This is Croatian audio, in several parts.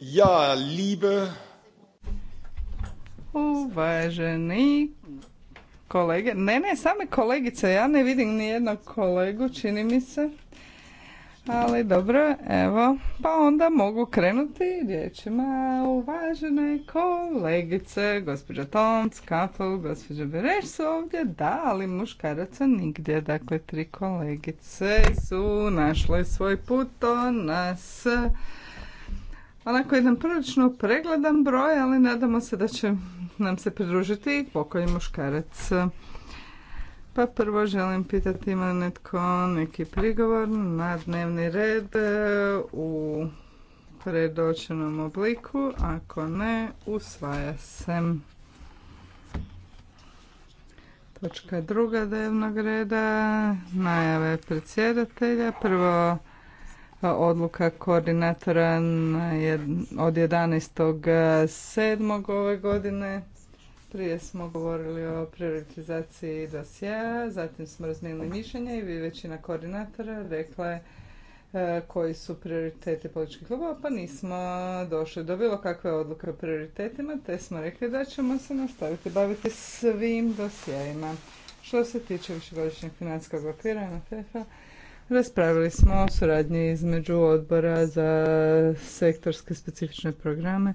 Ja, liebe... Uvaženi kolege, ne, ne, same kolegice, ja ne vidim ni jednog kolegu, čini mi se. Ali dobro, evo, pa onda mogu krenuti riječima uvažene kolegice, gospođa Tomc, katol gospođa Bereš su ovdje, da, ali muškaraca nigdje, dakle tri kolegice su našle svoj put, to nas onako jedan prilično pregledan broj, ali nadamo se da će nam se pridružiti i pokoji muškarac. Pa prvo želim pitati ima netko neki prigovor na dnevni red e, u predočenom obliku. Ako ne, usvaja se. Točka druga dnevnog reda, najave predsjedatelja. Prvo odluka koordinatora od 7. ove godine. Prije smo govorili o prioritizaciji dosjeja, zatim smo razmijenili mišljenje i većina koordinatora rekla je e, koji su prioriteti političkih klubova, pa nismo došli do bilo kakve odluke o prioritetima, te smo rekli da ćemo se nastaviti baviti svim dosjejima. Što se tiče višegodišnjeg financijskog okvira na a Raspravili smo o suradnji između odbora za sektorske specifične programe.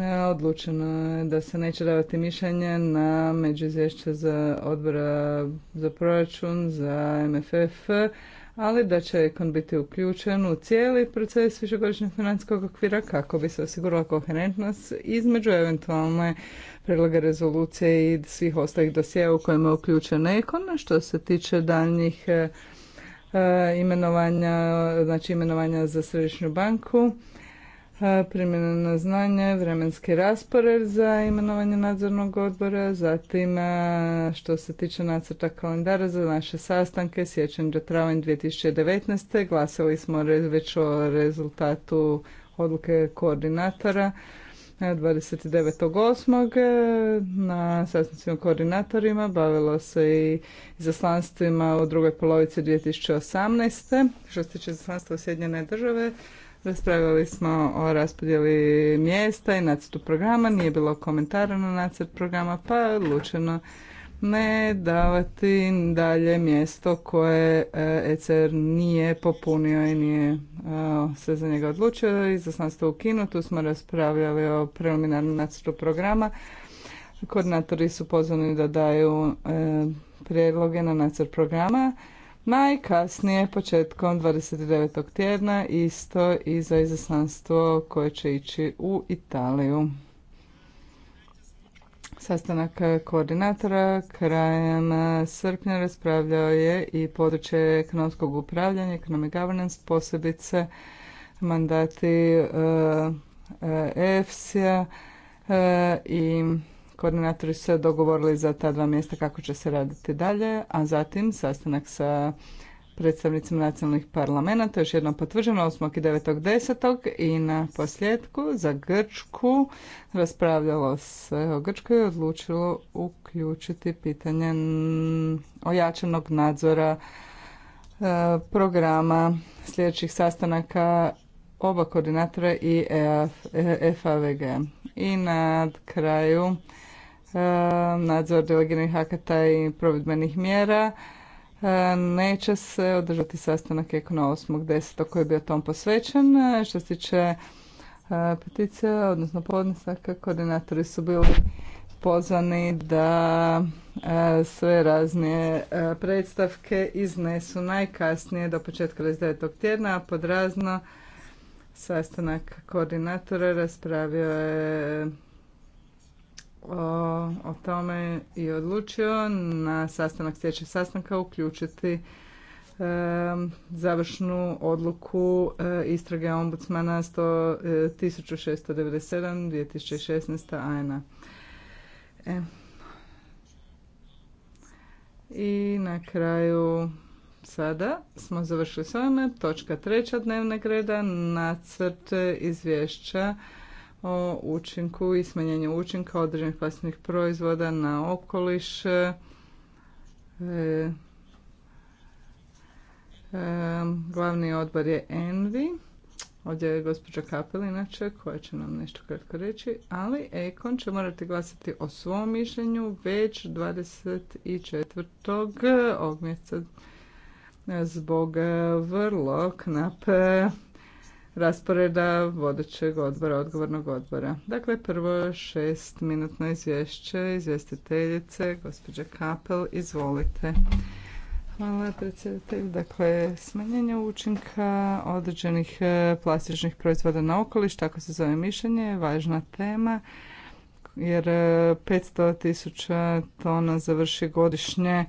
E, odlučeno je da se neće davati mišljenje na međuizvješće za odbora za proračun, za MFF, ali da će Ekon biti uključen u cijeli proces višegodišnjeg financijskog okvira kako bi se osigurala koherentnost između eventualne predloga rezolucije i svih ostalih dosjea u kojima je uključen Ekon. Što se tiče daljnjih E, imenovanja, znači imenovanja za središnju banku, e, primjena na znanje, vremenski raspored za imenovanje nadzornog odbora, zatim e, što se tiče nacrta kalendara za naše sastanke, sjećan do travanj 2019. Glasali smo već o rezultatu odluke koordinatora 29.8. Eh, na sastancima koordinatorima bavilo se i zaslanstvima u drugoj polovici 2018. Što se tiče zaslanstva u Sjedinjene države, raspravili smo o raspodjeli mjesta i nacrtu programa. Nije bilo komentara na nacrt programa, pa je odlučeno ne davati dalje mjesto koje ECR e nije popunio i nije e, se za njega odlučio. Izaslanstvo u Kinu, tu smo raspravljali o preliminarnom nacrtu programa. Koordinatori su pozvani da daju e, prijedloge na nacrt programa. Najkasnije početkom 29. tjedna isto i za izaslanstvo koje će ići u Italiju. Sastanak e, koordinatora krajem e, srpnja raspravljao je i područje ekonomskog upravljanja, economic governance, posebice mandati e, EFSI-a i koordinatori se dogovorili za ta dva mjesta kako će se raditi dalje, a zatim sastanak sa predstavnicima nacionalnih parlamenta, još jednom potvrđeno 8. i 9.10. i na posljedku za Grčku raspravljalo se o Grčkoj i odlučilo uključiti pitanje ojačanog nadzora e, programa sljedećih sastanaka oba koordinatora i e FAVG. E, I na kraju nadzor delegiranih akata i provedbenih mjera E, neće se održati sastanak ekona 8.10. koji je bio tom posvećen. E, što se tiče e, peticije, odnosno podnesaka, koordinatori su bili pozvani da sve razne predstavke iznesu najkasnije do početka 29. tjedna, a podrazno sastanak koordinatora raspravio je o tome i odlučio na sastanak sljedećeg sastanka uključiti e, završnu odluku e, istrage ombudsmana 1697 2016 ANA. E. I na kraju sada smo završili s ovime. Točka treća dnevnog reda, nacrt izvješća o učinku i smanjenju učinka određenih plastičnih proizvoda na okoliš. E, e, glavni odbor je Envi. Ovdje je gospođa Kapel inače koja će nam nešto kratko reći, ali Ekon će morati glasati o svom mišljenju već 24. ovog mjeseca e, zbog vrlo knape rasporeda vodećeg odbora, odgovornog odbora. Dakle, prvo šest minutno izvješće izvjestiteljice, gospođa Kapel, izvolite. Hvala predsjedatelj. Dakle, smanjenje učinka određenih e, plastičnih proizvoda na okoliš, tako se zove mišljenje, je važna tema jer 500 e, tona završi godišnje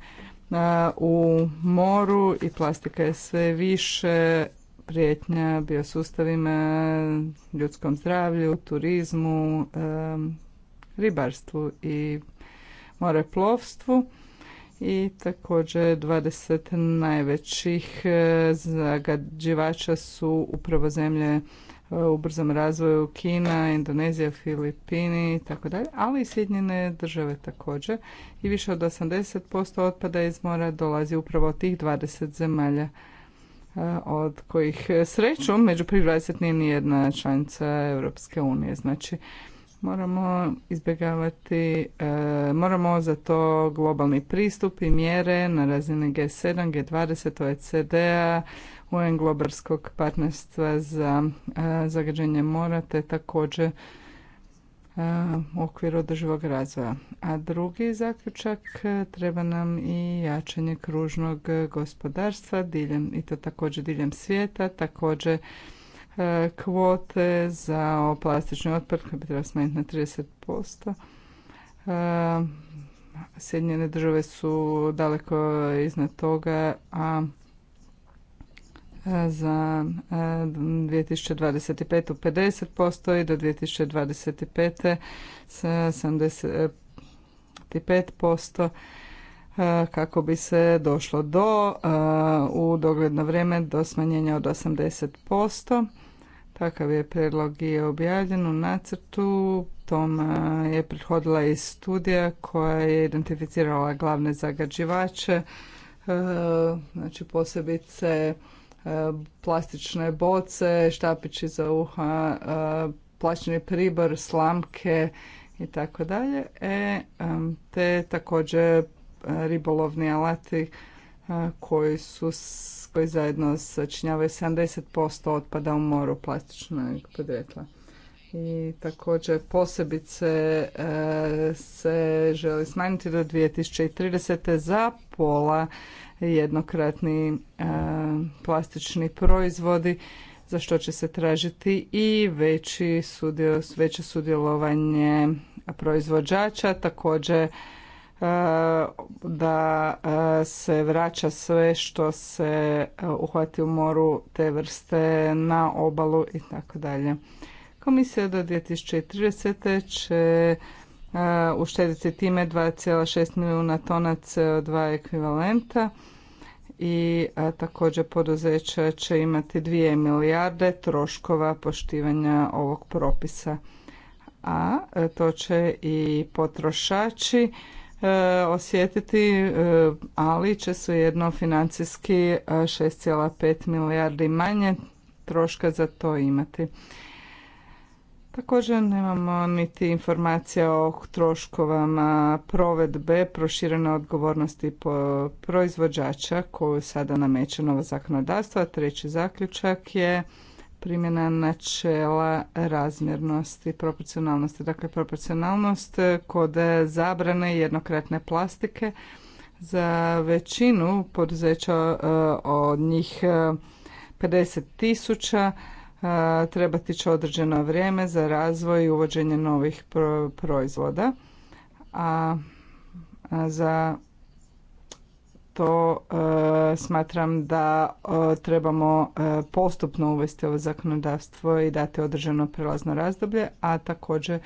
e, u moru i plastika je sve više prijetnja biosustavima, ljudskom zdravlju, turizmu, ribarstvu i moreplovstvu i također 20 najvećih e, zagađivača su upravo zemlje e, u brzom razvoju Kina, Indonezija, Filipini i tako dalje, ali i Sjedinjene države također i više od 80% otpada iz mora dolazi upravo od tih 20 zemalja E, od kojih srećom među prvih 20 nije nijedna članica Europske unije. Znači, moramo izbjegavati, e, moramo za to globalni pristup i mjere na razini G7, G20, OECD-a, UN globalskog partnerstva za e, zagađenje mora, te također u okviru održivog razvoja. A drugi zaključak e, treba nam i jačanje kružnog gospodarstva diljem i to također diljem svijeta, također e, kvote za plastični otpad koji bi trebalo smanjiti na 30%. E, Sjedinjene države su daleko iznad toga, a za 2025. E, 50% i do 2025. sa 75% e, kako bi se došlo do e, u dogledno vrijeme do smanjenja od 80%. Takav je predlog i objavljen u nacrtu. Tom je prihodila i studija koja je identificirala glavne zagađivače, znači posebice E, plastične boce, štapići za uha, e, plaćeni pribor, slamke i tako dalje. E, te također ribolovni alati koji su koji zajedno sačinjavaju 70% otpada u moru plastičnog podrijetla. I također posebice se želi smanjiti do 2030. za pola jednokratni e, plastični proizvodi za što će se tražiti i veći veće sudjelovanje proizvođača, također e, da e, se vraća sve što se uhvati u moru te vrste na obalu i tako dalje. Komisija do 2030. će Uh, uštediti time 2,6 milijuna tona CO2 ekvivalenta i također poduzeća će imati 2 milijarde troškova poštivanja ovog propisa. A e, to će i potrošači e, osjetiti, e, ali će jedno financijski 6,5 milijardi manje troška za to imati. Također nemamo niti informacija o troškovama provedbe proširene odgovornosti proizvođača koju sada nameće novo zakonodavstvo. Treći zaključak je primjena načela razmjernosti i proporcionalnosti. Dakle, proporcionalnost kod zabrane jednokratne plastike za većinu poduzeća e, od njih 50 e, tisuća trebati će određeno vrijeme za razvoj i uvođenje novih proizvoda, a za to e, smatram da trebamo e, postupno uvesti ovo zakonodavstvo i dati određeno prelazno razdoblje, a također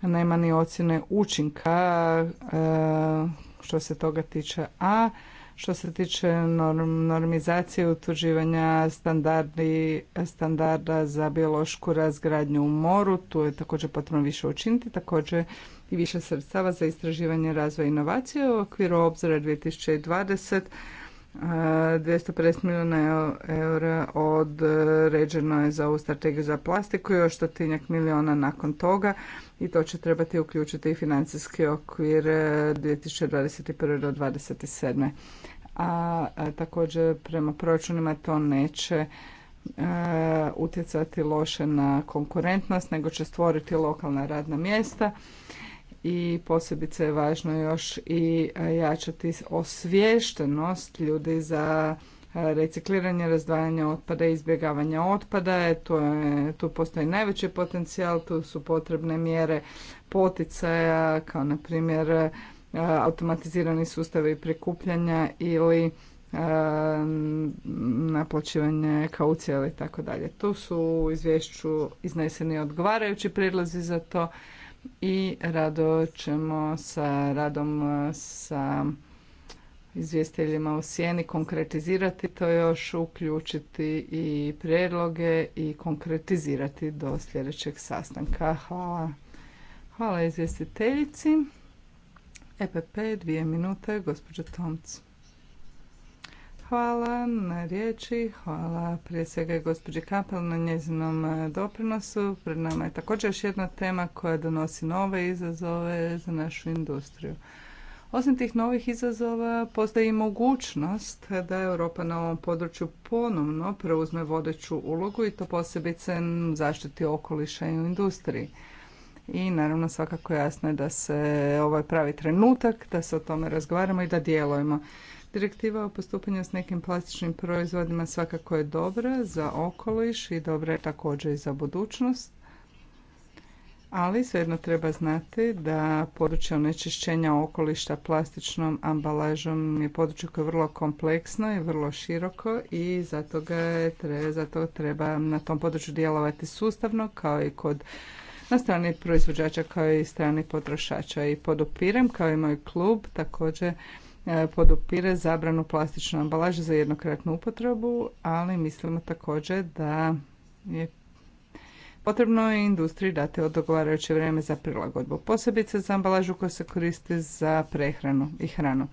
nema ni ocjene učinka e, što se toga tiče, a što se tiče norm, normizacije utvrđivanja standardi, standarda za biološku razgradnju u moru, tu je također potrebno više učiniti, također i više sredstava za istraživanje razvoja inovacije u okviru obzora 2020 250 milijuna eura određeno je za ovu strategiju za plastiku i još stotinjak milijuna nakon toga i to će trebati uključiti i financijski okvir 2021. E, do 2027. A, a također prema proračunima to neće e, utjecati loše na konkurentnost, nego će stvoriti lokalna radna mjesta i posebice je važno još i jačati osviještenost ljudi za recikliranje, razdvajanje otpada i izbjegavanje otpada. E, tu, je, tu postoji najveći potencijal, tu su potrebne mjere poticaja, kao na primjer e, automatizirani sustavi prikupljanja ili e, naplaćivanje kaucija ili tako dalje. Tu su u izvješću izneseni odgovarajući prijedlozi za to i rado ćemo sa radom e, sa izvjestiteljima u sjeni konkretizirati to još, uključiti i prijedloge i konkretizirati do sljedećeg sastanka. Hvala. Hvala izvjestiteljici. EPP, dvije minute, gospođa Tomc. Hvala na riječi, hvala prije svega gospođi Kapel na njezinom e, doprinosu. Pred nama je također još jedna tema koja donosi nove izazove za našu industriju. Osim tih novih izazova postoji mogućnost da Europa na ovom području ponovno preuzme vodeću ulogu i to posebice zaštiti okoliša i u industriji. I naravno svakako jasno je da se ovo ovaj je pravi trenutak, da se o tome razgovaramo i da djelujemo. Direktiva o postupanju s nekim plastičnim proizvodima svakako je dobra za okoliš i dobra je također i za budućnost. Ali svejedno treba znati da područje onečišćenja okolišta plastičnom ambalažom je područje koje je vrlo kompleksno i vrlo široko i zato, ga treba, zato treba na tom području djelovati sustavno kao i kod na strani proizvođača kao i strani potrošača i podupirem kao i moj klub također E, podupire zabranu plastične ambalaže za jednokratnu upotrebu, ali mislimo također da je Potrebno je industriji dati odgovarajuće vrijeme za prilagodbu, posebice za ambalažu koja se koristi za prehranu i hranu.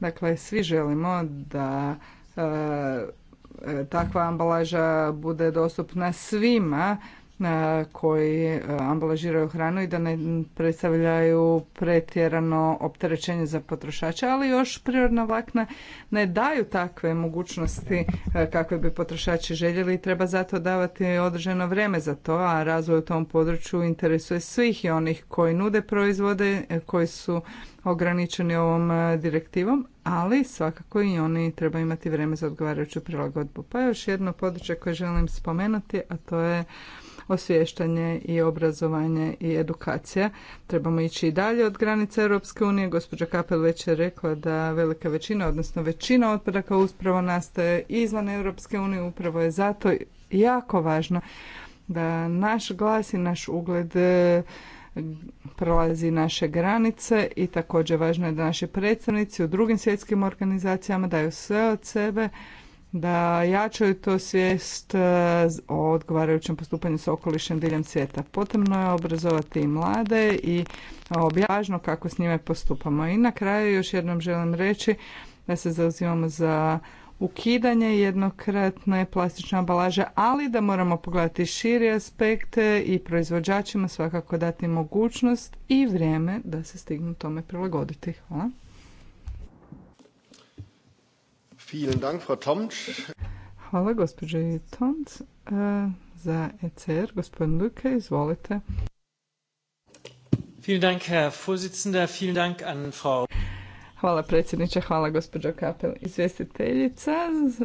Dakle, svi želimo da e, e, takva ambalaža bude dostupna svima E, koji e, ambalažiraju hranu i da ne predstavljaju pretjerano opterećenje za potrošače, ali još prirodna vlakna ne daju takve mogućnosti e, kakve bi potrošači željeli i treba zato davati određeno vrijeme za to, a razvoj u tom području interesuje svih i onih koji nude proizvode, koji su ograničeni ovom direktivom, ali svakako i oni treba imati vrijeme za odgovarajuću prilagodbu. Pa još jedno područje koje želim spomenuti, a to je osvještanje i obrazovanje i edukacija. Trebamo ići i dalje od granice Europske unije. Gospođa Kapel već je rekla da velika većina, odnosno većina otpadaka uspravo nastaje izvan Europske unije. Upravo je zato jako važno da naš glas i naš ugled e, prolazi naše granice i također važno je da naši predstavnici u drugim svjetskim organizacijama daju sve od sebe da jačaju to svijest e, o odgovarajućem postupanju s okolišem diljem svijeta. Potrebno je obrazovati i mlade i objažno kako s njime postupamo. I na kraju još jednom želim reći da se zauzimamo za ukidanje jednokratne plastične ambalaže, ali da moramo pogledati širi aspekte i proizvođačima svakako dati mogućnost i vrijeme da se stignu tome prilagoditi. Hvala. Vielen Dank, Frau Hvala gospođi Tomc. E, za ECR, gospodin Luke, izvolite. Vielen Dank, Herr Vorsitzender. Vielen Dank an Frau Hvala predsjedniče, hvala gospođo Kapel. Izvjestiteljica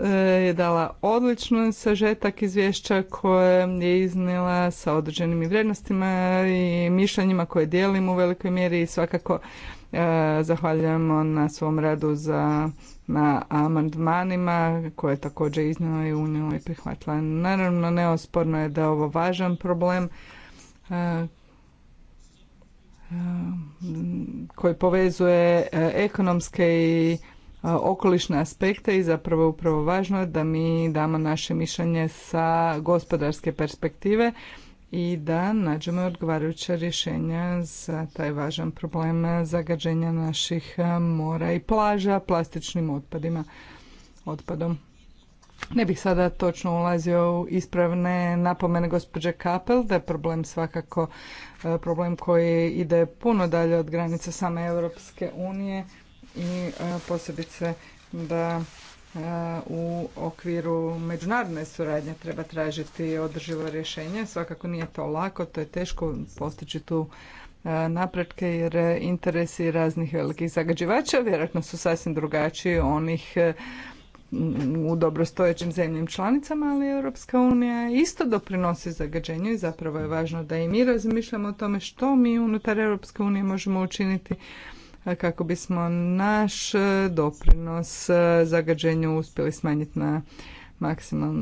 eh, je dala odličnu sažetak izvješća koje je iznijela sa određenim vrijednostima i mišljenjima koje dijelim u velikoj mjeri i svakako eh, zahvaljujemo na svom radu za na amandmanima koje je također iznijela i unijela i prihvatila. Naravno, neosporno je da je ovo važan problem eh, koji povezuje e, ekonomske i e, okolišne aspekte i zapravo upravo važno je da mi damo naše mišljenje sa gospodarske perspektive i da nađemo odgovarajuća rješenja za taj važan problem zagađenja naših e, mora i plaža plastičnim otpadima, otpadom. Ne bih sada točno ulazio u ispravne napomene gospođe Kapel, da je problem svakako e, problem koji ide puno dalje od granice same Europske unije i e, posebice da e, u okviru međunarodne suradnje treba tražiti održivo rješenje. Svakako nije to lako, to je teško postići tu napretke jer interesi raznih velikih zagađivača vjerojatno su sasvim drugačiji onih u dobrostojećim zemljim članicama, ali Europska unija isto doprinosi zagađenju i zapravo je važno da i mi razmišljamo o tome što mi unutar Europske unije možemo učiniti kako bismo naš doprinos zagađenju uspjeli smanjiti na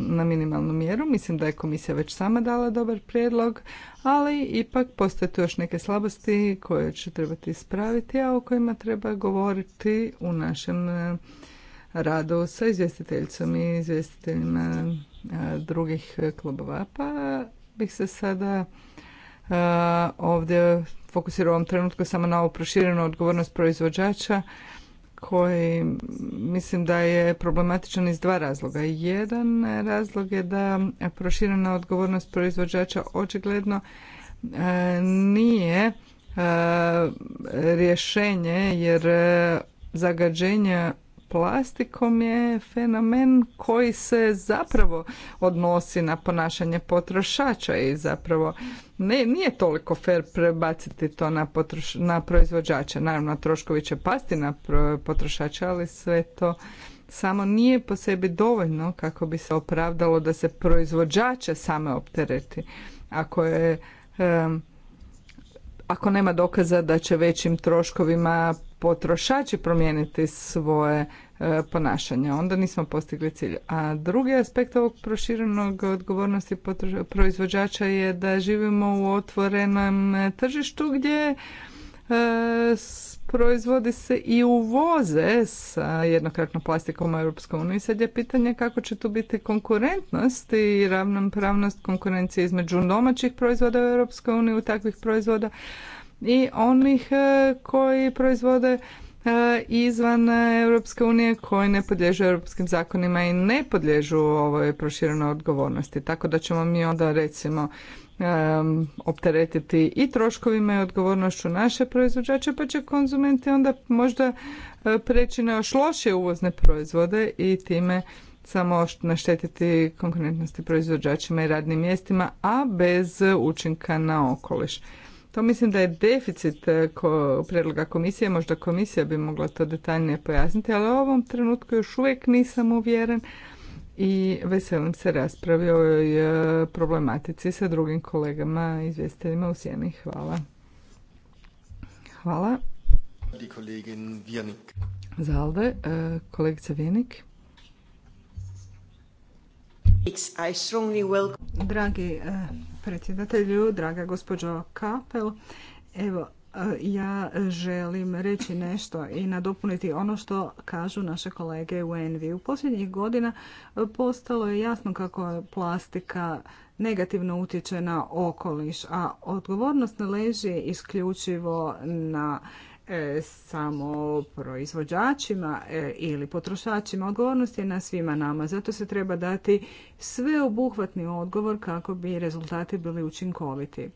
na minimalnu mjeru. Mislim da je komisija već sama dala dobar prijedlog, ali ipak postoje tu još neke slabosti koje će trebati ispraviti, a o kojima treba govoriti u našem radu sa izvjestiteljicom i izvjestiteljima e, drugih klubova. Pa bih se sada e, ovdje fokusirao u ovom trenutku samo na ovu proširenu odgovornost proizvođača koji mislim da je problematičan iz dva razloga. Jedan razlog je da proširena odgovornost proizvođača očigledno e, nije rješenje jer zagađenje plastikom je fenomen koji se zapravo odnosi na ponašanje potrošača i zapravo ne, nije toliko fer prebaciti to na, potroš, na proizvođače. Naravno, troškovi će pasti na potrošače, ali sve to samo nije po sebi dovoljno kako bi se opravdalo da se proizvođače same optereti. Ako je... ako nema dokaza da će većim troškovima potrošači promijeniti svoje e, ponašanje. Onda nismo postigli cilj. A drugi aspekt ovog proširenog odgovornosti proizvođača je da živimo u otvorenom e, tržištu gdje e, proizvodi se i uvoze sa jednokratnom plastikom u Europskoj uniji. Sad je pitanje kako će tu biti konkurentnost i ravnopravnost konkurencije između domaćih proizvoda u EU uniji u takvih proizvoda, i onih e, koji proizvode e, izvan Europske unije koji ne podliježu europskim zakonima i ne podliježu ovoj proširenoj odgovornosti. Tako da ćemo mi onda recimo e, opteretiti i troškovima i odgovornošću naše proizvođače pa će konzumenti onda možda preći na još lošije uvozne proizvode i time samo naštetiti konkurentnosti proizvođačima i radnim mjestima, a bez učinka na okoliš. To mislim da je deficit e, predloga komisije, možda komisija bi mogla to detaljnije pojasniti, ali u ovom trenutku još uvijek nisam uvjeren i veselim se raspravi o ovoj e, problematici sa drugim kolegama izvjestiteljima u Sjeni. Hvala. Hvala. Zalde, e, kolegica Vjenik. Dragi eh, predsjedatelju, draga gospođo Kapel, evo eh, ja želim reći nešto i nadopuniti ono što kažu naše kolege u Envi. U posljednjih godina eh, postalo je jasno kako plastika negativno utječe na okoliš, a odgovornost ne leži isključivo na E, samo proizvođačima e, ili potrošačima. Odgovornost je na svima nama. Zato se treba dati sveobuhvatni odgovor kako bi rezultati bili učinkoviti.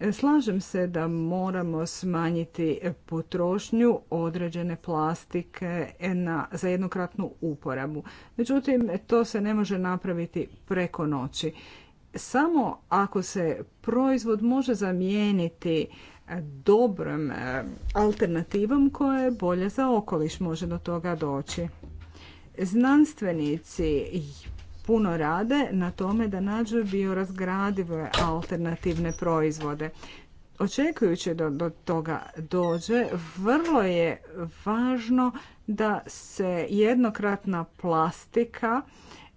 E, slažem se da moramo smanjiti potrošnju određene plastike na, za jednokratnu uporabu. Međutim, to se ne može napraviti preko noći. Samo ako se proizvod može zamijeniti dobrom eh, alternativom koja je bolja za okoliš može do toga doći. Znanstvenici puno rade na tome da nađu biorazgradive alternativne proizvode. Očekujući da do toga dođe, vrlo je važno da se jednokratna plastika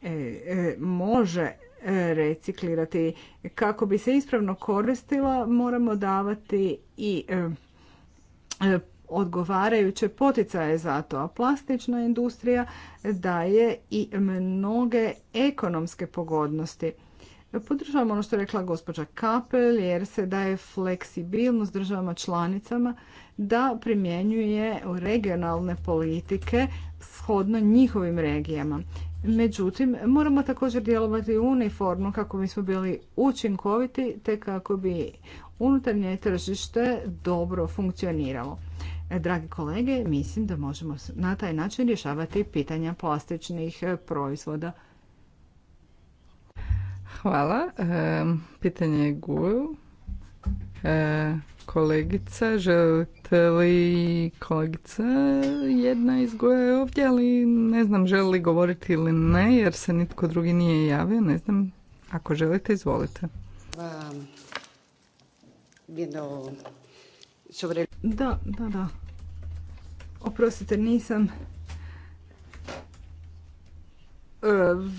eh, eh, može reciklirati. Kako bi se ispravno koristila moramo davati i e, e, odgovarajuće poticaje za to, a plastična industrija daje i mnoge ekonomske pogodnosti. Podržavam ono što je rekla gospođa Kapel jer se daje fleksibilnost državama članicama da primjenjuje regionalne politike shodno njihovim regijama. Međutim, moramo također djelovati uniformno kako bismo bili učinkoviti te kako bi unutarnje tržište dobro funkcioniralo. E, dragi kolege, mislim da možemo na taj način rješavati pitanja plastičnih e, proizvoda. Hvala. E, pitanje je E, kolegica, želite li kolegica jedna iz je ovdje, ali ne znam želi li govoriti ili ne, jer se nitko drugi nije javio, ne znam. Ako želite, izvolite. Da, da, da. Oprostite, nisam e,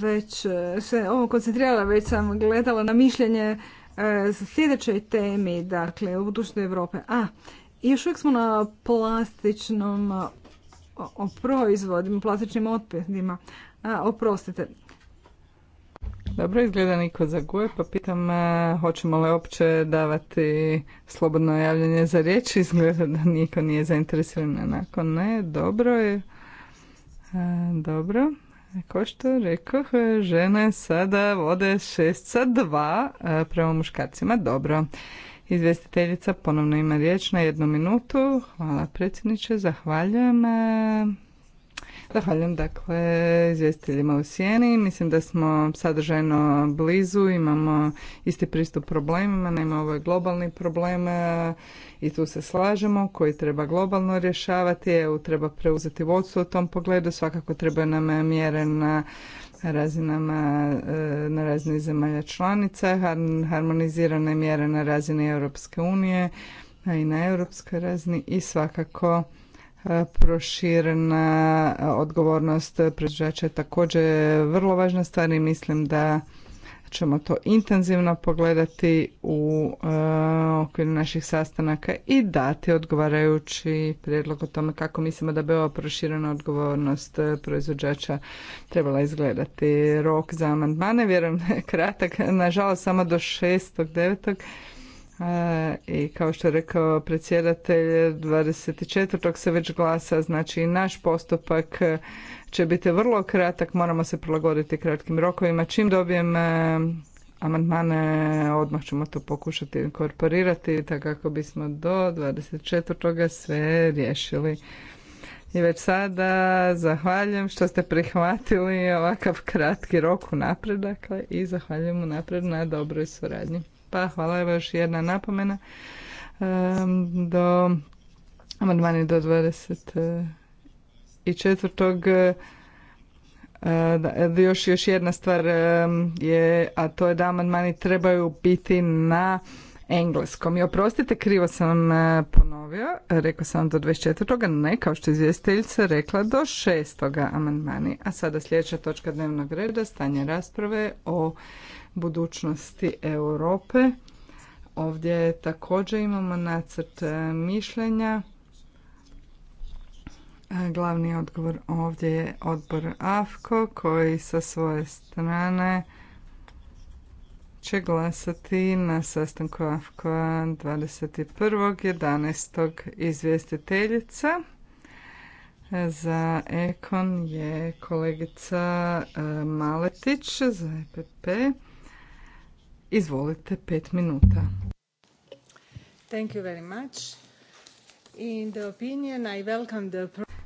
već e, se ovo koncentrirala, već sam gledala na mišljenje sljedećoj temi, dakle, u budućnosti Europe. A, još uvijek smo na plastičnom o proizvodima, plastičnim otpadima. Oprostite. Dobro, izgleda niko za guje, pa pitam hoćemo li uopće davati slobodno javljanje za riječ. Izgleda da niko nije zainteresiran. Nakon ne, dobro je. dobro. Kao što rekao, žene sada vode 6 sa 2 e, prema muškarcima. Dobro. Izvjestiteljica ponovno ima riječ na jednu minutu. Hvala predsjedniče, zahvaljujem. E, Zahvaljujem dakle izvjestiteljima u sjeni. Mislim da smo sadržajno blizu, imamo isti pristup problemima, nema ovo je globalni problem e, i tu se slažemo koji treba globalno rješavati, EU treba preuzeti vodstvo u tom pogledu, svakako treba nam mjere na razinama e, na razini zemalja članica, harmonizirane mjere na razini Europske unije, a i na europskoj razini i svakako E, proširena odgovornost proizvođača je također vrlo važna stvar i mislim da ćemo to intenzivno pogledati u e, okviru naših sastanaka i dati odgovarajući prijedlog o tome kako mislimo da bi ova proširena odgovornost e, proizvođača trebala izgledati. Rok za amandmane, vjerujem da je kratak, nažalost samo do 6.9 i kao što je rekao predsjedatelj, 24. se već glasa, znači i naš postupak će biti vrlo kratak, moramo se prilagoditi kratkim rokovima. Čim dobijem e, amandmane, odmah ćemo to pokušati inkorporirati, tako kako bismo do 24. sve riješili. I već sada zahvaljujem što ste prihvatili ovakav kratki rok u napredak dakle, i zahvaljujem u napred na dobroj suradnji. Pa hvala evo još jedna napomena. Do amandmani do 20 i četvrtog e, e, još, još jedna stvar e, je, a to je da amandmani trebaju biti na engleskom. I oprostite, krivo sam ponovio, rekao sam do 24. ne, kao što izvjestiteljica rekla do 6. amandmani. A sada sljedeća točka dnevnog reda, stanje rasprave o budućnosti Europe. Ovdje također imamo nacrt e, mišljenja. E, glavni odgovor ovdje je odbor AFKO koji sa svoje strane će glasati na sastanku AFKO 21.11. izvjestiteljica. E, za Ekon je kolegica Maletić za EPP. Izvolite, pet minuta.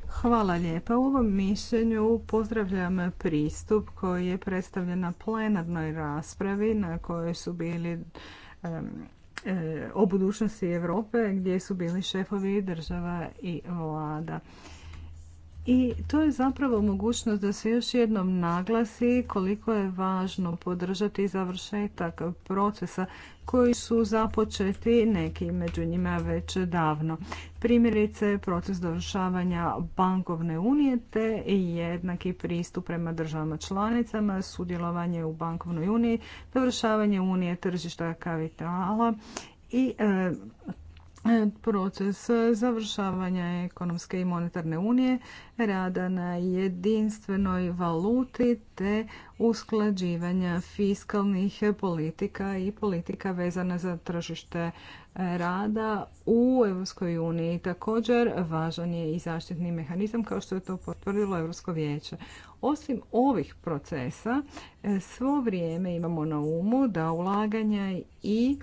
Hvala lijepa. U ovom mišljenju pozdravljam pristup koji je predstavljen na plenarnoj raspravi na kojoj su bili e, o budućnosti Europe gdje su bili šefovi država i vlada. I to je zapravo mogućnost da se još jednom naglasi koliko je važno podržati završetak procesa koji su započeti neki među njima već davno. Primjerice proces dovršavanja bankovne unije te jednaki pristup prema državama članicama, sudjelovanje u bankovnoj uniji, dovršavanje unije tržišta kapitala i e, proces završavanja ekonomske i monetarne unije, rada na jedinstvenoj valuti te usklađivanja fiskalnih politika i politika vezana za tržište rada u Europskoj uniji. Također važan je i zaštitni mehanizam kao što je to potvrdilo Europsko vijeće. Osim ovih procesa, svo vrijeme imamo na umu da ulaganja i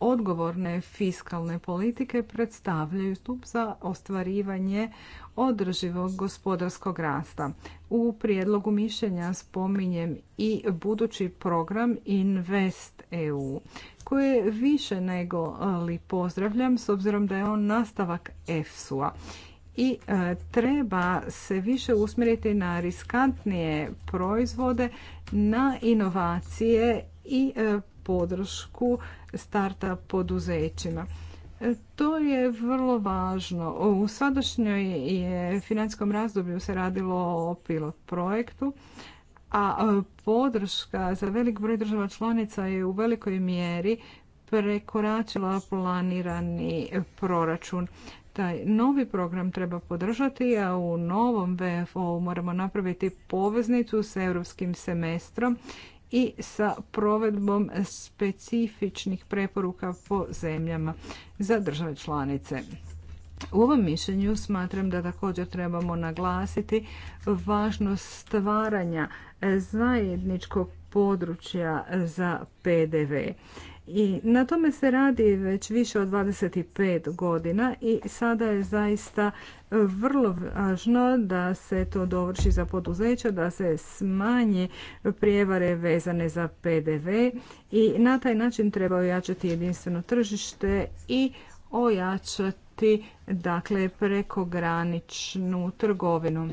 odgovorne fiskalne politike predstavljaju stup za ostvarivanje održivog gospodarskog rasta. U prijedlogu mišljenja spominjem i budući program Invest EU koje više nego li pozdravljam s obzirom da je on nastavak EFSU-a i e, treba se više usmjeriti na riskantnije proizvode, na inovacije i e, podršku starta poduzećima. E, to je vrlo važno. U sadašnjoj je financijskom razdoblju se radilo o pilot projektu, a e, podrška za velik broj država članica je u velikoj mjeri prekoračila planirani proračun. Taj novi program treba podržati, a u novom VFO moramo napraviti poveznicu s europskim semestrom i sa provedbom specifičnih preporuka po zemljama za države članice. U ovom mišljenju smatram da također trebamo naglasiti važnost stvaranja zajedničkog područja za PDV. I na tome se radi već više od 25 godina i sada je zaista vrlo važno da se to dovrši za poduzeća, da se smanje prijevare vezane za PDV i na taj način treba ojačati jedinstveno tržište i ojačati dakle prekograničnu trgovinu.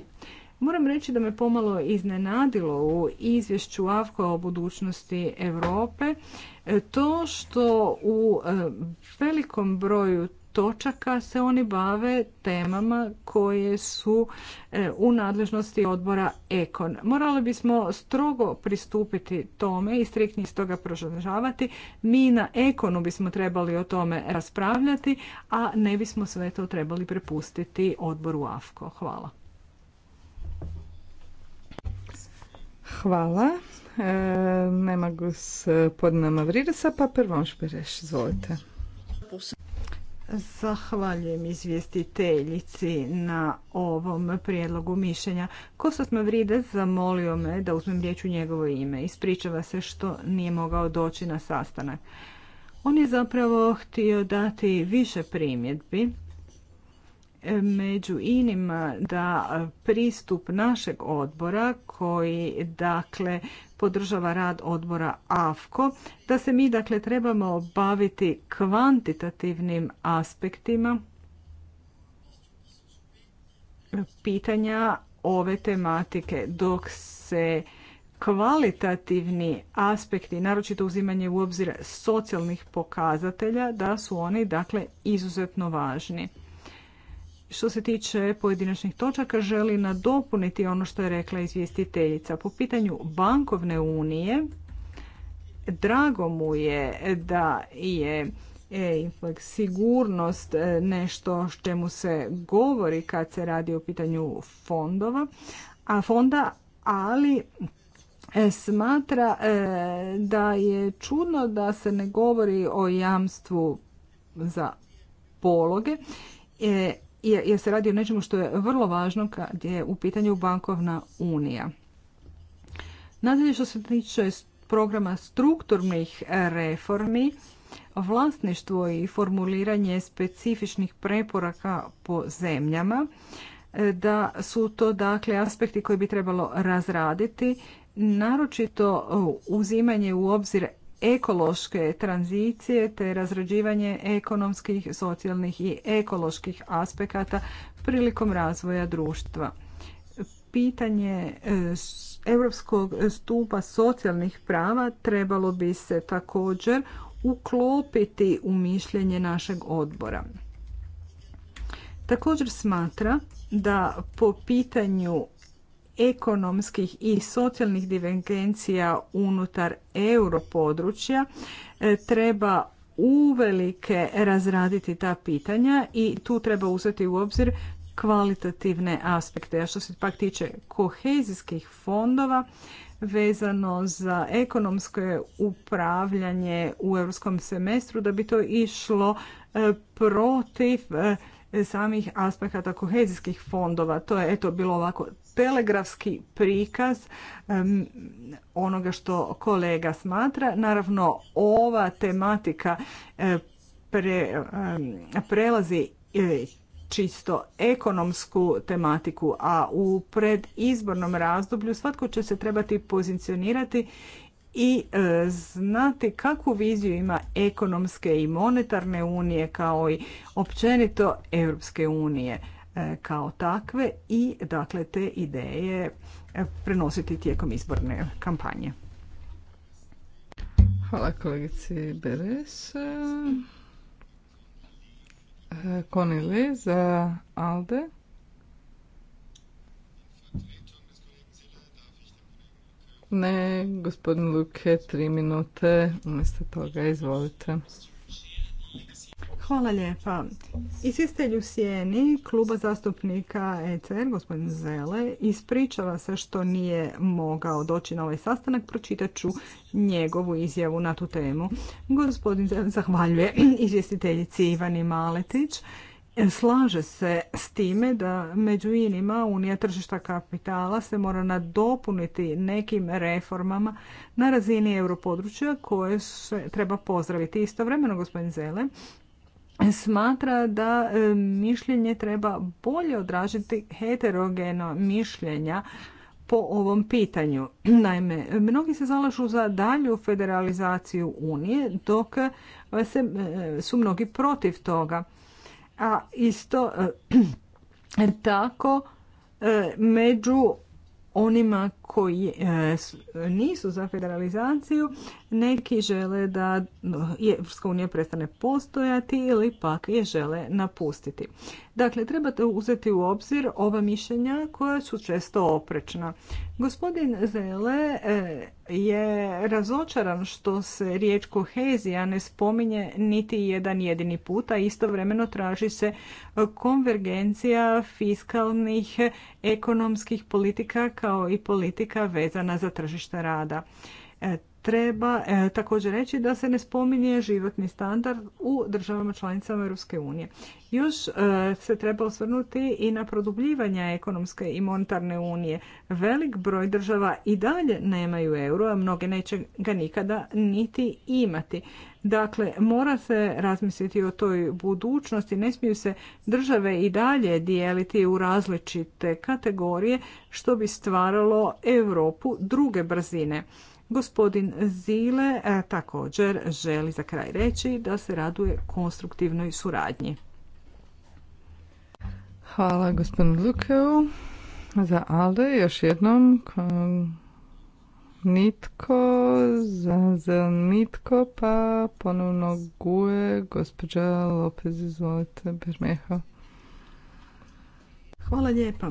Moram reći da me pomalo iznenadilo u izvješću avko o budućnosti Europe e, to što u e, velikom broju točaka se oni bave temama koje su e, u nadležnosti odbora Ekon. Morali bismo strogo pristupiti tome i striktnije toga prožavati. Mi na Ekonu bismo trebali o tome raspravljati, a ne bismo sve to trebali prepustiti odboru AFKO. Hvala. Hvala. E, nema podnama Mavridesa, pa prvom špereš, izvolite. Zahvaljujem izvjestiteljici na ovom prijedlogu mišljenja. Kostas Mavrides zamolio me da uzmem riječ u njegovo ime. Ispričava se što nije mogao doći na sastanak. On je zapravo htio dati više primjedbi među inim da pristup našeg odbora koji dakle podržava rad odbora AFKO da se mi dakle trebamo baviti kvantitativnim aspektima pitanja ove tematike dok se kvalitativni aspekti, naročito uzimanje u obzir socijalnih pokazatelja, da su oni dakle izuzetno važni što se tiče pojedinačnih točaka želi nadopuniti ono što je rekla izvjestiteljica. Po pitanju bankovne unije, drago mu je da je e, sigurnost e, nešto čemu se govori kad se radi o pitanju fondova, a fonda, ali e, smatra e, da je čudno da se ne govori o jamstvu za pologe, e, jer se radi o nečemu što je vrlo važno kad je u pitanju bankovna unija. Nadalje što se tiče programa strukturnih reformi, vlasništvo i formuliranje specifičnih preporaka po zemljama, e, da su to dakle aspekti koje bi trebalo razraditi, naročito e, uzimanje u obzir ekološke tranzicije te razrađivanje ekonomskih, socijalnih i ekoloških aspekata prilikom razvoja društva. Pitanje e, europskog stupa socijalnih prava trebalo bi se također uklopiti u mišljenje našeg odbora. Također smatra da po pitanju ekonomskih i socijalnih divergencija unutar područja. E, treba uvelike razraditi ta pitanja i tu treba uzeti u obzir kvalitativne aspekte. A što se pak tiče kohezijskih fondova, vezano za ekonomsko upravljanje u europskom semestru, da bi to išlo e, protiv e, samih aspekata kohezijskih fondova. To je eto bilo ovako telegrafski prikaz onoga što kolega smatra. Naravno, ova tematika e, prelazi e, čisto ekonomsku tematiku, a u predizbornom razdoblju svatko će se trebati pozicionirati i e, znati kakvu viziju ima ekonomske i monetarne unije kao i općenito Europske unije. E, kao takve i dakle te ideje e, prenositi tijekom izborne kampanje. Hvala kolegici Beres. Konili e, za Alde. Ne, gospodin Luke, tri minute. Umjesto toga, izvolite. Hvala lijepa. Izvjestelj u sjeni kluba zastupnika ECR, gospodin Zele, ispričava se što nije mogao doći na ovaj sastanak. Pročitat ću njegovu izjavu na tu temu. Gospodin zahvaljuje izvjestiteljici Ivani Maletić. Slaže se s time da među inima Unija tržišta kapitala se mora nadopuniti nekim reformama na razini europodručja koje se treba pozdraviti. Istovremeno, gospodin Zele, smatra da e, mišljenje treba bolje odražiti heterogeno mišljenja po ovom pitanju. Naime, mnogi se zalažu za dalju federalizaciju Unije, dok e, se, e, su mnogi protiv toga. A isto tako među onima koji e, nisu za federalizaciju, neki žele da EU unija prestane postojati ili pak je žele napustiti. Dakle, trebate uzeti u obzir ova mišljenja koja su često oprečna. Gospodin Zele e, je razočaran što se riječ kohezija ne spominje niti jedan jedini puta. Istovremeno traži se konvergencija fiskalnih, ekonomskih politika kao i politika vezana za tržište rada. E, treba e, također reći da se ne spominje životni standard u državama članicama Europske unije. Još e, se treba osvrnuti i na produbljivanje ekonomske i monetarne unije. Velik broj država i dalje nemaju euro, a mnoge neće ga nikada niti imati. Dakle, mora se razmisliti o toj budućnosti, ne smiju se države i dalje dijeliti u različite kategorije što bi stvaralo Europu druge brzine. Gospodin Zile e, također želi za kraj reći da se raduje konstruktivnoj suradnji. Hvala gospodinu Lukeu za Alde. Još jednom um, nitko za, za nitko pa ponovno guje gospođa Lopez izvolite Bermeha. Hvala lijepa.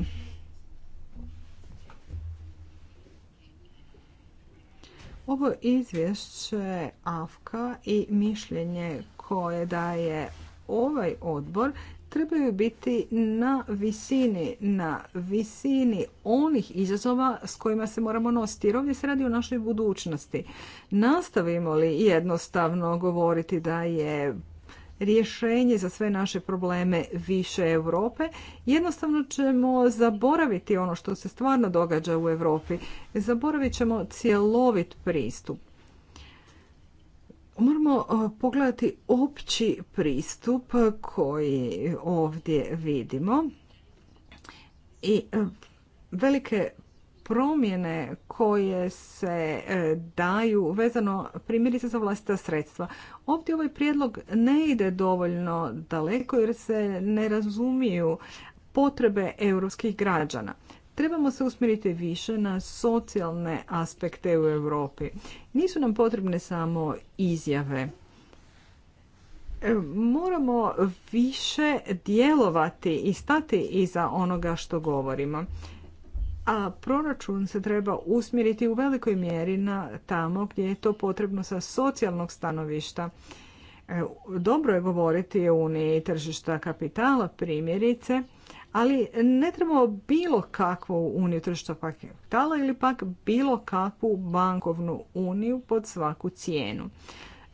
Ovo izvješće AFKA i mišljenje koje daje ovaj odbor trebaju biti na visini, na visini onih izazova s kojima se moramo nositi. Jer ovdje se radi o našoj budućnosti. Nastavimo li jednostavno govoriti da je rješenje za sve naše probleme više Europe, jednostavno ćemo zaboraviti ono što se stvarno događa u Europi. Zaboravit ćemo cjelovit pristup. Moramo e, pogledati opći pristup koji ovdje vidimo i e, velike promjene koje se e, daju vezano primjerice za vlastita sredstva. Ovdje ovaj prijedlog ne ide dovoljno daleko jer se ne razumiju potrebe europskih građana. Trebamo se usmjeriti više na socijalne aspekte u Europi. Nisu nam potrebne samo izjave. E, moramo više djelovati i stati iza onoga što govorimo a proračun se treba usmjeriti u velikoj mjeri na tamo gdje je to potrebno sa socijalnog stanovišta. E, dobro je govoriti o uniji tržišta kapitala primjerice, ali ne trebamo bilo kakvu uniju tržišta kapitala ili pak bilo kakvu bankovnu uniju pod svaku cijenu.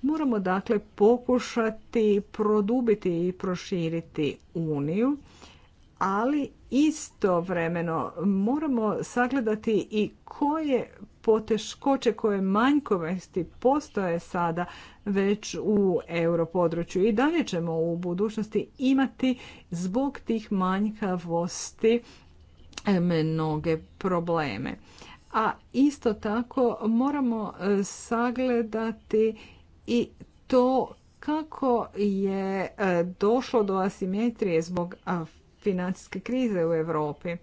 Moramo dakle pokušati produbiti i proširiti uniju ali istovremeno moramo sagledati i koje poteškoće, koje manjkovesti postoje sada već u europodručju. I dalje ćemo u budućnosti imati zbog tih manjkavosti e, mnoge probleme. A isto tako moramo e, sagledati i to kako je e, došlo do asimetrije zbog financijske krize u Europi.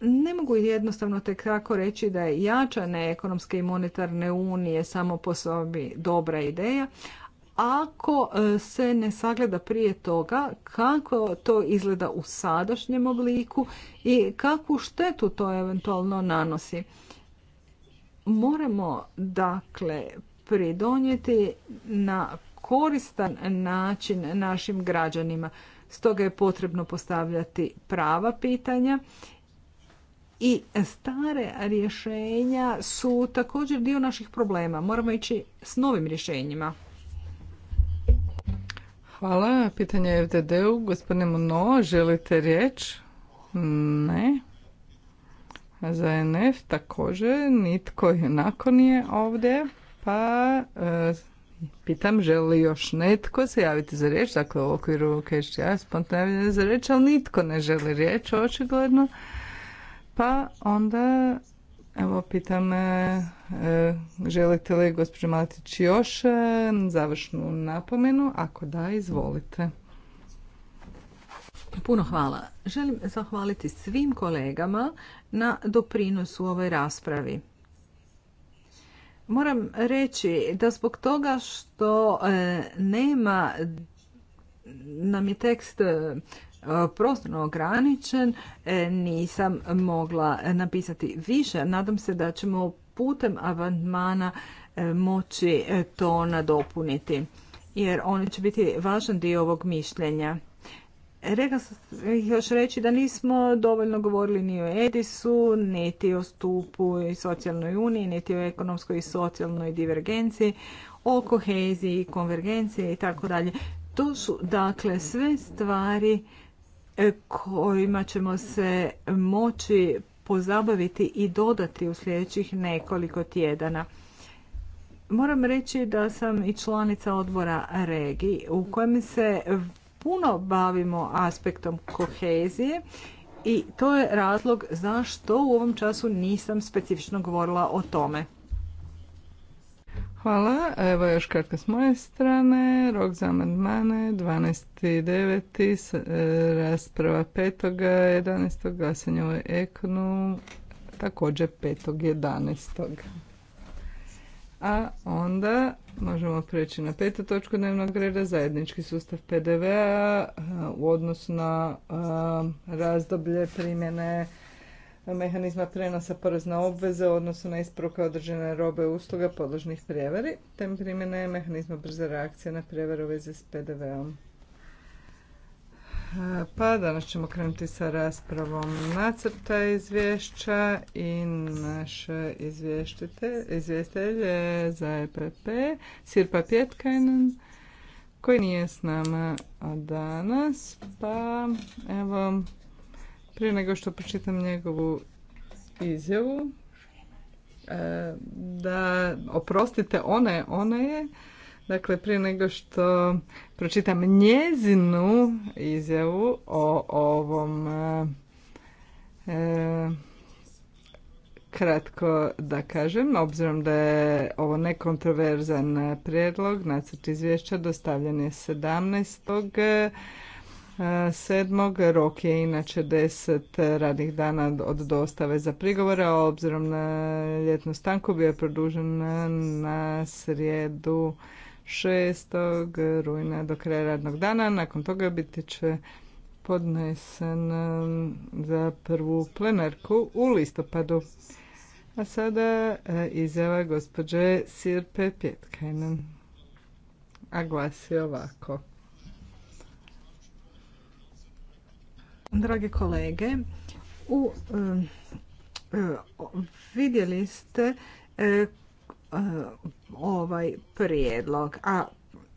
Ne mogu jednostavno tek tako reći da je jačane ekonomske i monetarne unije samo po sobi dobra ideja, ako e, se ne sagleda prije toga kako to izgleda u sadašnjem obliku i kakvu štetu to eventualno nanosi. Moramo dakle pridonijeti na koristan način našim građanima. Stoga je potrebno postavljati prava pitanja i stare rješenja su također dio naših problema. Moramo ići s novim rješenjima. Hvala. Pitanje FDD-u. Gospodine Mono, želite riječ? Ne. Za NF također nitko jednako nije ovdje. Pa e, Pitam, želi li još netko se javiti za riječ? Dakle, u okviru ruke ja spontano za riječ, ali nitko ne želi riječ, očigledno. Pa onda, evo, pitam, e, e želite li, gospođo Matić još e, završnu napomenu? Ako da, izvolite. Puno hvala. Želim zahvaliti svim kolegama na doprinosu u ovoj raspravi. Moram reći da zbog toga što e, nema nam je tekst e, prostorno ograničen, e, nisam mogla napisati više. Nadam se da ćemo putem avantmana moći to nadopuniti jer oni će biti važan dio ovog mišljenja. Rekla sam još reći da nismo dovoljno govorili ni o Edisu, niti o stupu i socijalnoj uniji, niti o ekonomskoj i socijalnoj divergenciji, o koheziji i konvergenciji i tako dalje. To su dakle sve stvari e, kojima ćemo se moći pozabaviti i dodati u sljedećih nekoliko tjedana. Moram reći da sam i članica odbora Regi u kojem se puno bavimo aspektom kohezije i to je razlog zašto u ovom času nisam specifično govorila o tome. Hvala. Evo još kratko s moje strane. Rok za amandmane 12.9. E, rasprava 5. 11. glasanje u Eknu, također 5.11. A onda Možemo preći na petu točku dnevnog reda, zajednički sustav PDV-a u odnosu na razdoblje primjene mehanizma prenosa porezne obveze u odnosu na isporuke određene robe usluga podložnih prijevari, Tem primjene mehanizma brze reakcije na prijevare u vezi s PDV-om. Pa danas ćemo krenuti sa raspravom nacrta izvješća i naše izvjestitelje za EPP Sirpa Pjetkajnen koji nije s nama danas. Pa evo, prije nego što pročitam njegovu izjavu, e, da oprostite, ona je, ona je, Dakle, prije nego što pročitam njezinu izjavu o ovom e, e, kratko da kažem, obzirom da je ovo nekontroverzan prijedlog, nacrt izvješća dostavljen je 17. 7. E, rok je inače 10 radnih dana od dostave za prigovore, a obzirom na ljetnu stanku bio je produžen na srijedu 6. rujna do kraja radnog dana. Nakon toga biti će podnesen um, za prvu plenarku u listopadu. A sada e, izjava gospođe Sirpe Pjetkajnen. A glasi ovako. Drage kolege, u, um, e, vidjeli ste e, Eh, ovaj prijedlog. A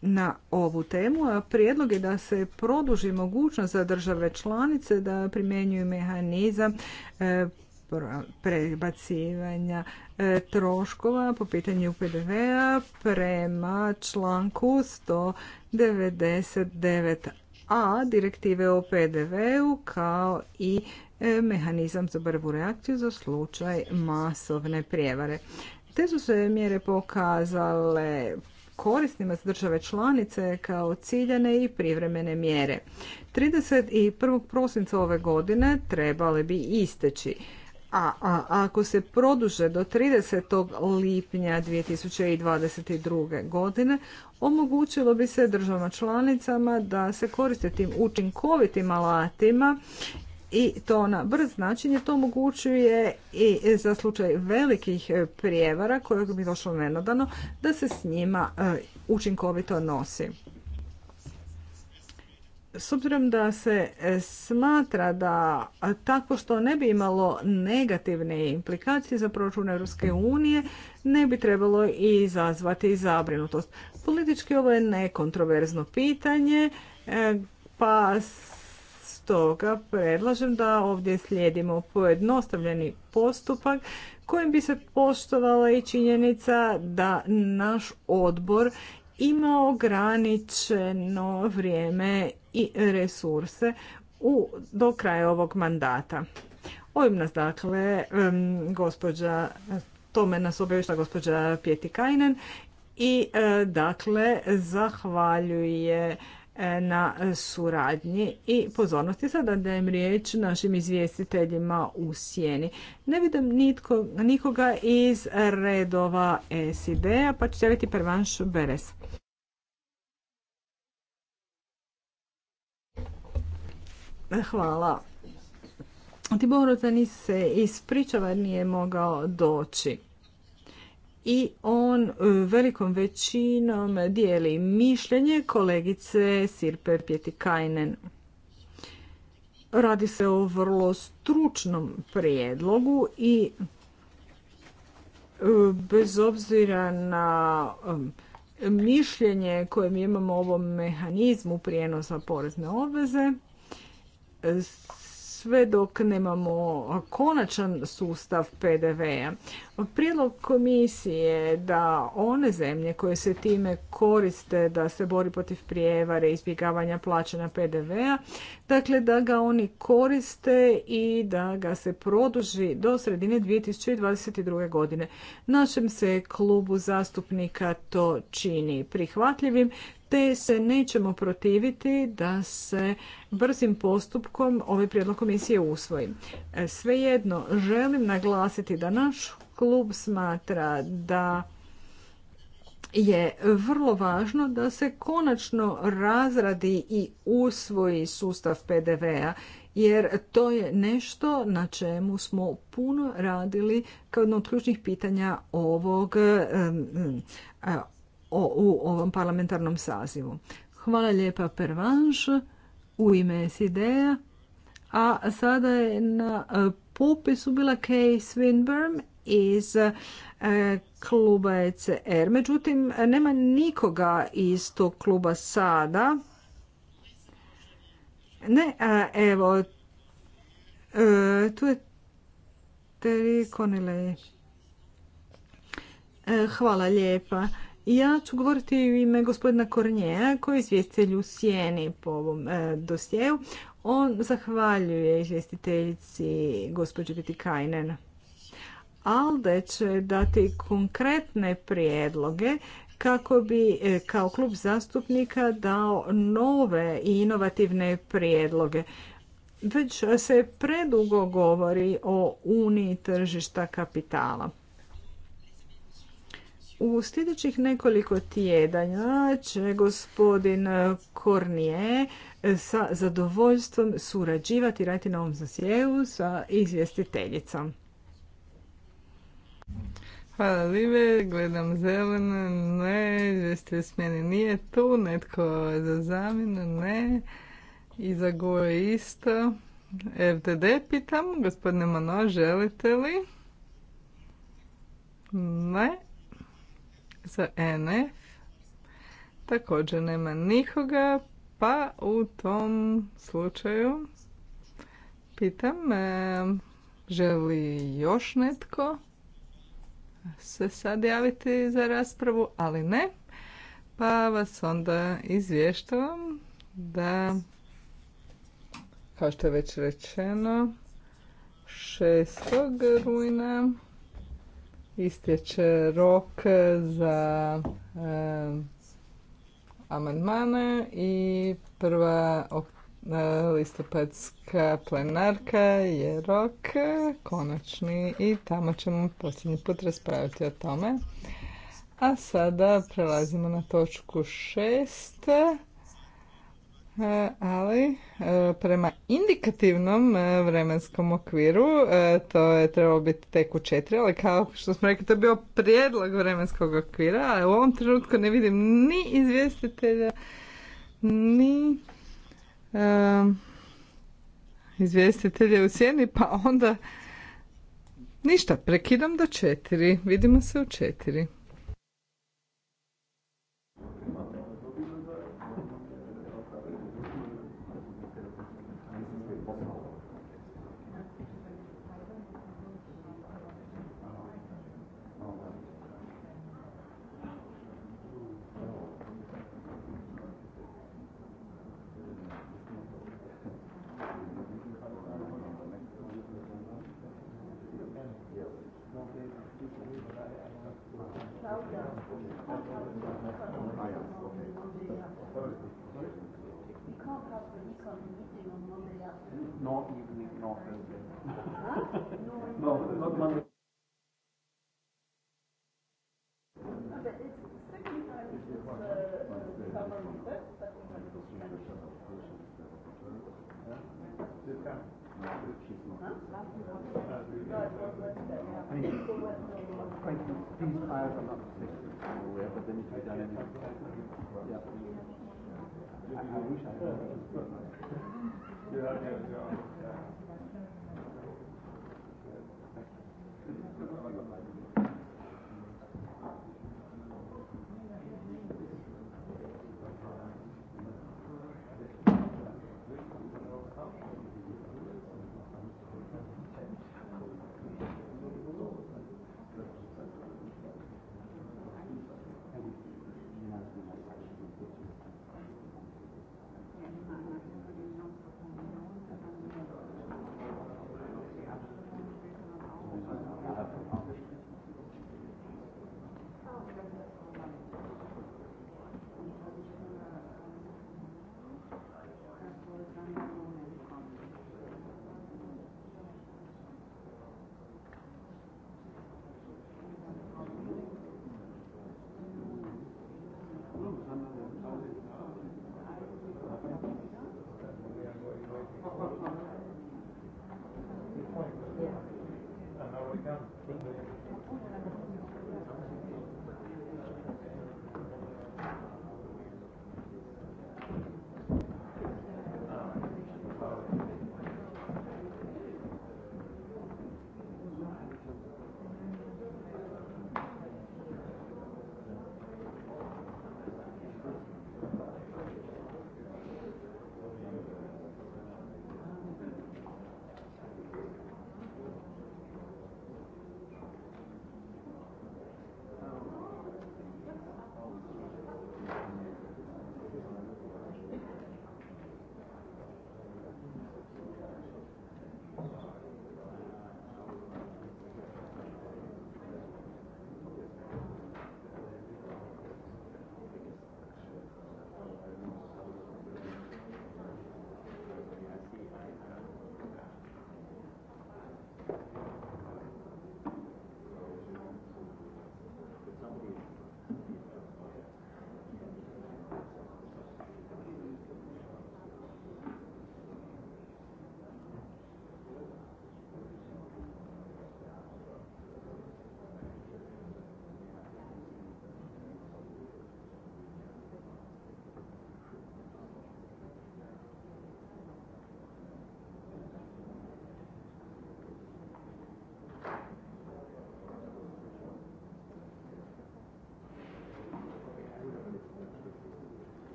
na ovu temu, a prijedlog je da se produži mogućnost za države članice da primjenjuju mehanizam eh, prebacivanja eh, troškova po pitanju PDV-a prema članku 199a direktive o PDV-u kao i mehanizam za brvu reakciju za slučaj masovne prijevare. Te su se mjere pokazale korisnima za države članice kao ciljane i privremene mjere. 31. prosinca ove godine trebale bi isteći. A, ako se produže do 30. lipnja 2022. godine, omogućilo bi se državama članicama da se koriste tim učinkovitim alatima i to na brz način jer to omogućuje i za slučaj velikih prijevara kojeg bi došlo nenadano da se s njima e, učinkovito nosi. S obzirom da se e, smatra da tako što ne bi imalo negativne implikacije za proračun Europske unije, ne bi trebalo i izazvati zabrinutost. Politički ovo je nekontroverzno pitanje, e, pa Stoga predlažem da ovdje slijedimo pojednostavljeni postupak kojim bi se poštovala i činjenica da naš odbor ima ograničeno vrijeme i resurse u, do kraja ovog mandata. Ovim nas dakle gospođa, tome nas obavješta gospođa Pjeti Kajnen i e, dakle zahvaljuje na suradnji i pozornosti. Sada dajem riječ našim izvjestiteljima u sjeni. Ne vidim nikoga iz redova SID-a, pa ću javiti vanšu Beres. Hvala. Tibor se ispričava jer nije mogao doći i on e, velikom većinom dijeli mišljenje kolegice Sirpe Pjetikajnen. Radi se o vrlo stručnom prijedlogu i e, bez obzira na e, mišljenje koje mi imamo o ovom mehanizmu prijenosa porezne obveze, sve dok nemamo konačan sustav PDV-a. Prijedlog komisije da one zemlje koje se time koriste da se bori protiv prijevare, izbjegavanja plaćanja PDV-a, dakle da ga oni koriste i da ga se produži do sredine 2022. godine. Našem se klubu zastupnika to čini prihvatljivim te se nećemo protiviti da se brzim postupkom ovaj prijedlog komisije usvoji. E, svejedno, želim naglasiti da naš klub smatra da je vrlo važno da se konačno razradi i usvoji sustav PDV-a jer to je nešto na čemu smo puno radili kao jedno od ključnih pitanja ovog u ovom parlamentarnom sazivu. Hvala lijepa Pervanš u ime SIDEA. a sada je na e, popisu bila Kay Swinburne iz e, kluba ECR. Međutim, nema nikoga iz tog kluba sada. Ne, evo, e, tu je Terry hvala lijepa. Ja ću govoriti u ime gospodina Kornjeja koji je izvjestitelj u sjeni po ovom e, On zahvaljuje izvjestiteljici gospođi Pitikajnen. Alde će dati konkretne prijedloge kako bi e, kao klub zastupnika dao nove i inovativne prijedloge. Već se predugo govori o uniji tržišta kapitala. U sljedećih nekoliko tjedana će gospodin Kornije sa zadovoljstvom surađivati i raditi na ovom zasijevu sa izvjestiteljicom. Hvala Live, gledam zeleno, ne, izvjestitelj smjeni nije tu, netko za zamjenu, ne, i za goje isto. FDD pitam, gospodine Mano, želite li? Ne za NF također nema nikoga, pa u tom slučaju pitam e, želi još netko se sad javiti za raspravu, ali ne. Pa vas onda izvještavam da, kao što je već rečeno, 6. rujna istječe rok za e, amandmane i prva e, listopadska plenarka je rok konačni i tamo ćemo posljednji put raspraviti o tome. A sada prelazimo na točku šest E, ali e, prema indikativnom e, vremenskom okviru to je trebalo biti tek u četiri, ali kao što smo rekli to je bio prijedlog vremenskog okvira, ali u ovom trenutku ne vidim ni izvjestitelja, ni um, izvjestitelja u sjeni, pa onda ništa, prekidam do četiri, vidimo se u četiri. no evening, no Thursday. no, not Monday. Thank you. not ja,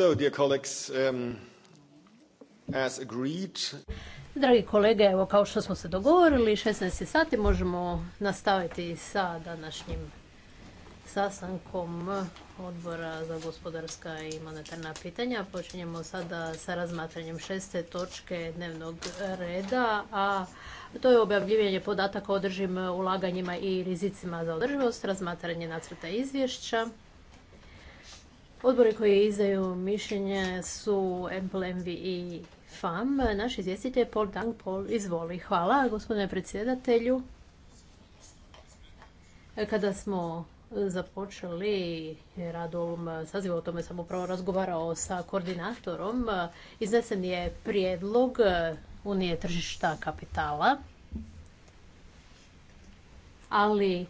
Um, Dragi kolege, evo kao što smo se dogovorili, 16 sati možemo nastaviti sa današnjim sastankom odbora za gospodarska i monetarna pitanja. Počinjemo sada sa razmatranjem šeste točke dnevnog reda, a to je objavljivanje podataka o održim ulaganjima i rizicima za održivost, razmatranje nacrta izvješća, Odbori koji izdaju mišljenje su MPLMV i FAM. Naš izvjestitelj Paul Dang Paul izvoli. Hvala gospodine predsjedatelju. Kada smo započeli rad u ovom sazivu, o tome sam upravo razgovarao sa koordinatorom, iznesen je prijedlog Unije tržišta kapitala, ali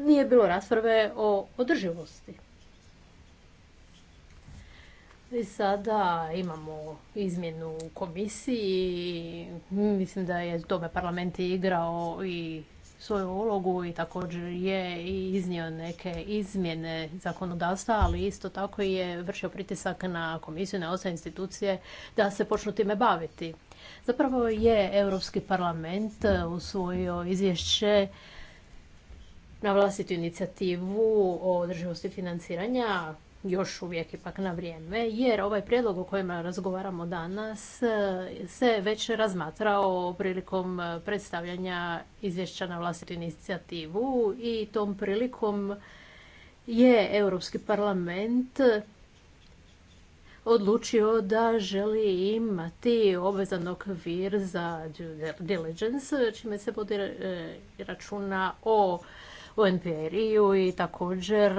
nije bilo rasprave o održivosti. I sada imamo izmjenu u komisiji. Mislim da je tome parlament igrao i svoju ulogu i također je i iznio neke izmjene zakonodavstva, ali isto tako je vršio pritisak na komisiju, na ostale institucije da se počnu time baviti. Zapravo je Europski parlament usvojio izvješće na vlastitu inicijativu o održivosti financiranja još uvijek ipak na vrijeme, jer ovaj prijedlog o kojem razgovaramo danas e, se već razmatrao prilikom predstavljanja izvješća na vlastitu inicijativu i tom prilikom je Europski parlament odlučio da želi imati obvezan okvir za due diligence, čime se vodi e, računa o u npr i također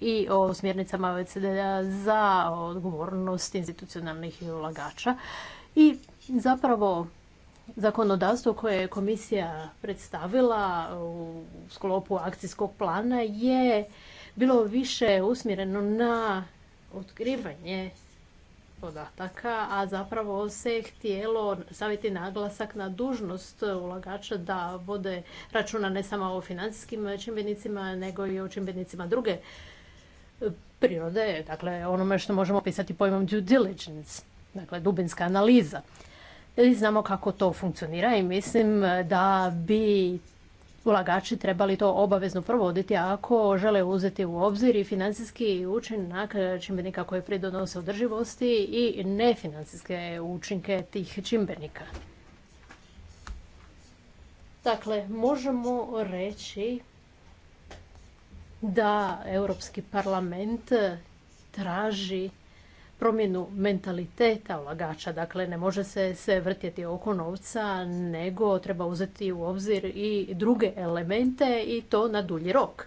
i o smjernicama OECD-a za odgovornost institucionalnih ulagača. I zapravo zakonodavstvo koje je komisija predstavila u sklopu akcijskog plana je bilo više usmjereno na otkrivanje podataka, a zapravo se htjelo staviti naglasak na dužnost ulagača da vode računa ne samo o financijskim čimbenicima, nego i o čimbenicima druge prirode, dakle onome što možemo opisati pojmom due diligence, dakle dubinska analiza. I znamo kako to funkcionira i mislim da bi ulagači trebali to obavezno provoditi ako žele uzeti u obzir i financijski učinak čimbenika koji pridonose održivosti i nefinancijske učinke tih čimbenika. Dakle, možemo reći da Europski parlament traži promjenu mentaliteta ulagača. Dakle, ne može se sve vrtjeti oko novca, nego treba uzeti u obzir i druge elemente i to na dulji rok.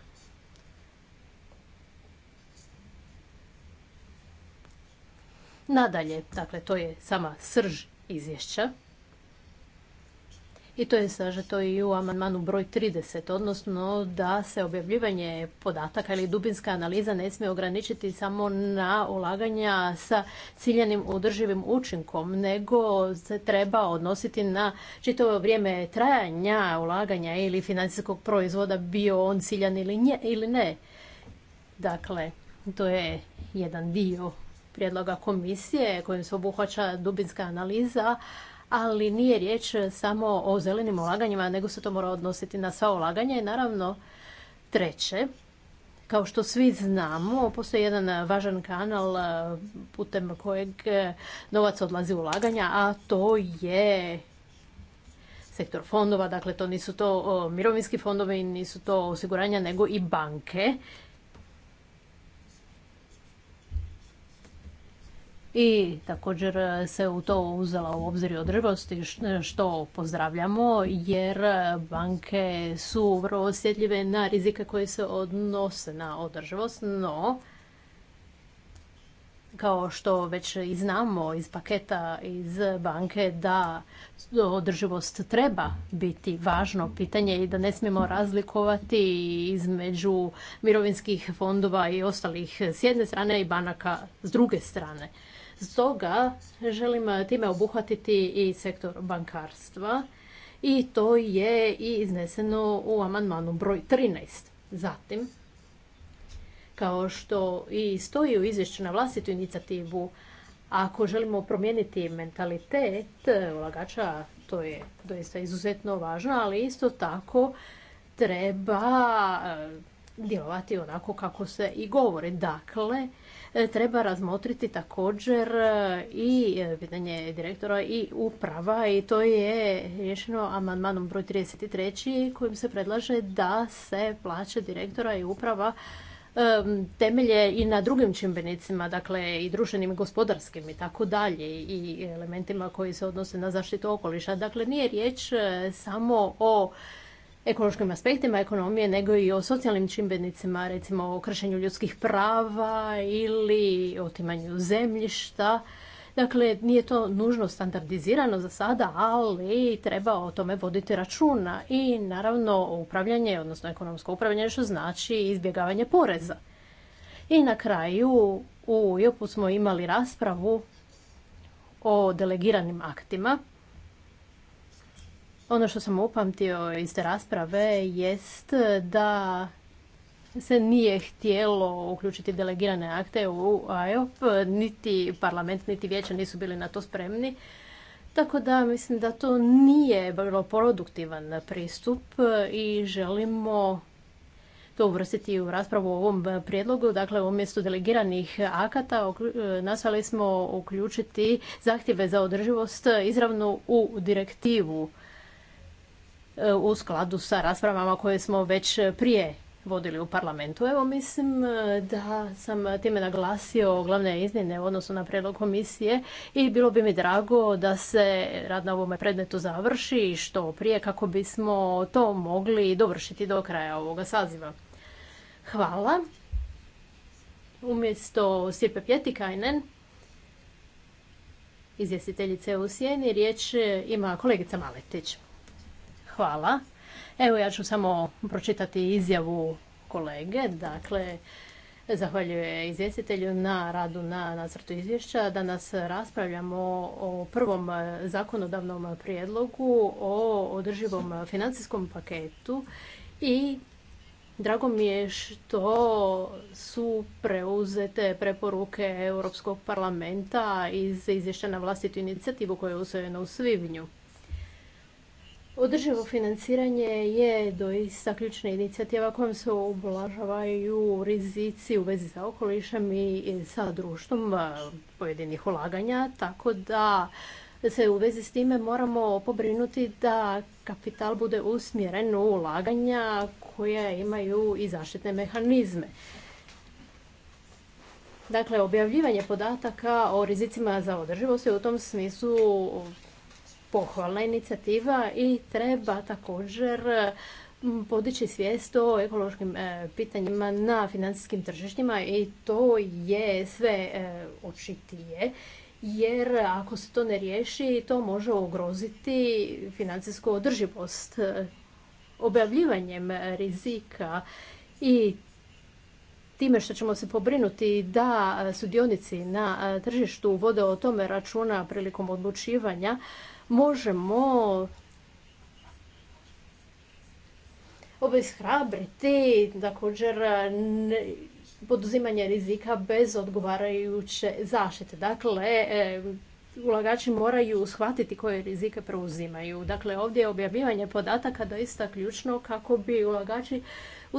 Nadalje, dakle, to je sama srž izvješća i to je sažeto i u amandmanu broj 30, odnosno da se objavljivanje podataka ili dubinska analiza ne smije ograničiti samo na ulaganja sa ciljanim održivim učinkom, nego se treba odnositi na čitavo vrijeme trajanja ulaganja ili financijskog proizvoda, bio on ciljan ili, ili ne. Dakle, to je jedan dio prijedloga komisije kojim se obuhvaća dubinska analiza, ali nije riječ samo o zelenim ulaganjima, nego se to mora odnositi na sva ulaganja. I naravno, treće, kao što svi znamo, postoji jedan važan kanal eh, putem kojeg eh, novac odlazi u ulaganja, a to je sektor fondova, dakle to nisu to mirovinski fondovi, nisu to osiguranja, nego i banke. i također se u to uzela u obzir održivosti što pozdravljamo jer banke su vrlo osjetljive na rizike koji se odnose na održivost, no kao što već i znamo iz paketa iz banke da održivost treba biti važno pitanje i da ne smijemo razlikovati između mirovinskih fondova i ostalih s jedne strane i banaka s druge strane. Stoga želim eh, time obuhvatiti i sektor bankarstva i to je i izneseno u amandmanu broj 13. Zatim, kao što i stoji u izvješću na vlastitu inicijativu, ako želimo promijeniti mentalitet eh, ulagača, to je doista izuzetno važno, ali isto tako treba eh, djelovati onako kako se i govori. Dakle, E, treba razmotriti također e, i e, pitanje direktora i uprava i to je rješeno amandmanom broj 33 kojim se predlaže da se plaće direktora i uprava temelje i na drugim čimbenicima, dakle i društvenim i gospodarskim i tako dalje i elementima koji se odnose na zaštitu okoliša. Dakle, nije riječ samo o ekološkim aspektima ekonomije, nego i o socijalnim čimbenicima, recimo o kršenju ljudskih prava ili otimanju zemljišta. Dakle, nije to nužno standardizirano za sada, ali treba o tome voditi računa i naravno upravljanje, odnosno ekonomsko upravljanje, što znači izbjegavanje poreza. I na kraju u Jopu smo imali raspravu o delegiranim aktima ono što sam upamtio iz te rasprave jest da se nije htjelo uključiti delegirane akte u IOP, niti parlament, niti vijeće nisu bili na to spremni. Tako da mislim da to nije vrlo produktivan pristup i želimo to uvrstiti u raspravu o ovom prijedlogu. Dakle, umjesto delegiranih akata nasali smo uključiti zahtjeve za održivost izravno u direktivu E, u skladu sa raspravama koje smo već prije vodili u parlamentu. Evo mislim e, da sam time naglasio glavne izmjene u odnosu na predlog komisije i bilo bi mi drago da se rad na ovome predmetu završi što prije kako bismo to mogli dovršiti do kraja ovoga saziva. Hvala. Umjesto Sirpe Pjetikajnen, izvjestiteljice u Sjeni, riječ ima kolegica Maletić. Hvala. Evo ja ću samo pročitati izjavu kolege. Dakle, zahvaljuje izvjestitelju na radu na nacrtu izvješća. Danas raspravljamo o prvom zakonodavnom prijedlogu o održivom financijskom paketu i Drago mi je što su preuzete preporuke Europskog parlamenta iz izvješća na vlastitu inicijativu koja je usvojena u svibnju. Održivo financiranje je doista ključna inicijativa kojom se ublažavaju rizici u vezi sa okolišem i sa društvom pojedinih ulaganja, tako da se u vezi s time moramo pobrinuti da kapital bude usmjeren u ulaganja koje imaju i zaštitne mehanizme. Dakle, objavljivanje podataka o rizicima za održivost je u tom smislu pohvalna inicijativa i treba također podići svijest o ekološkim e, pitanjima na financijskim tržištima i to je sve e, očitije jer ako se to ne riješi to može ugroziti financijsku održivost e, objavljivanjem rizika i time što ćemo se pobrinuti da sudionici na tržištu vode o tome računa prilikom odlučivanja možemo obeshrabriti također e, poduzimanje rizika bez odgovarajuće zaštite. Dakle, e, ulagači moraju shvatiti koje rizike preuzimaju. Dakle, ovdje je objavljivanje podataka doista ključno kako bi ulagači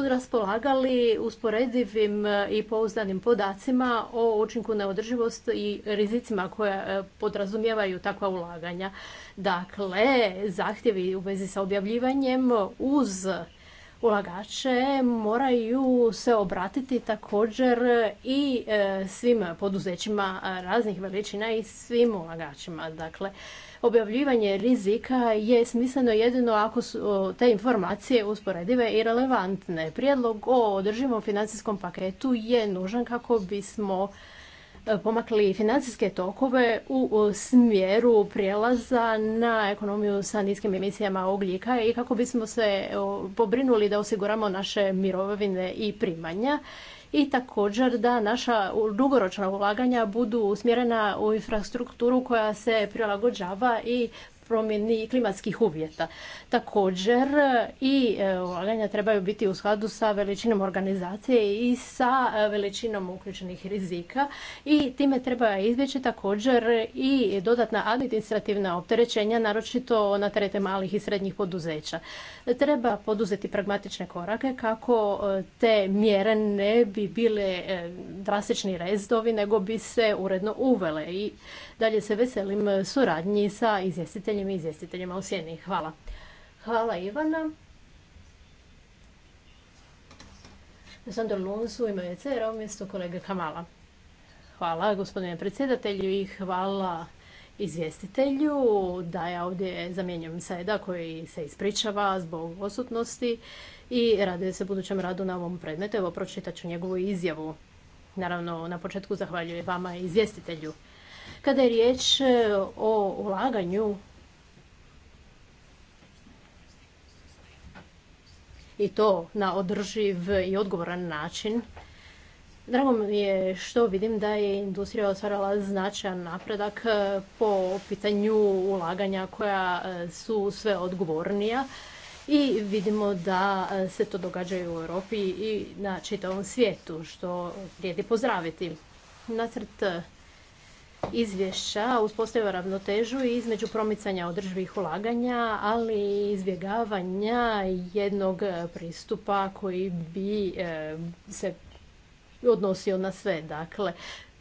raspolagali usporedivim e, i pouzdanim podacima o učinku neodrživosti i rizicima koje e, podrazumijevaju takva ulaganja. Dakle, zahtjevi u vezi sa objavljivanjem uz ulagače moraju se obratiti također i e, svim poduzećima raznih veličina i svim ulagačima. Dakle, objavljivanje rizika je smisleno jedino ako su te informacije usporedive i relevantne. Prijedlog o održivom financijskom paketu je nužan kako bismo e, pomakli financijske tokove u smjeru prijelaza na ekonomiju sa niskim emisijama ugljika i kako bismo se pobrinuli da osiguramo naše mirovine i primanja i također da naša dugoročna ulaganja budu usmjerena u infrastrukturu koja se prilagođava i promjeni klimatskih uvjeta. Također i e, ulaganja trebaju biti u skladu sa veličinom organizacije i sa e, veličinom uključenih rizika i time treba izbjeći također i dodatna administrativna opterećenja, naročito na terete malih i srednjih poduzeća. Treba poduzeti pragmatične korake kako e, te mjere ne bi bile drastični rezdovi, nego bi se uredno uvele i Dalje se veselim e, suradnji sa izvjestiteljima i izvjestiteljima u Sjeni. Hvala. Hvala Ivana. Sandor Lunsu ima ime cera umjesto kolege Kamala. Hvala gospodine predsjedatelju i hvala izvjestitelju da ja ovdje zamjenjujem Seda koji se ispričava zbog osutnosti i raduje se budućem radu na ovom predmetu. Evo pročitaću njegovu izjavu. Naravno, na početku zahvaljujem vama izvjestitelju. Kada je riječ e, o ulaganju i to na održiv i odgovoran način, Drago mi je što vidim da je industrija ostvarila značajan napredak e, po pitanju ulaganja koja e, su sve odgovornija i vidimo da se to događa i u Europi i na čitavom svijetu, što vrijedi pozdraviti. Nacrt izvješća uspostavio ravnotežu između promicanja održivih ulaganja, ali izbjegavanja jednog e, pristupa koji bi e, se odnosio na sve. Dakle,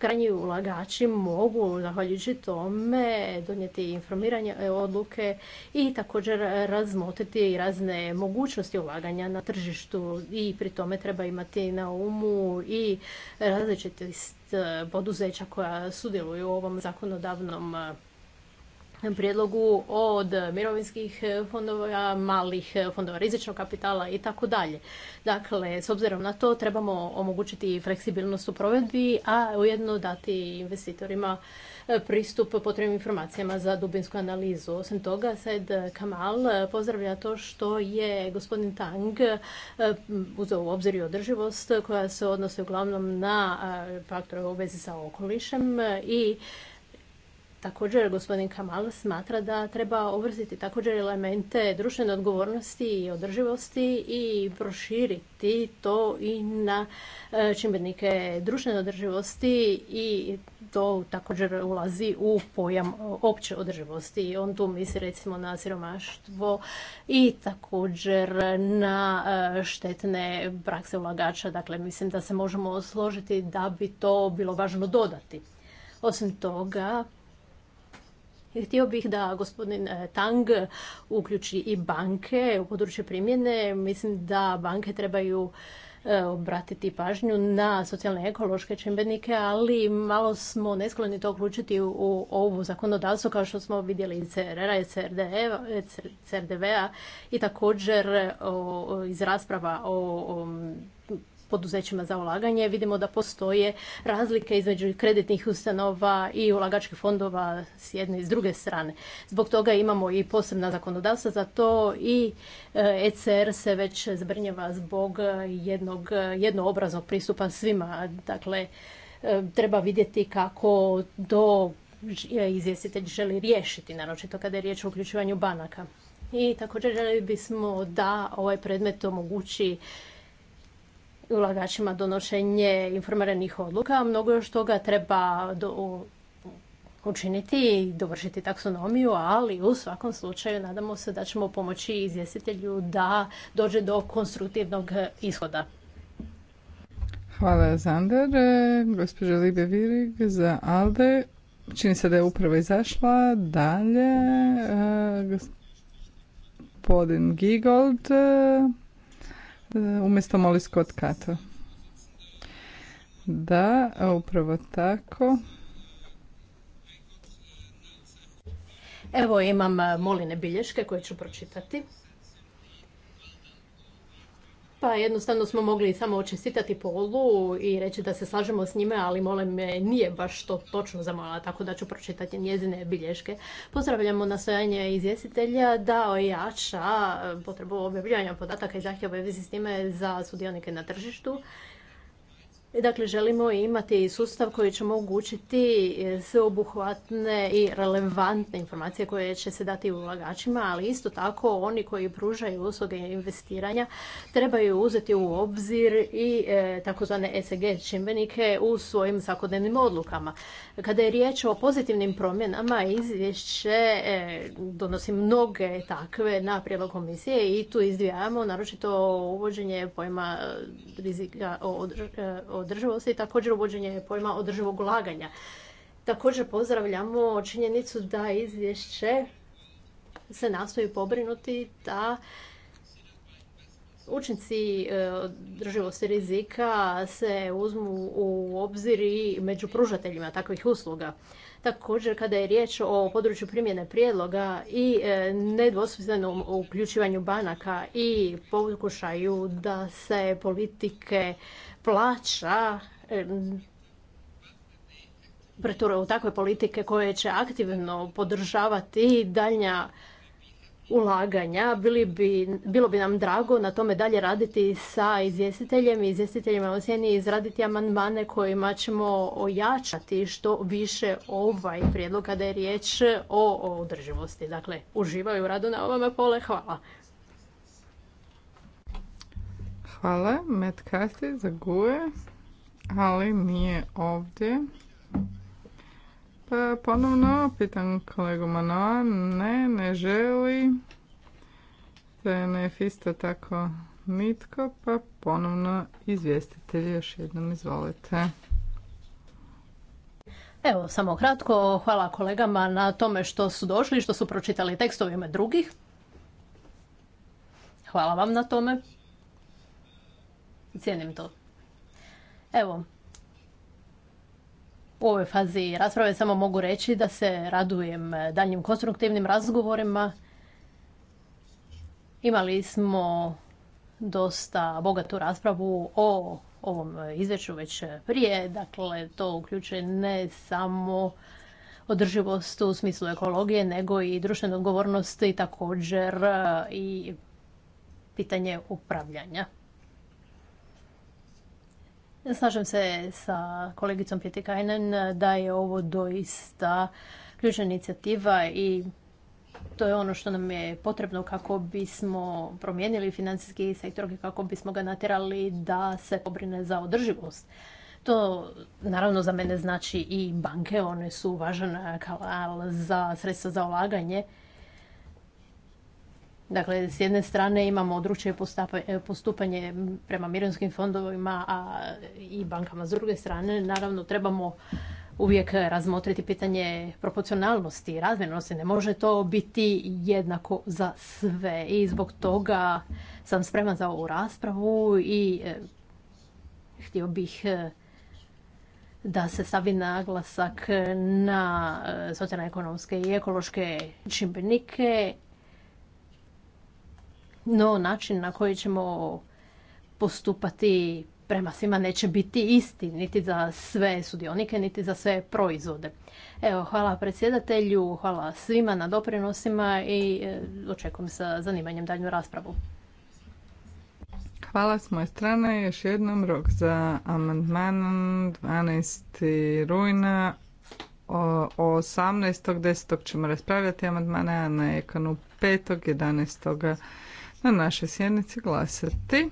krajnji ulagači mogu, zahvaljujući tome, donijeti informiranje e, odluke i također razmotriti razne mogućnosti ulaganja na tržištu i pri tome treba imati na umu i različitost e, poduzeća koja sudjeluju u ovom zakonodavnom prijedlogu od mirovinskih fondova, malih fondova rizičnog kapitala i tako dalje. Dakle, s obzirom na to trebamo omogućiti fleksibilnost u provedbi, a ujedno dati investitorima e, pristup potrebnim informacijama za dubinsku analizu. Osim toga, Sajed Kamal pozdravlja to što je gospodin Tang e, uzeo u obzir i održivost koja se odnosi uglavnom na e, faktore u vezi sa okolišem i Također, gospodin Kamal smatra da treba uvrstiti također elemente društvene odgovornosti i održivosti i proširiti to i na e, čimbenike društvene održivosti i to također ulazi u pojam opće održivosti. On tu misli recimo na siromaštvo i također na e, štetne prakse ulagača. Dakle, mislim da se možemo složiti da bi to bilo važno dodati. Osim toga, Htio bih da gospodin e, Tang uključi i banke u područje primjene. Mislim da banke trebaju e, obratiti pažnju na socijalne ekološke čimbenike, ali malo smo neskloni to uključiti u ovu zakonodavstvo kao što smo vidjeli iz CRR-a i CRDV-a i također iz rasprava o poduzećima za ulaganje. Vidimo da postoje razlike između kreditnih ustanova i ulagačkih fondova s jedne i s druge strane. Zbog toga imamo i posebna zakonodavstva za to i ECR e se već zbrnjeva zbog jednog jednoobraznog pristupa svima. Dakle, e, treba vidjeti kako do izvjestitelj želi riješiti, naročito kada je riječ o uključivanju banaka. I također želi bismo da ovaj predmet omogući ulagačima donošenje informiranih odluka. Mnogo još toga treba učiniti i dovršiti taksonomiju, ali u svakom slučaju nadamo se da ćemo pomoći izvjestitelju da dođe do konstruktivnog ishoda. Hvala Zander. E, gospođa Libe Virig za Alde. Čini se da je upravo izašla. Dalje, e, gospodin Gigold E, umjesto Molly Scott kato. Da, upravo tako. Evo imam e, moline bilješke koje ću pročitati. Pa jednostavno smo mogli samo očestitati Polu i reći da se slažemo s njime, ali molim me nije baš to točno zamolila, tako da ću pročitati njezine bilješke. Pozdravljamo nastojanje izvjestitelja da ojača potrebu objavljivanja podataka i zahtjeva u vezi s time za sudionike na tržištu Dakle, želimo imati sustav koji će omogućiti sveobuhvatne i relevantne informacije koje će se dati ulagačima, ali isto tako oni koji pružaju usluge investiranja trebaju uzeti u obzir i e, takozvane ESG čimbenike u svojim svakodnevnim odlukama. Kada je riječ o pozitivnim promjenama, izvješće e, donosi mnoge takve na prijedlog komisije i tu izdvijamo naročito uvođenje pojma rizika od e, održivosti, također uvođenje pojma održivog ulaganja. Također pozdravljamo činjenicu da izvješće se nastoji pobrinuti da učinci e, održivosti rizika se uzmu u obzir i među pružateljima takvih usluga. Također, kada je riječ o području primjene prijedloga i e, nedvosmislenom uključivanju banaka i pokušaju da se politike plaća pretura u takve politike koje će aktivno podržavati daljnja ulaganja. bilo bi nam drago na tome dalje raditi sa izvjestiteljem i izvjestiteljima u sjeni izraditi amandmane kojima ćemo ojačati što više ovaj prijedlog kada je riječ o, održivosti. Dakle, uživaju radu na ovome pole. Hvala. Hvala, Matt Cathy za e, ali nije ovdje. Pa ponovno pitam kolegu Manoa, ne, ne želi. je nefisto tako nitko, pa ponovno izvjestitelj još jednom izvolite. Evo, samo kratko, hvala kolegama na tome što su došli, što su pročitali tekstove drugih. Hvala vam na tome cijenim to. Evo, u ovoj fazi rasprave samo mogu reći da se radujem daljnjim konstruktivnim razgovorima. Imali smo dosta bogatu raspravu o ovom izveću već prije. Dakle, to uključuje ne samo održivost u smislu ekologije, nego i društvene odgovornosti i također i pitanje upravljanja. Slažem se sa kolegicom Pjetikajnen da je ovo doista ključna inicijativa i to je ono što nam je potrebno kako bismo promijenili financijski sektor i kako bismo ga natjerali da se pobrine za održivost. To naravno za mene znači i banke, one su važan kanal za sredstva za ulaganje Dakle, s jedne strane imamo odručje e, postupanje prema mirovinskim fondovima a i bankama. S druge strane, naravno, trebamo uvijek razmotriti pitanje proporcionalnosti i razmjernosti. Ne može to biti jednako za sve i zbog toga sam spreman za ovu raspravu i e, htio bih e, da se stavi naglasak na socijalno-ekonomske i ekološke čimbenike no, način na koji ćemo postupati prema svima neće biti isti, niti za sve sudionike, niti za sve proizvode. Evo, hvala predsjedatelju, hvala svima na doprinosima i e, očekujem sa zanimanjem daljnju raspravu. Hvala s moje strane. Još jednom rok za amandman 12. rujna. O 18.10. ćemo raspravljati amandmane, a na ekonu 5.11 na našoj sjednici glasati.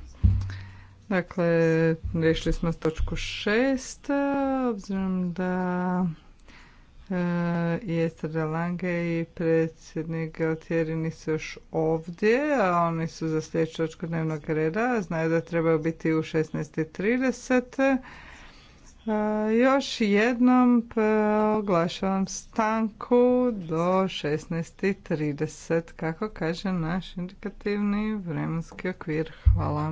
Dakle, rešili smo točku šest. obzirom da e, je de Lange i predsjednik Galtieri nisu još ovdje, a oni su za sljedeću točku dnevnog reda. Znaju da trebaju biti u 16.30. E, još jednom oglašavam stanku do 16.30, kako kaže naš indikativni vremenski okvir. Hvala.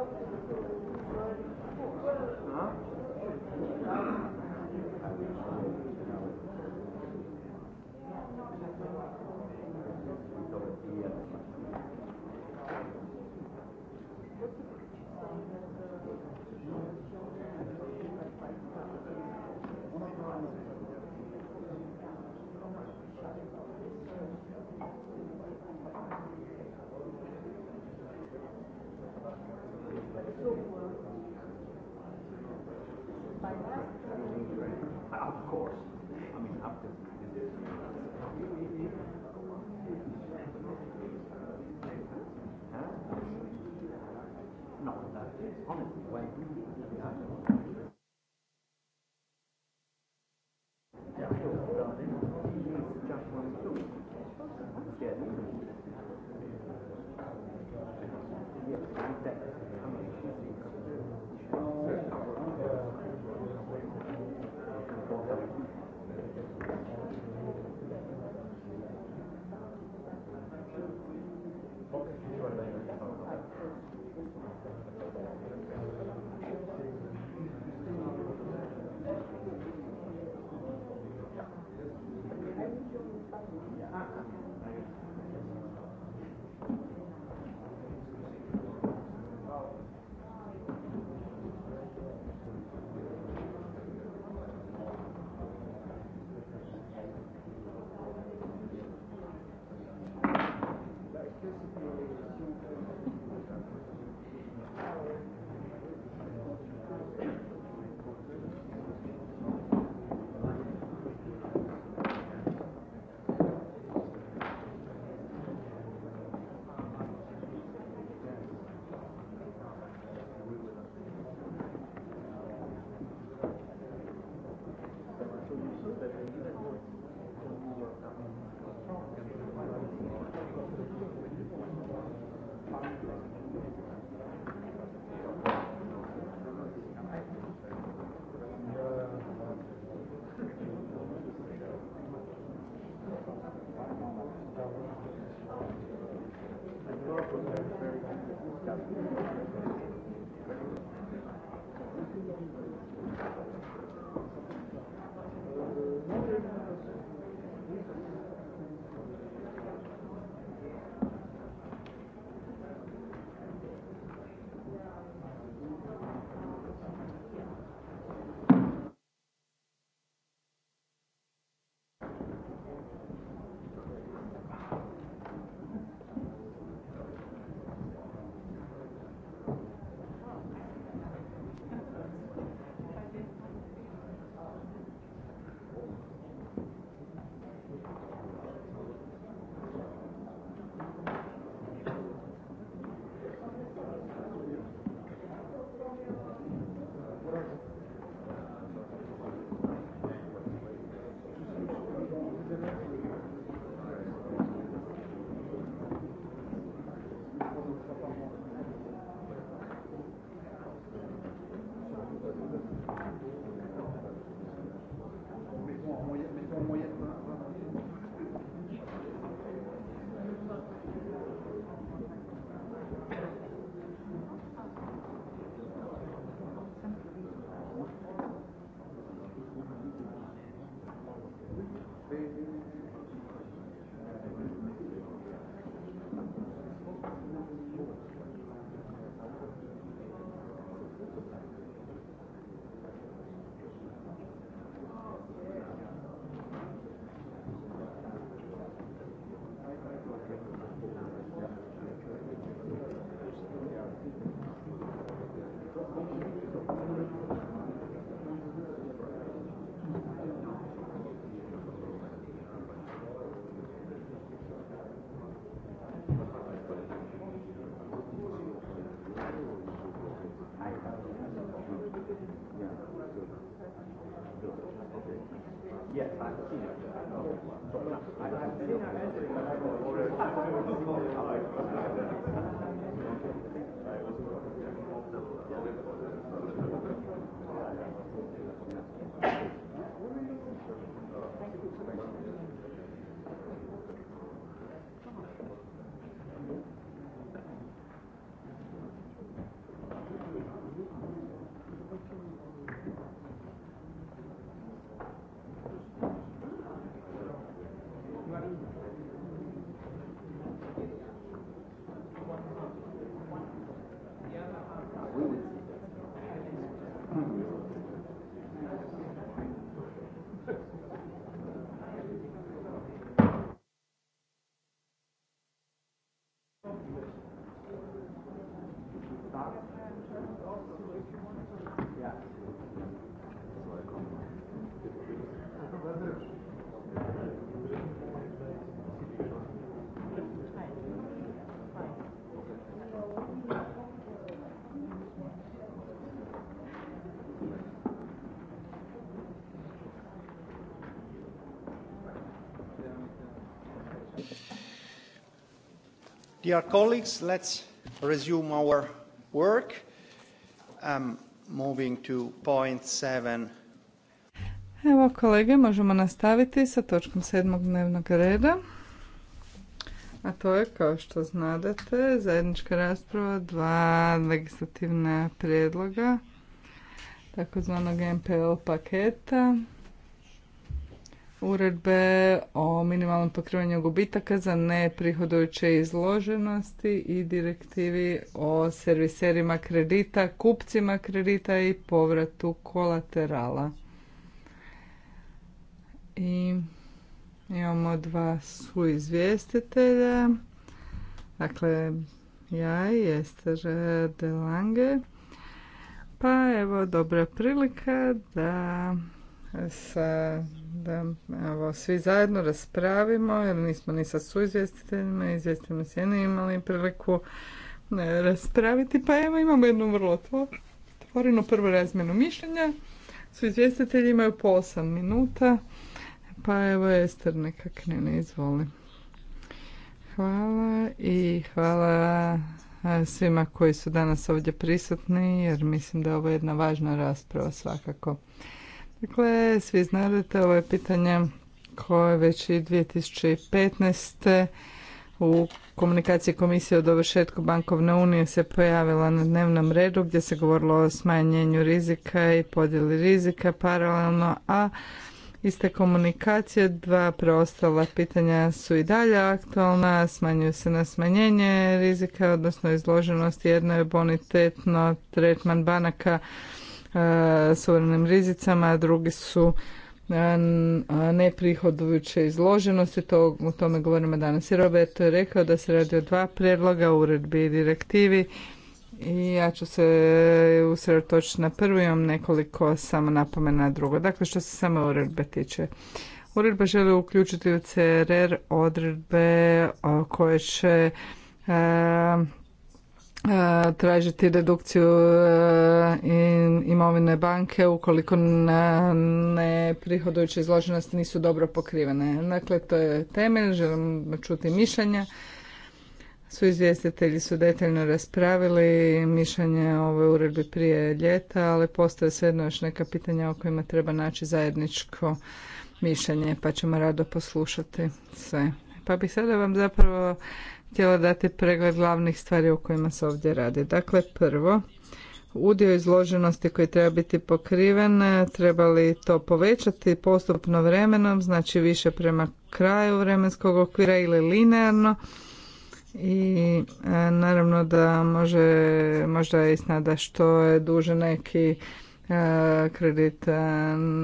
Hvala of course. I mean, after No, that is honestly, why. Dear colleagues, let's resume our work. Um, moving to point seven. Evo kolege, možemo nastaviti sa točkom sedmog dnevnog reda. A to je, kao što znadete, zajednička rasprava dva legislativna prijedloga takozvanog MPO paketa uredbe o minimalnom pokrivanju gubitaka za neprihodujuće izloženosti i direktivi o serviserima kredita, kupcima kredita i povratu kolaterala. I imamo dva suizvjestitelja. Dakle, ja i de Lange. Pa evo, dobra prilika da sa da evo, svi zajedno raspravimo, jer nismo ni sa suizvjestiteljima izvjestiteljima izvjestiteljima ne imali priliku e, raspraviti. Pa evo imamo jednu vrlo otvorenu prvu razmjenu mišljenja. Su izvjestitelji imaju po osam minuta. Pa evo Ester neka ne izvoli. Hvala i hvala e, svima koji su danas ovdje prisutni jer mislim da je ovo jedna važna rasprava svakako. Dakle, svi znadete, ovo je pitanje koje već i 2015. u komunikaciji komisije o dovršetku bankovne unije se pojavila na dnevnom redu gdje se govorilo o smanjenju rizika i podjeli rizika paralelno, a iste komunikacije, dva preostala pitanja su i dalje aktualna, smanjuju se na smanjenje rizika, odnosno izloženost, jedno je bonitetno, tretman banaka, E, suvremenim rizicama, drugi su e, e, neprihodujuće izloženosti, to, o tome govorimo danas. I Roberto je rekao da se radi o dva prijedloga, uredbi i direktivi. I ja ću se usredotočiti na prvi, imam nekoliko samo napomena drugo. Dakle, što se samo uredbe tiče. Uredba želi uključiti u CRR odredbe koje će E, tražiti redukciju e, imovine banke ukoliko ne prihodujuće izloženosti nisu dobro pokrivene. Dakle, to je temelj, želim čuti mišljenja. Su izvjestitelji su detaljno raspravili mišljenje o ovoj uredbi prije ljeta, ali postoje svejedno još neka pitanja o kojima treba naći zajedničko mišljenje, pa ćemo rado poslušati sve. Pa bih sada vam zapravo htjela dati pregled glavnih stvari o kojima se ovdje radi. Dakle, prvo, udio izloženosti koji treba biti pokriven, treba li to povećati postupno vremenom, znači više prema kraju vremenskog okvira ili linearno. I e, naravno da može, možda je istina da što je duže neki E, kredit e,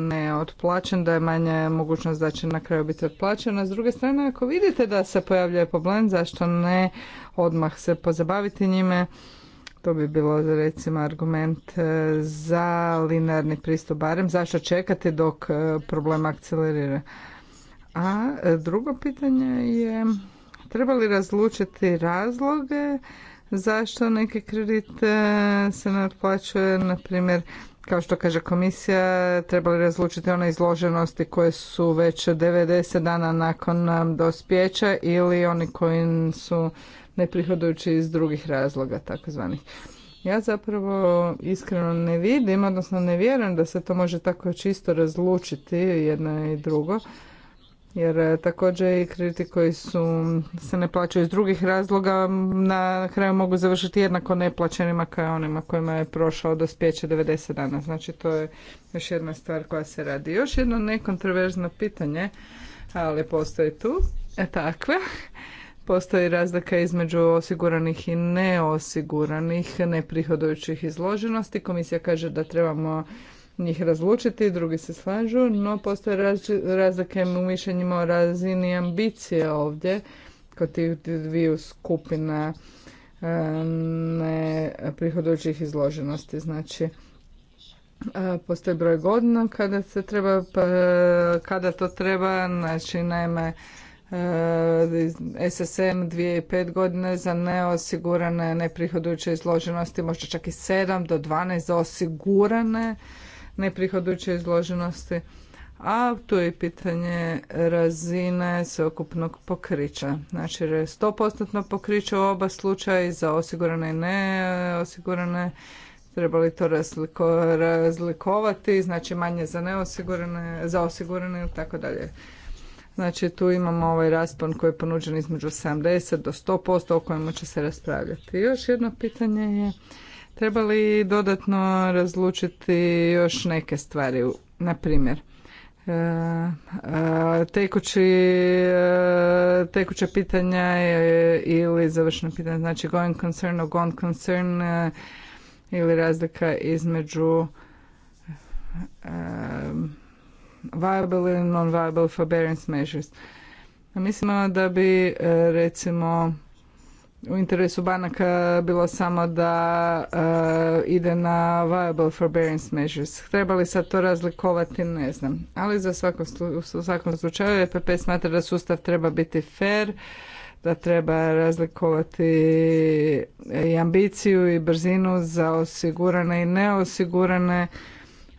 ne otplaćen, da je manja mogućnost da će na kraju biti otplaćen. A s druge strane, ako vidite da se pojavljuje problem, zašto ne odmah se pozabaviti njime? To bi bilo recimo argument e, za linearni pristup barem. Zašto čekati dok problem akcelerira? A drugo pitanje je treba li razlučiti razloge zašto neki kredit se ne otplaćuje, na primjer kao što kaže komisija, trebali razlučiti one izloženosti koje su već 90 dana nakon um, dospjeća ili oni koji su neprihodujući iz drugih razloga, takozvani. Ja zapravo iskreno ne vidim, odnosno ne vjerujem da se to može tako čisto razlučiti jedno i drugo jer e, također i krediti koji su se ne plaćaju iz drugih razloga na kraju mogu završiti jednako neplaćenima kao onima kojima je prošao spjeće 90 dana. Znači to je još jedna stvar koja se radi. Još jedno nekontroverzno pitanje, ali postoji tu, e takve. Postoji razlika između osiguranih i neosiguranih neprihodujućih izloženosti. Komisija kaže da trebamo njih razlučiti, drugi se slažu, no postoje razlike u mišljenjima o razini ambicije ovdje kod tih dviju skupina e, ne izloženosti. Znači, e, postoji broj godina kada se treba, pa, kada to treba, znači naime e, SSM dvije i pet godine za neosigurane neprihodujuće izloženosti, možda čak i sedam do 12 za osigurane neprihodujuće izloženosti, a tu je pitanje razine sveukupnog pokrića. Znači 100% pokriće u oba slučaja i za osigurane i neosigurane treba li to razlikovati, znači manje za neosigurane, za osigurane i tako dalje. Znači tu imamo ovaj raspon koji je ponuđen između 70 do 100% o kojemu će se raspravljati. Još jedno pitanje je trebali dodatno razlučiti još neke stvari. Na primjer, e, e, tekući, e, tekuća pitanja ili završeno pitanje, znači going concern or gone concern ili razlika između viable ili non-viable forbearance measures. Mislimo da bi recimo u interesu banaka bilo samo da e, ide na viable forbearance measures. Treba li sad to razlikovati, ne znam. Ali za svakom, u svakom slučaju EPP smatra da sustav treba biti fair, da treba razlikovati i ambiciju i brzinu za osigurane i neosigurane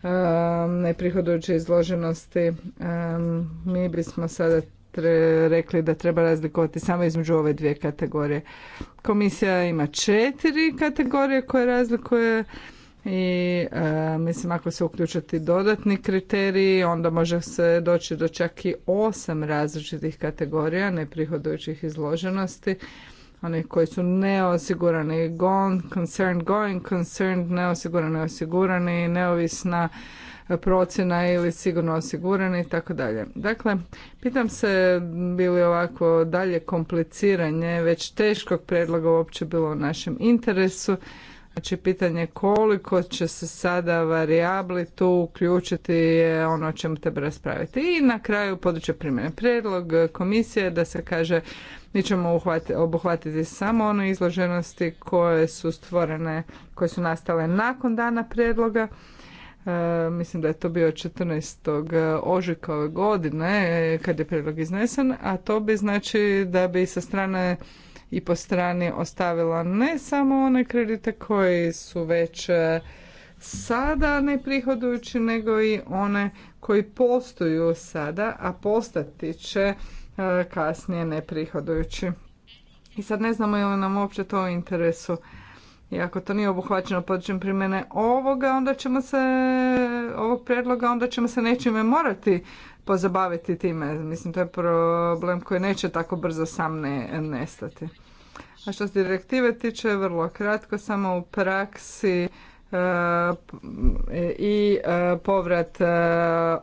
um, neprihodujuće izloženosti. Um, mi bismo sada rekli da treba razlikovati samo između ove dvije kategorije. Komisija ima četiri kategorije koje razlikuje i e, mislim ako se uključiti dodatni kriteriji onda može se doći do čak i osam različitih kategorija neprihodujućih izloženosti oni koji su neosigurani gone, concerned going, concerned neosigurani, osigurani, neovisna procjena ili sigurno osigurani i tako dalje. Dakle, pitam se bi li ovako dalje kompliciranje već teškog predloga uopće bilo u našem interesu. Znači, pitanje koliko će se sada varijabli tu uključiti je ono o čemu treba raspraviti. I na kraju područje primjene. predlog komisije da se kaže mi ćemo obuhvatiti samo one izloženosti koje su stvorene, koje su nastale nakon dana predloga E, mislim da je to bio 14. E, ožujka ove godine e, kad je prilog iznesen, a to bi znači da bi sa strane i po strani ostavila ne samo one kredite koji su već sada neprihodujući, nego i one koji postoju sada, a postati će kasnije neprihodujući. I sad ne znamo je li nam uopće to u interesu i ako to nije obuhvaćeno područjem primjene ovoga, onda ćemo se, ovog predloga, onda ćemo se nečime morati pozabaviti time. Mislim, to je problem koji neće tako brzo sam ne, nestati. A što se direktive tiče, vrlo kratko, samo u praksi e, i e, povrat e,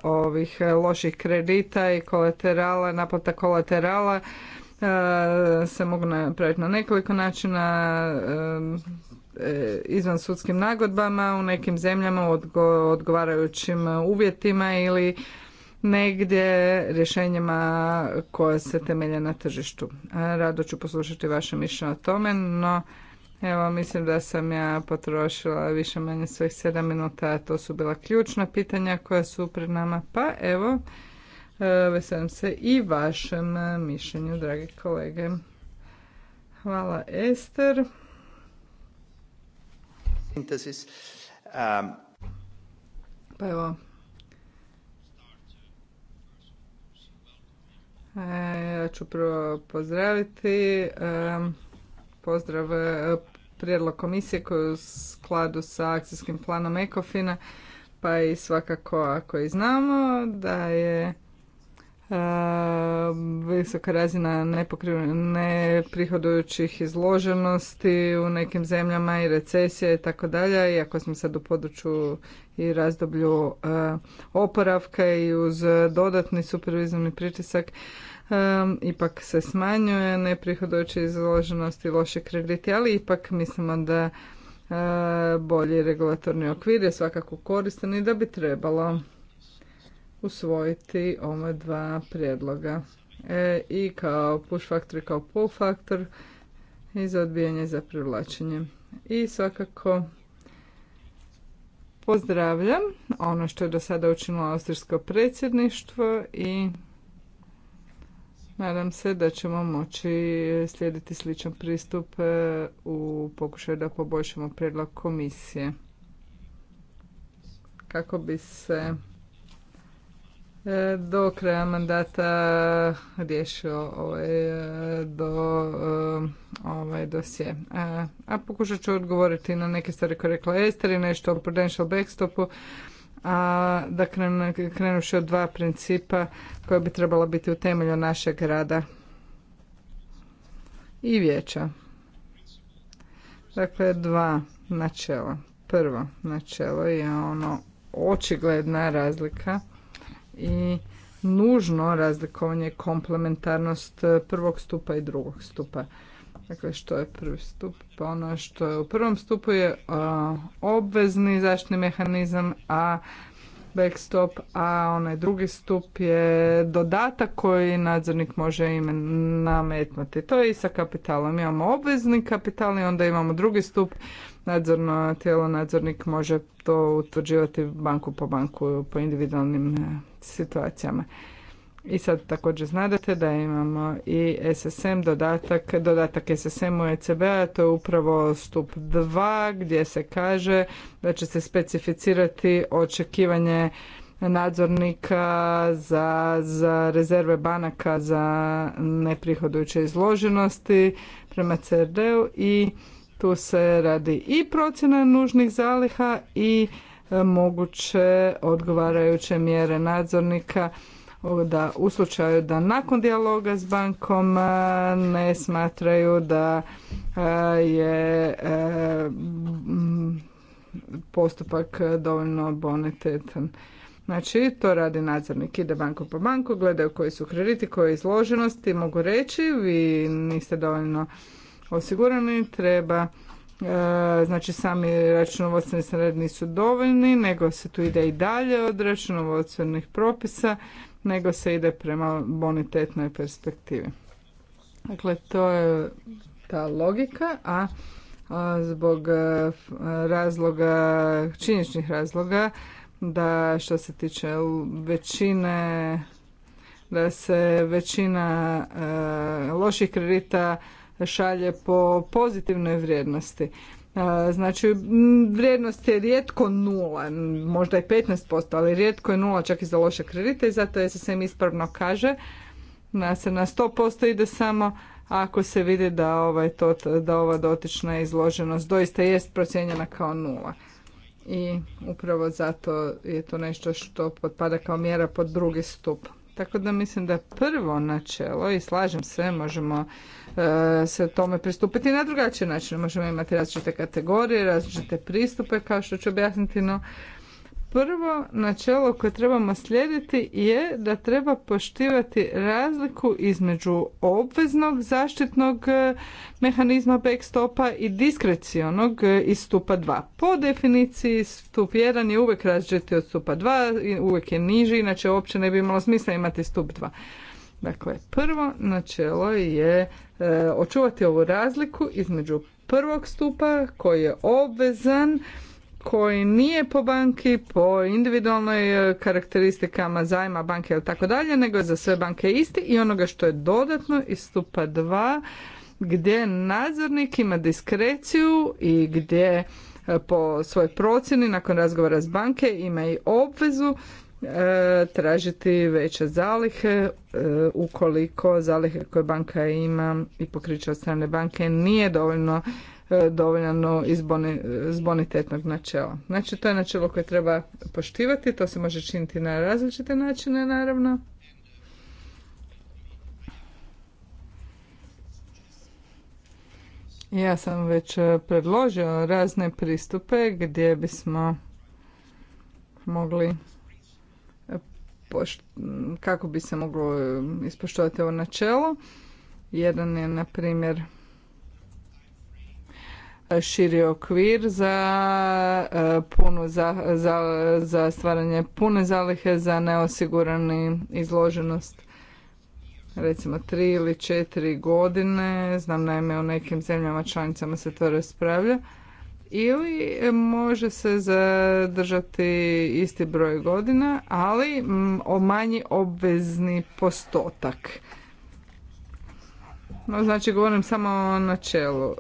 ovih loših kredita i kolaterala, naplata kolaterala se mogu napraviti na nekoliko načina E, izvan sudskim nagodbama u nekim zemljama odgo, odgovarajućim uvjetima ili negdje rješenjima koja se temelje na tržištu. E, rado ću poslušati vaše mišljenje o tome, no evo mislim da sam ja potrošila više manje svojih sedam minuta, to su bila ključna pitanja koja su pred nama, pa evo e, veselim se i vašem mišljenju, dragi kolege. Hvala Ester. Um, pa evo, e, ja ću prvo pozdraviti e, pozdrav e, prijedlog komisije koji je u skladu sa akcijskim planom Ekofina, pa i svakako ako i znamo da je E, visoka razina neprihodujućih izloženosti u nekim zemljama i recesija i tako dalje, iako smo sad u području i razdoblju e, oporavka i uz dodatni supervizorni pritisak e, ipak se smanjuje neprihodujuća izloženosti i loše krediti, ali ipak mislimo da bolji regulatorni okvir je svakako koristan i da bi trebalo usvojiti ova dva prijedloga. E, I kao push faktor i kao pull faktor i za odbijanje za privlačenje. I svakako pozdravljam ono što je do sada učinilo austrijsko predsjedništvo i nadam se da ćemo moći slijediti sličan pristup e, u pokušaju da poboljšamo prijedlog komisije kako bi se E, do kraja mandata riješio ovaj, e, do, e, ovaj dosje. A, a pokušat ću odgovoriti na neke stvari koje rekla Ester i nešto o prudential backstopu. A da krenu, krenuši od dva principa koja bi trebala biti u temelju našeg rada i vijeća. Dakle, dva načela. Prvo načelo je ono očigledna razlika i nužno razlikovanje komplementarnost e, prvog stupa i drugog stupa. Dakle, što je prvi stup? Pa ono što je u prvom stupu je e, obvezni zaštitni mehanizam, a backstop, a onaj drugi stup je dodatak koji nadzornik može im nametnuti. To je i sa kapitalom. Imamo obvezni kapital i onda imamo drugi stup nadzorno tijelo, nadzornik može to utvrđivati banku po banku po individualnim e, situacijama. I sad također znadete da imamo i SSM dodatak, dodatak SSM-u ECB-a, to je upravo stup 2 gdje se kaže da će se specificirati očekivanje nadzornika za, za rezerve banaka za neprihodujuće izloženosti prema CRD-u i tu se radi i procjena nužnih zaliha i e, moguće odgovarajuće mjere nadzornika da u slučaju da nakon dijaloga s bankom e, ne smatraju da e, je postupak dovoljno bonitetan. Znači, to radi nadzornik, ide banko po banku, gledaju koji su krediti, koje izloženosti. mogu reći, vi niste dovoljno osigurani, treba e, znači sami računovodstveni standardi nisu dovoljni, nego se tu ide i dalje od računovodstvenih propisa, nego se ide prema bonitetnoj perspektivi. Dakle, to je ta logika, a zbog e, razloga, činjeničnih razloga, da što se tiče većine, da se većina e, loših kredita šalje po pozitivnoj vrijednosti. Znači, vrijednost je rijetko nula, možda je 15%, ali rijetko je nula čak i za loše kredite i zato je sve ispravno kaže da se na 100% ide samo ako se vidi da, ovaj, to, da ova dotična izloženost doista jest procijenjena kao nula. I upravo zato je to nešto što potpada kao mjera pod drugi stup. Tako da mislim da prvo načelo, i slažem se, možemo E, se tome pristupiti na drugačiji način. Možemo imati različite kategorije, različite pristupe, kao što ću objasniti, no prvo načelo koje trebamo slijediti je da treba poštivati razliku između obveznog zaštitnog e, mehanizma backstopa i diskrecionog e, iz stupa 2. Po definiciji stup 1 je uvijek različiti od stupa 2, uvijek je niži, inače uopće ne bi imalo smisla imati stup 2. Dakle, prvo načelo je e, očuvati ovu razliku između prvog stupa koji je obvezan, koji nije po banki, po individualnoj e, karakteristikama zajma banke ili tako dalje, nego je za sve banke isti i onoga što je dodatno iz stupa 2 gdje nadzornik ima diskreciju i gdje e, po svojoj procjeni nakon razgovora s banke ima i obvezu E, tražiti veće zalihe e, ukoliko zalihe koje banka ima i pokriće od strane banke nije dovoljno e, dovoljno iz bonitetnog načela. Znači to je načelo koje treba poštivati, to se može činiti na različite načine naravno. Ja sam već predložio razne pristupe gdje bismo mogli kako bi se moglo um, ispoštovati ovo načelo. Jedan je, na primjer, širi okvir za, uh, za, za, za stvaranje pune zalihe za neosigurani izloženost recimo tri ili četiri godine. Znam naime u nekim zemljama članicama se to raspravlja ili može se zadržati isti broj godina, ali mm, o manji obvezni postotak. No, znači govorim samo o načelu e,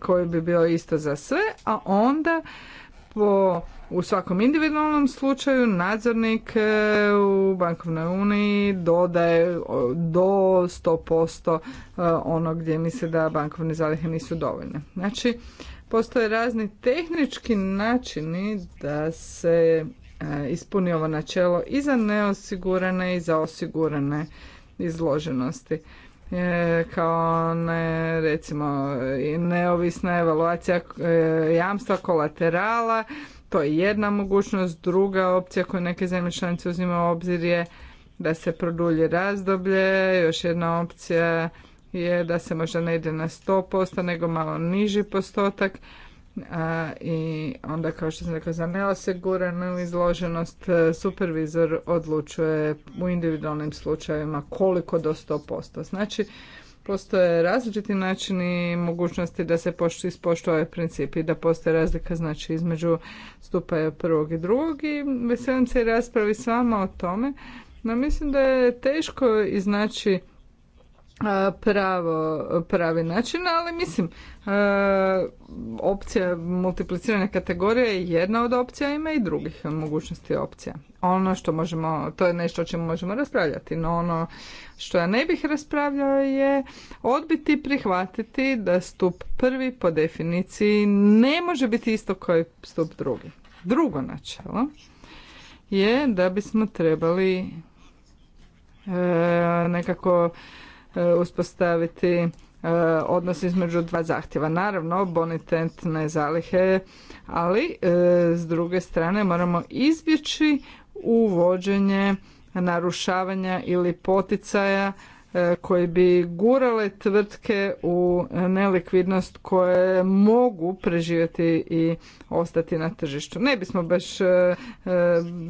koji bi bio isto za sve, a onda po, u svakom individualnom slučaju nadzornik e, u bankovnoj uniji dodaje do 100% e, ono gdje misli da bankovne zalihe nisu dovoljne. Znači, Postoje razni tehnički načini da se e, ispuni ovo načelo i za neosigurane i za osigurane izloženosti. E, kao ne, recimo neovisna evaluacija e, jamstva kolaterala, to je jedna mogućnost. Druga opcija koju neke zemlje članice uzimaju u obzir je da se produlji razdoblje. Još jedna opcija je da se možda ne ide na 100%, nego malo niži postotak. I onda, kao što sam rekao za neosiguranu izloženost e, supervizor odlučuje u individualnim slučajevima koliko do 100%. Znači, postoje različiti načini mogućnosti da se ispoštuje ovaj princip i da postoje razlika znači između stupaja prvog i drugog i veselim se raspravi s vama o tome. No mislim da je teško iznaći pravo, pravi način, ali mislim opcija multipliciranja kategorije je jedna od opcija, ima i drugih mogućnosti opcija. Ono što možemo, to je nešto o čemu možemo raspravljati, no ono što ja ne bih raspravljao je odbiti prihvatiti da stup prvi po definiciji ne može biti isto kao i stup drugi. Drugo načelo je da bismo trebali e, nekako E, uspostaviti e, odnos između dva zahtjeva. Naravno, bonitentne zalihe, ali e, s druge strane moramo izbjeći uvođenje narušavanja ili poticaja E, koji bi gurale tvrtke u nelikvidnost koje mogu preživjeti i ostati na tržištu. Ne bismo baš e, e,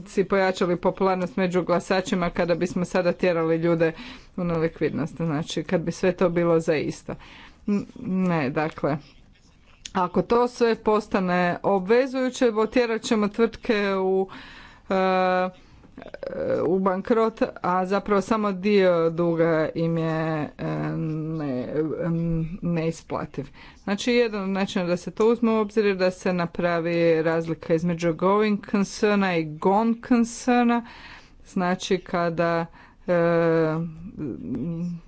si pojačali popularnost među glasačima kada bismo sada tjerali ljude u nelikvidnost. Znači kad bi sve to bilo zaista. Ne, dakle, ako to sve postane obvezujuće, otjerat ćemo tvrtke u u bankrot, a zapravo samo dio duga im je e, ne, neisplativ. Znači, jedan od načina da se to uzme u obzir je da se napravi razlika između going concerna i gone concerna, znači kada e,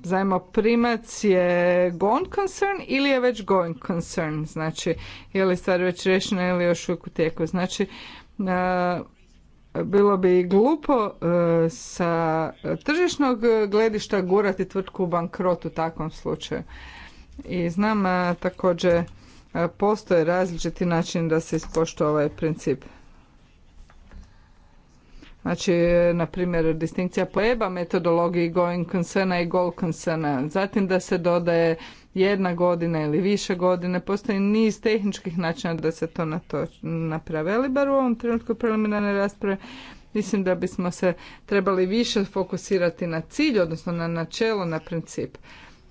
zajmoprimac je gone concern ili je već going concern, znači je li stvar već rešena ili još uvijek u tijeku. Znači, e, bilo bi glupo e, sa tržišnog gledišta gurati tvrtku u bankrot u takvom slučaju. I znam e, također e, postoje različiti način da se ispošta ovaj princip. Znači, na primjer, distinkcija pojeba metodologiji going concerna i goal concerna. Zatim da se dodaje jedna godina ili više godine. Postoji niz tehničkih načina da se to naprave, ali bar u ovom trenutku preliminarne rasprave mislim da bismo se trebali više fokusirati na cilj, odnosno na načelo, na princip.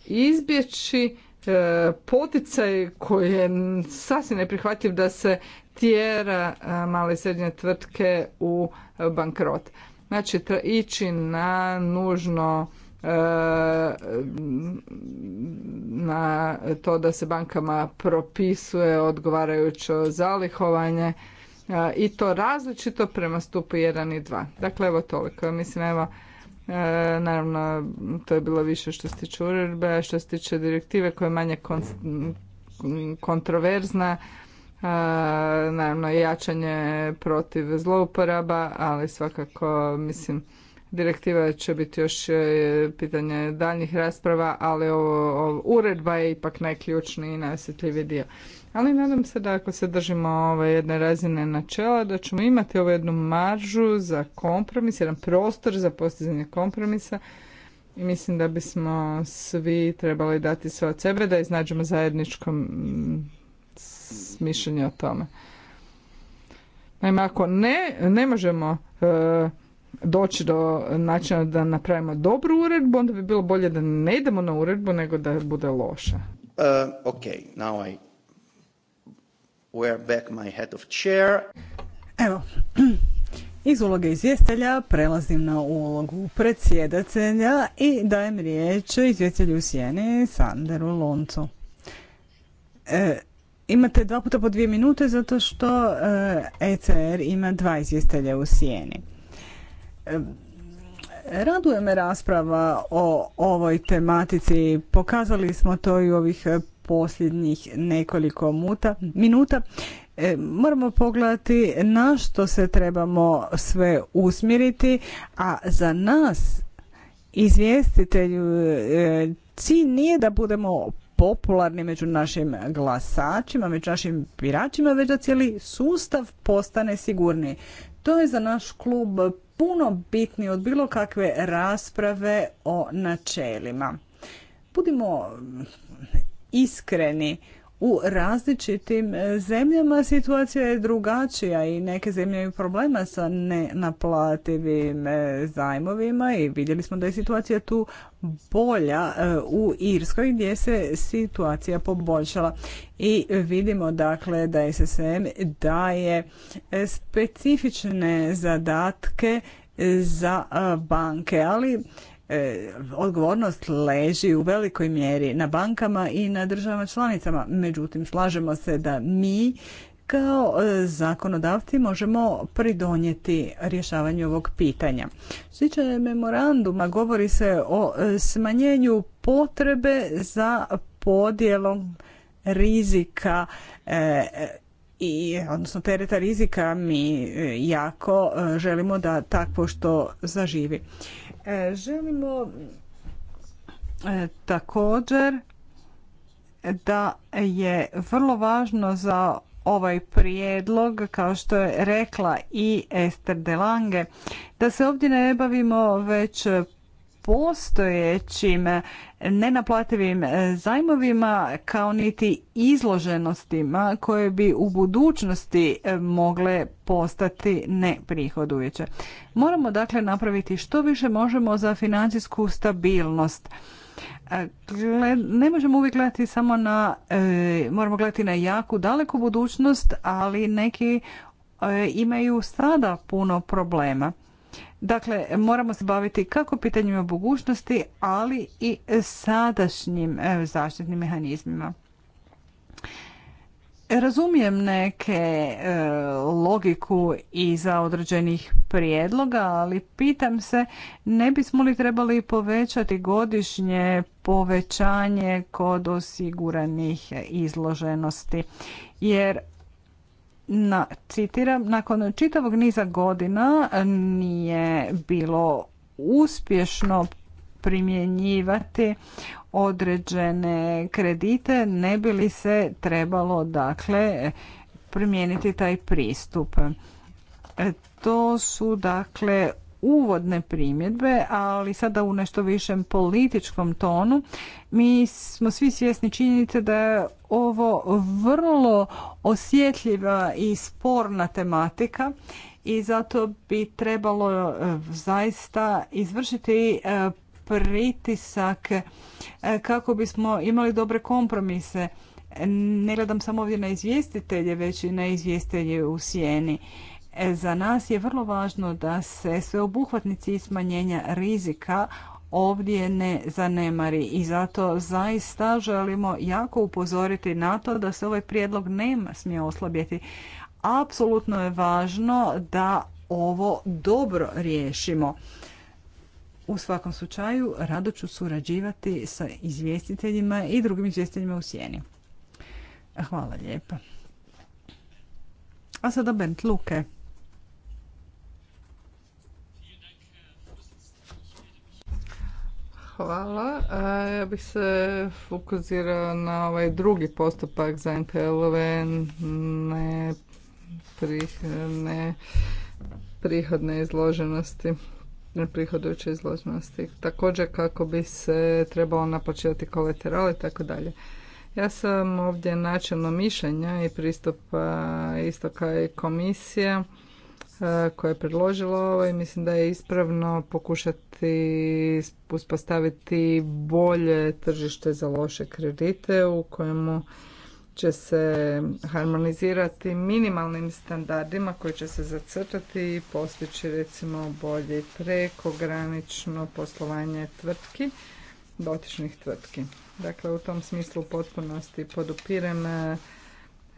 Izbjeći e, poticaj koji je sasvim neprihvatljiv da se tjera e, male i srednje tvrtke u e, bankrot. Znači, ići na nužno na to da se bankama propisuje odgovarajuće zalihovanje e, i to različito prema stupu 1 i 2. Dakle, evo toliko. Mislim, evo, e, naravno, to je bilo više što se tiče uredbe, što se tiče direktive koja je manje kontroverzna, e, naravno, jačanje protiv zlouporaba, ali svakako, mislim, direktiva će biti još e, pitanje daljnjih rasprava, ali ovo, uredba je ipak najključniji i najosjetljiviji dio. Ali nadam se da ako se držimo ove jedne razine načela, da ćemo imati ovu jednu maržu za kompromis, jedan prostor za postizanje kompromisa i mislim da bismo svi trebali dati sve od sebe da iznađemo zajedničkom mm, mišljenje o tome. Naime, ako ne, ne možemo e, doći do načina da napravimo dobru uredbu, onda bi bilo bolje da ne idemo na uredbu nego da bude loša. Uh, now I wear back my head of chair. Evo, iz uloge izvjestelja prelazim na ulogu predsjedatelja i dajem riječ izvjestelju u sjeni Sanderu Loncu. E, imate dva puta po dvije minute zato što ECR e ima dva izvjestelja u sjeni. Raduje me rasprava o ovoj tematici. Pokazali smo to i u ovih e, posljednjih nekoliko minuta. E, moramo pogledati na što se trebamo sve usmjeriti, a za nas izvjestitelju e, cilj nije da budemo popularni među našim glasačima, među našim biračima, već da cijeli sustav postane sigurniji. To je za naš klub puno bitni od bilo kakve rasprave o načelima. Budimo iskreni, u različitim e, zemljama situacija je drugačija i neke zemlje imaju problema sa nenaplativim e, zajmovima i vidjeli smo da je situacija tu bolja e, u Irskoj gdje se situacija poboljšala. I vidimo dakle da SSM daje specifične zadatke za banke, ali E, odgovornost leži u velikoj mjeri na bankama i na državama članicama. Međutim, slažemo se da mi kao e, zakonodavci možemo pridonijeti rješavanju ovog pitanja. Što memoranduma, govori se o e, smanjenju potrebe za podjelom rizika i odnosno tereta rizika mi jako želimo da takvo što zaživi. E, želimo e, također da je vrlo važno za ovaj prijedlog, kao što je rekla i Ester Delange, da se ovdje ne bavimo već postojećim nenaplativim e, zajmovima kao niti izloženostima koje bi u budućnosti e, mogle postati neprihodujuće. Moramo dakle napraviti što više možemo za financijsku stabilnost. E, ne možemo uvijek gledati samo na, moramo gledati na jaku, daleku budućnost, ali neki imaju sada puno problema. Dakle, moramo se baviti kako pitanjima mogućnosti, ali i sadašnjim e, zaštitnim mehanizmima. Razumijem neke e, logiku iza određenih prijedloga, ali pitam se ne bismo li trebali povećati godišnje povećanje kod osiguranih izloženosti. Jer na, citiram, nakon čitavog niza godina eh, nije bilo uspješno primjenjivati određene kredite, ne bi li se trebalo dakle eh, primijeniti taj pristup. Eh, to su dakle uvodne primjedbe, ali sada u nešto višem političkom tonu. Mi smo svi svjesni činjenice da je ovo vrlo osjetljiva i sporna tematika i zato bi trebalo e, zaista izvršiti e, pritisak e, kako bismo imali dobre kompromise. Ne gledam samo ovdje na izvjestitelje, već i na izvjestitelje u sjeni. E, za nas je vrlo važno da se sveobuhvatnici i smanjenja rizika ovdje ne zanemari i zato zaista želimo jako upozoriti na to da se ovaj prijedlog nema smije oslabjeti. Apsolutno je važno da ovo dobro riješimo. U svakom slučaju rado ću surađivati sa izvjestiteljima i drugim izvjestiteljima u sjeni. Hvala lijepa. A sada Bent Luke. Hvala. Ja bih se fokusirao na ovaj drugi postupak za NPL-ove ne, prihodne izloženosti neprihodujuće izloženosti. Također kako bi se trebalo napočeti kolateral i tako dalje. Ja sam ovdje načelno mišljenja i pristupa istoka i komisija E, koje je predložilo ovo i mislim da je ispravno pokušati uspostaviti bolje tržište za loše kredite u kojemu će se harmonizirati minimalnim standardima koji će se zacrtati i postići recimo bolje prekogranično poslovanje tvrtki, dotičnih tvrtki. Dakle, u tom smislu potpunosti podupirem e,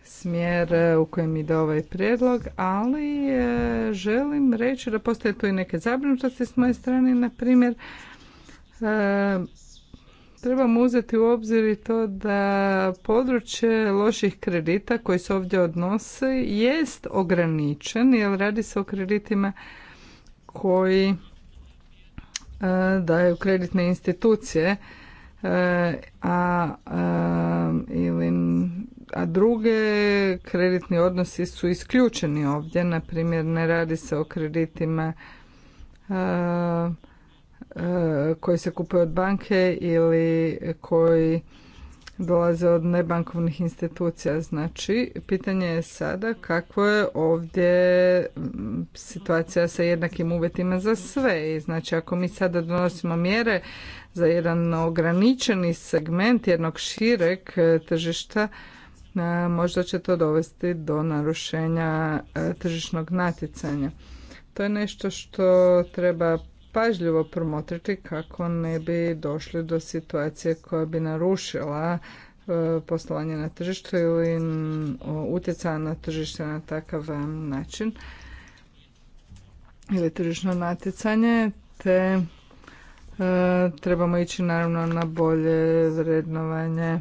smjer e, u kojem ide ovaj prijedlog, ali e, želim reći da postoje tu i neke zabrinutosti s moje strane, na primjer, e, trebamo uzeti u obzir i to da područje loših kredita koji se ovdje odnose jest ograničen jer radi se o kreditima koji daju kreditne institucije a, a ili a druge kreditni odnosi su isključeni ovdje, na primjer ne radi se o kreditima e, e, koji se kupuju od banke ili koji dolaze od nebankovnih institucija. Znači, pitanje je sada kako je ovdje mm, situacija sa jednakim uvjetima za sve. I znači, ako mi sada donosimo mjere za jedan ograničeni segment jednog šireg e, tržišta, možda će to dovesti do narušenja e, tržišnog natjecanja. To je nešto što treba pažljivo promotriti kako ne bi došli do situacije koja bi narušila e, poslovanje na tržištu ili utjecaja na tržište na takav e, način ili tržišno natjecanje te trebamo ići naravno na bolje vrednovanje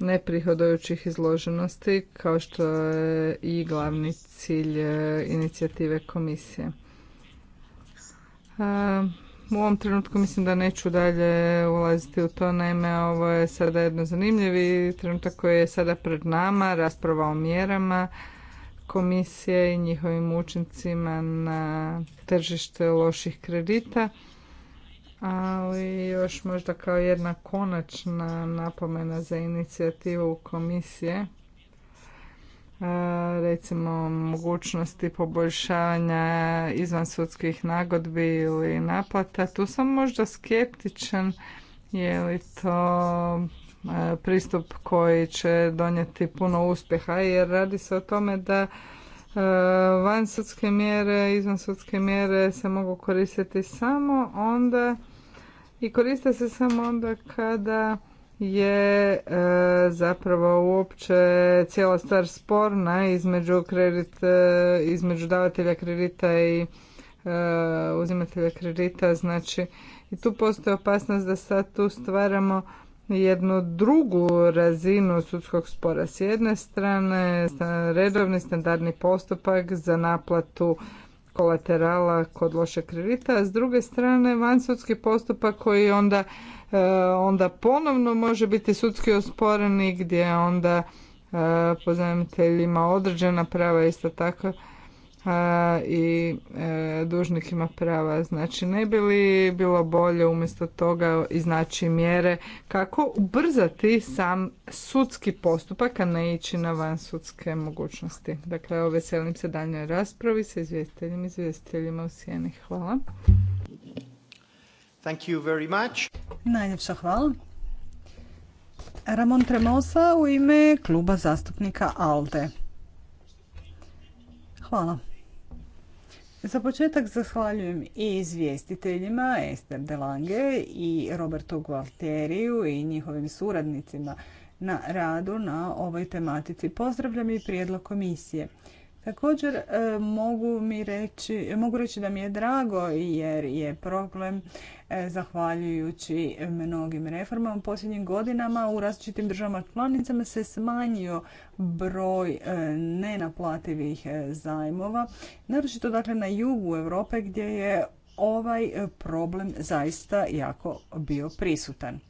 neprihodojućih izloženosti kao što je i glavni cilj e, inicijative komisije. E, u ovom trenutku mislim da neću dalje ulaziti u to, naime ovo je sada jedno zanimljivi trenutak koji je sada pred nama, rasprava o mjerama komisije i njihovim učincima na tržište loših kredita ali još možda kao jedna konačna napomena za inicijativu komisije e, recimo mogućnosti poboljšavanja izvansudskih nagodbi ili naplata. Tu sam možda skeptičan je li to e, pristup koji će donijeti puno uspjeha jer radi se o tome da e, van mjere, izvan sudske mjere se mogu koristiti samo onda i koriste se samo onda kada je e, zapravo uopće cijela stvar sporna između, kredit, e, između davatelja kredita i e, uzimatelja kredita. Znači, i tu postoji opasnost da sad tu stvaramo jednu drugu razinu sudskog spora. S jedne strane, redovni standardni postupak za naplatu kolaterala kod lošeg kredita, a s druge strane vansudski postupak koji onda, e, onda ponovno može biti sudski osporeni gdje onda e, pozajmitelj ima određena prava isto tako i e, dužnik ima prava. Znači ne bi li bilo bolje umjesto toga iznaći mjere kako ubrzati sam sudski postupak, a ne ići na van sudske mogućnosti. Dakle, evo veselim se daljnjoj raspravi sa izvjestiteljima i izvjestiteljima u Sijeni Hvala. Thank you very much. Najljepša hvala. Ramon Tremosa u ime kluba zastupnika ALDE. Hvala. Za početak zahvaljujem i izvjestiteljima Ester Delange i Robertu Gualteriju i njihovim suradnicima na radu na ovoj tematici. Pozdravljam i prijedlog komisije. Također e, mogu mi reći, mogu reći da mi je drago jer je problem E, zahvaljujući mnogim reformama u posljednjim godinama u različitim državama članicama se smanjio broj e, nenaplativih e, zajmova, naročito dakle na jugu Europe gdje je ovaj problem zaista jako bio prisutan.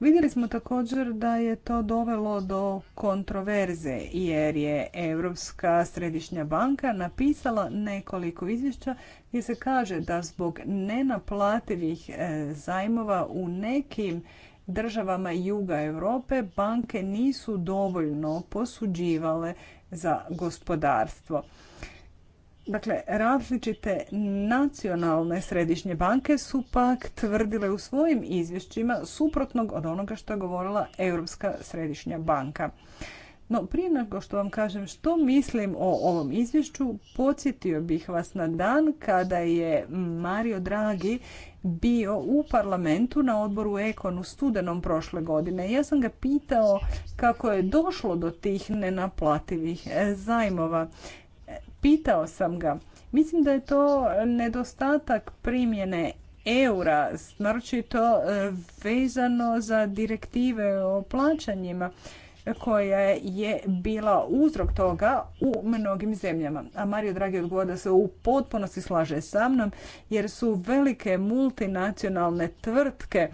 Vidjeli smo također da je to dovelo do kontroverze jer je Europska središnja banka napisala nekoliko izvješća gdje se kaže da zbog nenaplativih e, zajmova u nekim državama juga Europe banke nisu dovoljno posuđivale za gospodarstvo. Dakle, različite nacionalne središnje banke su pak tvrdile u svojim izvješćima suprotnog od onoga što je govorila Europska središnja banka. No, prije nego što vam kažem što mislim o ovom izvješću, podsjetio bih vas na dan kada je Mario Draghi bio u parlamentu na odboru Ekon u studenom prošle godine. Ja sam ga pitao kako je došlo do tih nenaplativih zajmova. Pitao sam ga. Mislim da je to nedostatak primjene eura, naročito e, vezano za direktive o plaćanjima koja je bila uzrok toga u mnogim zemljama. A Mario Dragi odgovor da se u potpunosti slaže sa mnom jer su velike multinacionalne tvrtke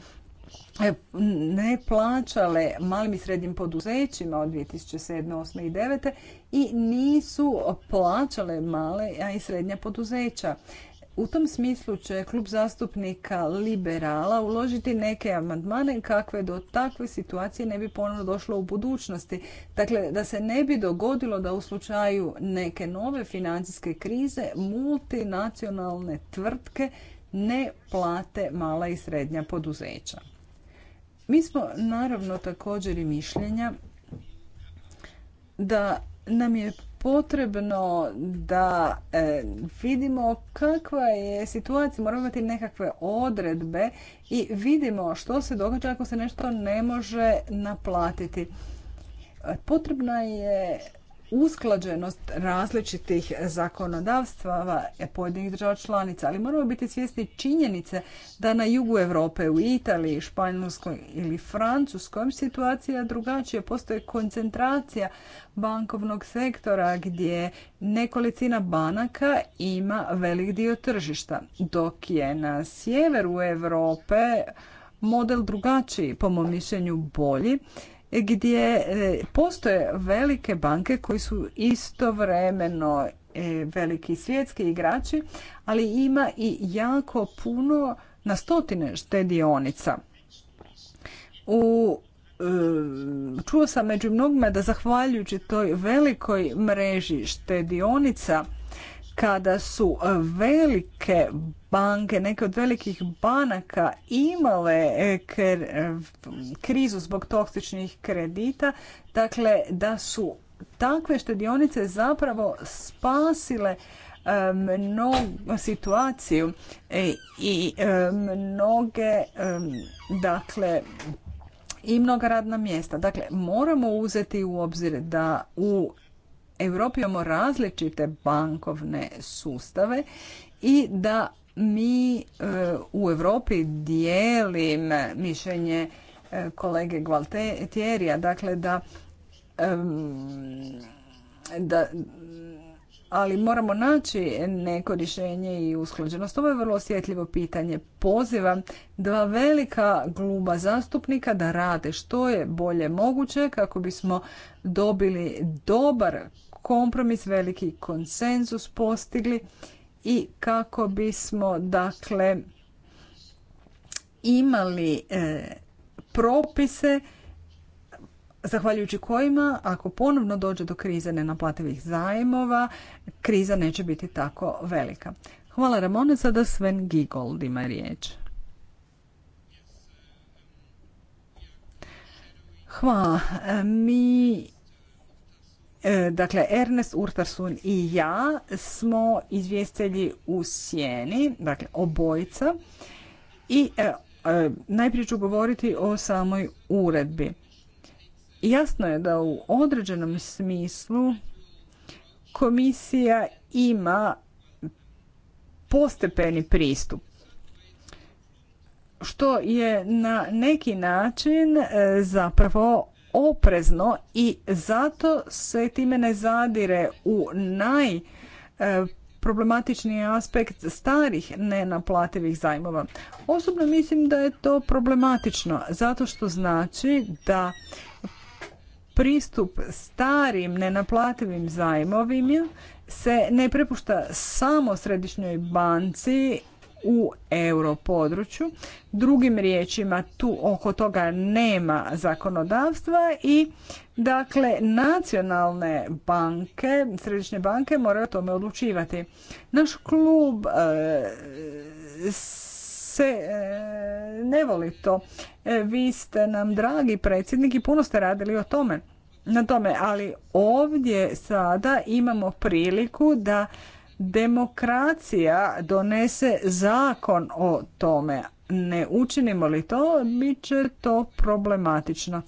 E, ne plaćale malim i srednjim poduzećima od 2007. 8. i 9. i nisu plaćale male i srednja poduzeća. U tom smislu će klub zastupnika liberala uložiti neke amandmane kakve do takve situacije ne bi ponovno došlo u budućnosti. Dakle, da se ne bi dogodilo da u slučaju neke nove financijske krize multinacionalne tvrtke ne plate mala i srednja poduzeća. Mi smo naravno također i mišljenja da nam je potrebno da e, vidimo kakva je situacija, moramo imati nekakve odredbe i vidimo što se događa ako se nešto ne može naplatiti. Potrebna je usklađenost različitih zakonodavstva pojedinih država članica, ali moramo biti svjesni činjenice da na jugu Europe, u Italiji, Španjolskoj ili Francuskoj situacija drugačija. Postoji koncentracija bankovnog sektora gdje nekolicina banaka ima velik dio tržišta, dok je na sjeveru Europe model drugačiji, po mom mišljenju bolji gdje e, postoje velike banke koji su istovremeno e, veliki svjetski igrači, ali ima i jako puno na stotine štedionica. U e, Čuo sam među mnogima da zahvaljujući toj velikoj mreži štedionica kada su e, velike banke, neke od velikih banaka imale e, e, krizu zbog toksičnih kredita, dakle da su takve štedionice zapravo spasile mnogu situaciju i mnoge dakle i mnoga radna mjesta. Dakle, moramo uzeti u obzir da u Europi imamo različite bankovne sustave i da mi e, u Europi dijelim mišljenje e, kolege Gualtierija, dakle da, da ali moramo naći neko rješenje i usklađenost. Ovo je vrlo osjetljivo pitanje. Pozivam dva velika gluba zastupnika da rade što je bolje moguće kako bismo dobili dobar kompromis, veliki konsenzus postigli i kako bismo dakle imali e, propise zahvaljujući kojima ako ponovno dođe do krize nenaplativih zajmova, kriza neće biti tako velika. Hvala Ramone, sada Sven Gigold ima riječ. Hvala. E, mi E, dakle, Ernest Urtasun i ja smo izvjestitelji u sjeni, dakle obojica. I e, e, najprije ću govoriti o samoj uredbi. Jasno je da u određenom smislu komisija ima postepeni pristup što je na neki način zapravo oprezno i zato se time ne zadire u naj e, problematični aspekt starih nenaplativih zajmova. Osobno mislim da je to problematično zato što znači da pristup starim nenaplativim zajmovima se ne prepušta samo središnjoj banci u europodručju. Drugim riječima tu oko toga nema zakonodavstva i dakle nacionalne banke, središnje banke moraju o tome odlučivati. Naš klub e, se e, ne voli to. E, vi ste nam dragi predsjednik i puno ste radili o tome. Na tome, ali ovdje sada imamo priliku da demokracija donese zakon o tome. Ne učinimo li to, bit će to problematično.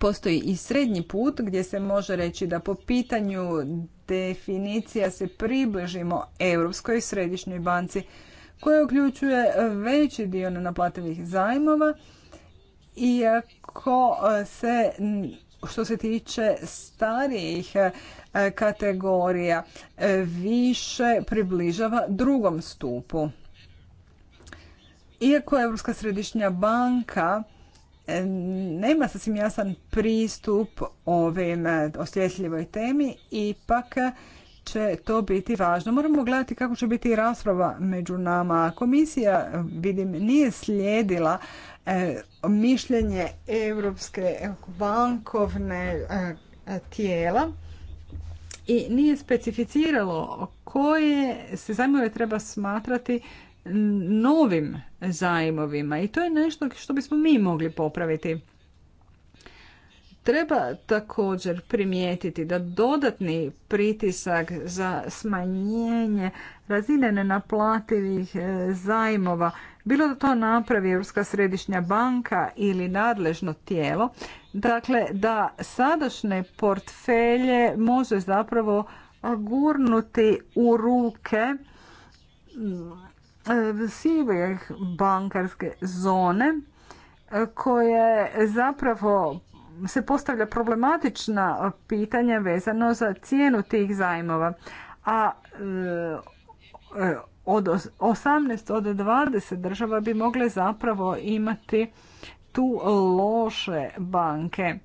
Postoji i srednji put gdje se može reći da po pitanju definicija se približimo Europskoj središnjoj banci koja uključuje veći dio nenaplativih zajmova iako se što se tiče starijih E, kategorija e, više približava drugom stupu. Iako Europska središnja banka e, nema sasvim jasan pristup ovim osjetljivoj temi, ipak će to biti važno. Moramo gledati kako će biti rasprava među nama. Komisija, vidim, nije slijedila mišljenje Europske bankovne tijela i nije specificiralo koje se zajmove treba smatrati novim zajmovima i to je nešto što bismo mi mogli popraviti. Treba također primijetiti da dodatni pritisak za smanjenje razine nenaplativih e, zajmova bilo da to napravi Europska središnja banka ili nadležno tijelo, dakle da sadašnje portfelje može zapravo gurnuti u ruke mm, sive bankarske zone koje zapravo se postavlja problematična pitanja vezano za cijenu tih zajmova. A e, od 18 od 20 država bi mogle zapravo imati tu loše banke.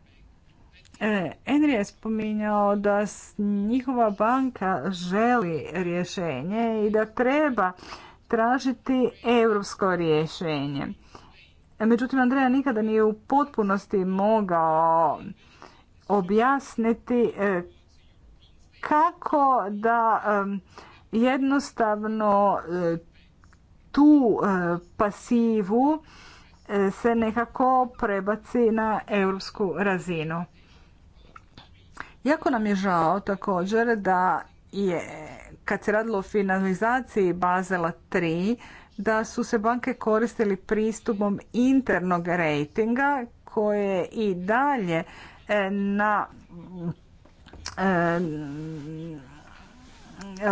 E, Enri je spominjao da njihova banka želi rješenje i da treba tražiti europsko rješenje. E, međutim, Andreja nikada nije u potpunosti mogao objasniti e, kako da jednostavno e, tu e, pasivu e, se nekako prebaci na europsku razinu. Jako nam je žao također da je kad se radilo o finalizaciji Bazela 3 da su se banke koristili pristupom internog rejtinga koje i dalje na E,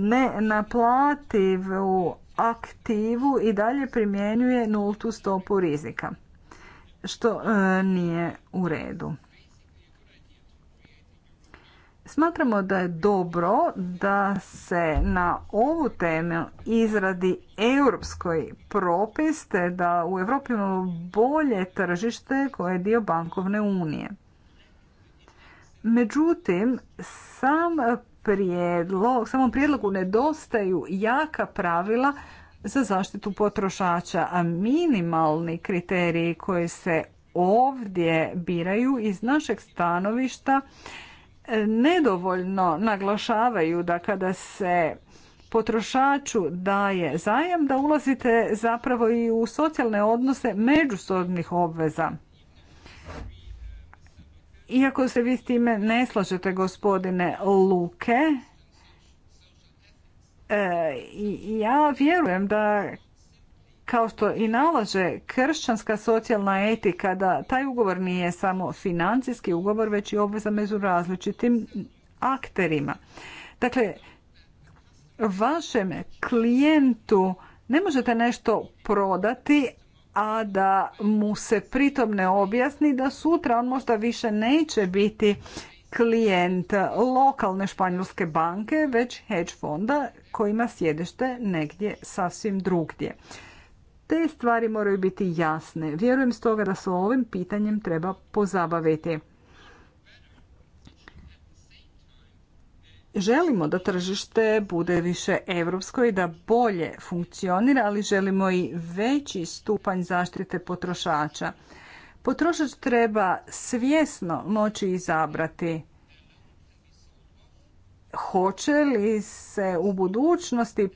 ne naplativu aktivu i dalje primjenjuje nultu stopu rizika, što e, nije u redu. Smatramo da je dobro da se na ovu temu izradi europskoj propis te da u Europi imamo bolje tržište koje je dio bankovne unije. Međutim, sam prijedlog, samom prijedlogu nedostaju jaka pravila za zaštitu potrošača, a minimalni kriteriji koji se ovdje biraju iz našeg stanovišta e, nedovoljno naglašavaju da kada se potrošaču daje zajam da ulazite zapravo i u socijalne odnose međusobnih obveza. Iako se vi s time ne slažete, gospodine Luke, e, ja vjerujem da kao što i nalaže kršćanska socijalna etika da taj ugovor nije samo financijski ugovor, već i obveza među različitim akterima. Dakle, vašem klijentu ne možete nešto prodati, a da mu se pritom ne objasni da sutra on možda više neće biti klijent lokalne španjolske banke, već hedge fonda koji ima sjedište negdje sasvim drugdje. Te stvari moraju biti jasne. Vjerujem stoga da se ovim pitanjem treba pozabaviti. Želimo da tržište bude više europsko i da bolje funkcionira, ali želimo i veći stupanj zaštite potrošača. Potrošač treba svjesno moći izabrati hoće li se u budućnosti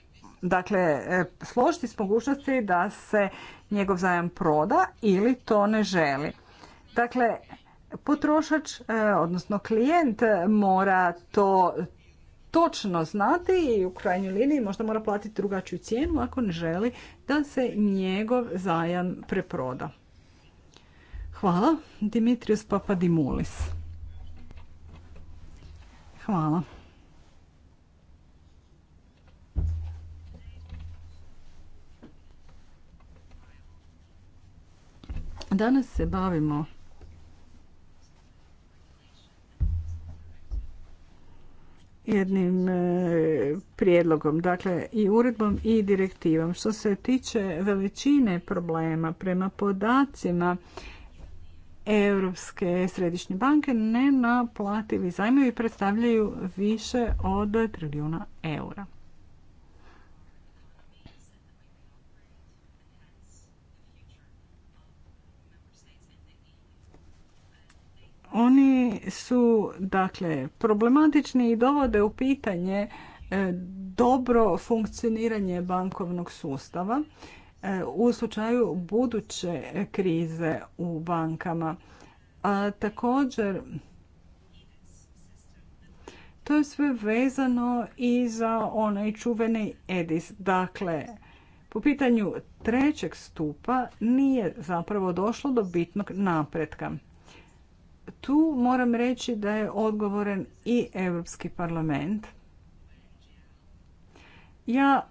dakle e, složiti s mogućnosti da se njegov zajam proda ili to ne želi. Dakle, potrošač, e, odnosno klijent mora to točno znati i u krajnjoj liniji možda mora platiti drugačiju cijenu ako ne želi da se njegov zajam preproda. Hvala. Dimitrios Papadimulis. Hvala. Danas se bavimo jednim e, prijedlogom, dakle i uredbom i direktivom. Što se tiče veličine problema prema podacima Europske središnje banke nenaplativi zajmovi predstavljaju više od trilijuna eura. Oni su dakle problematični i dovode u pitanje e, dobro funkcioniranje bankovnog sustava e, u slučaju buduće krize u bankama. A također to je sve vezano i za onaj čuveni EDIS. Dakle, po pitanju trećeg stupa nije zapravo došlo do bitnog napretka tu moram reći da je odgovoran i Europski parlament. Ja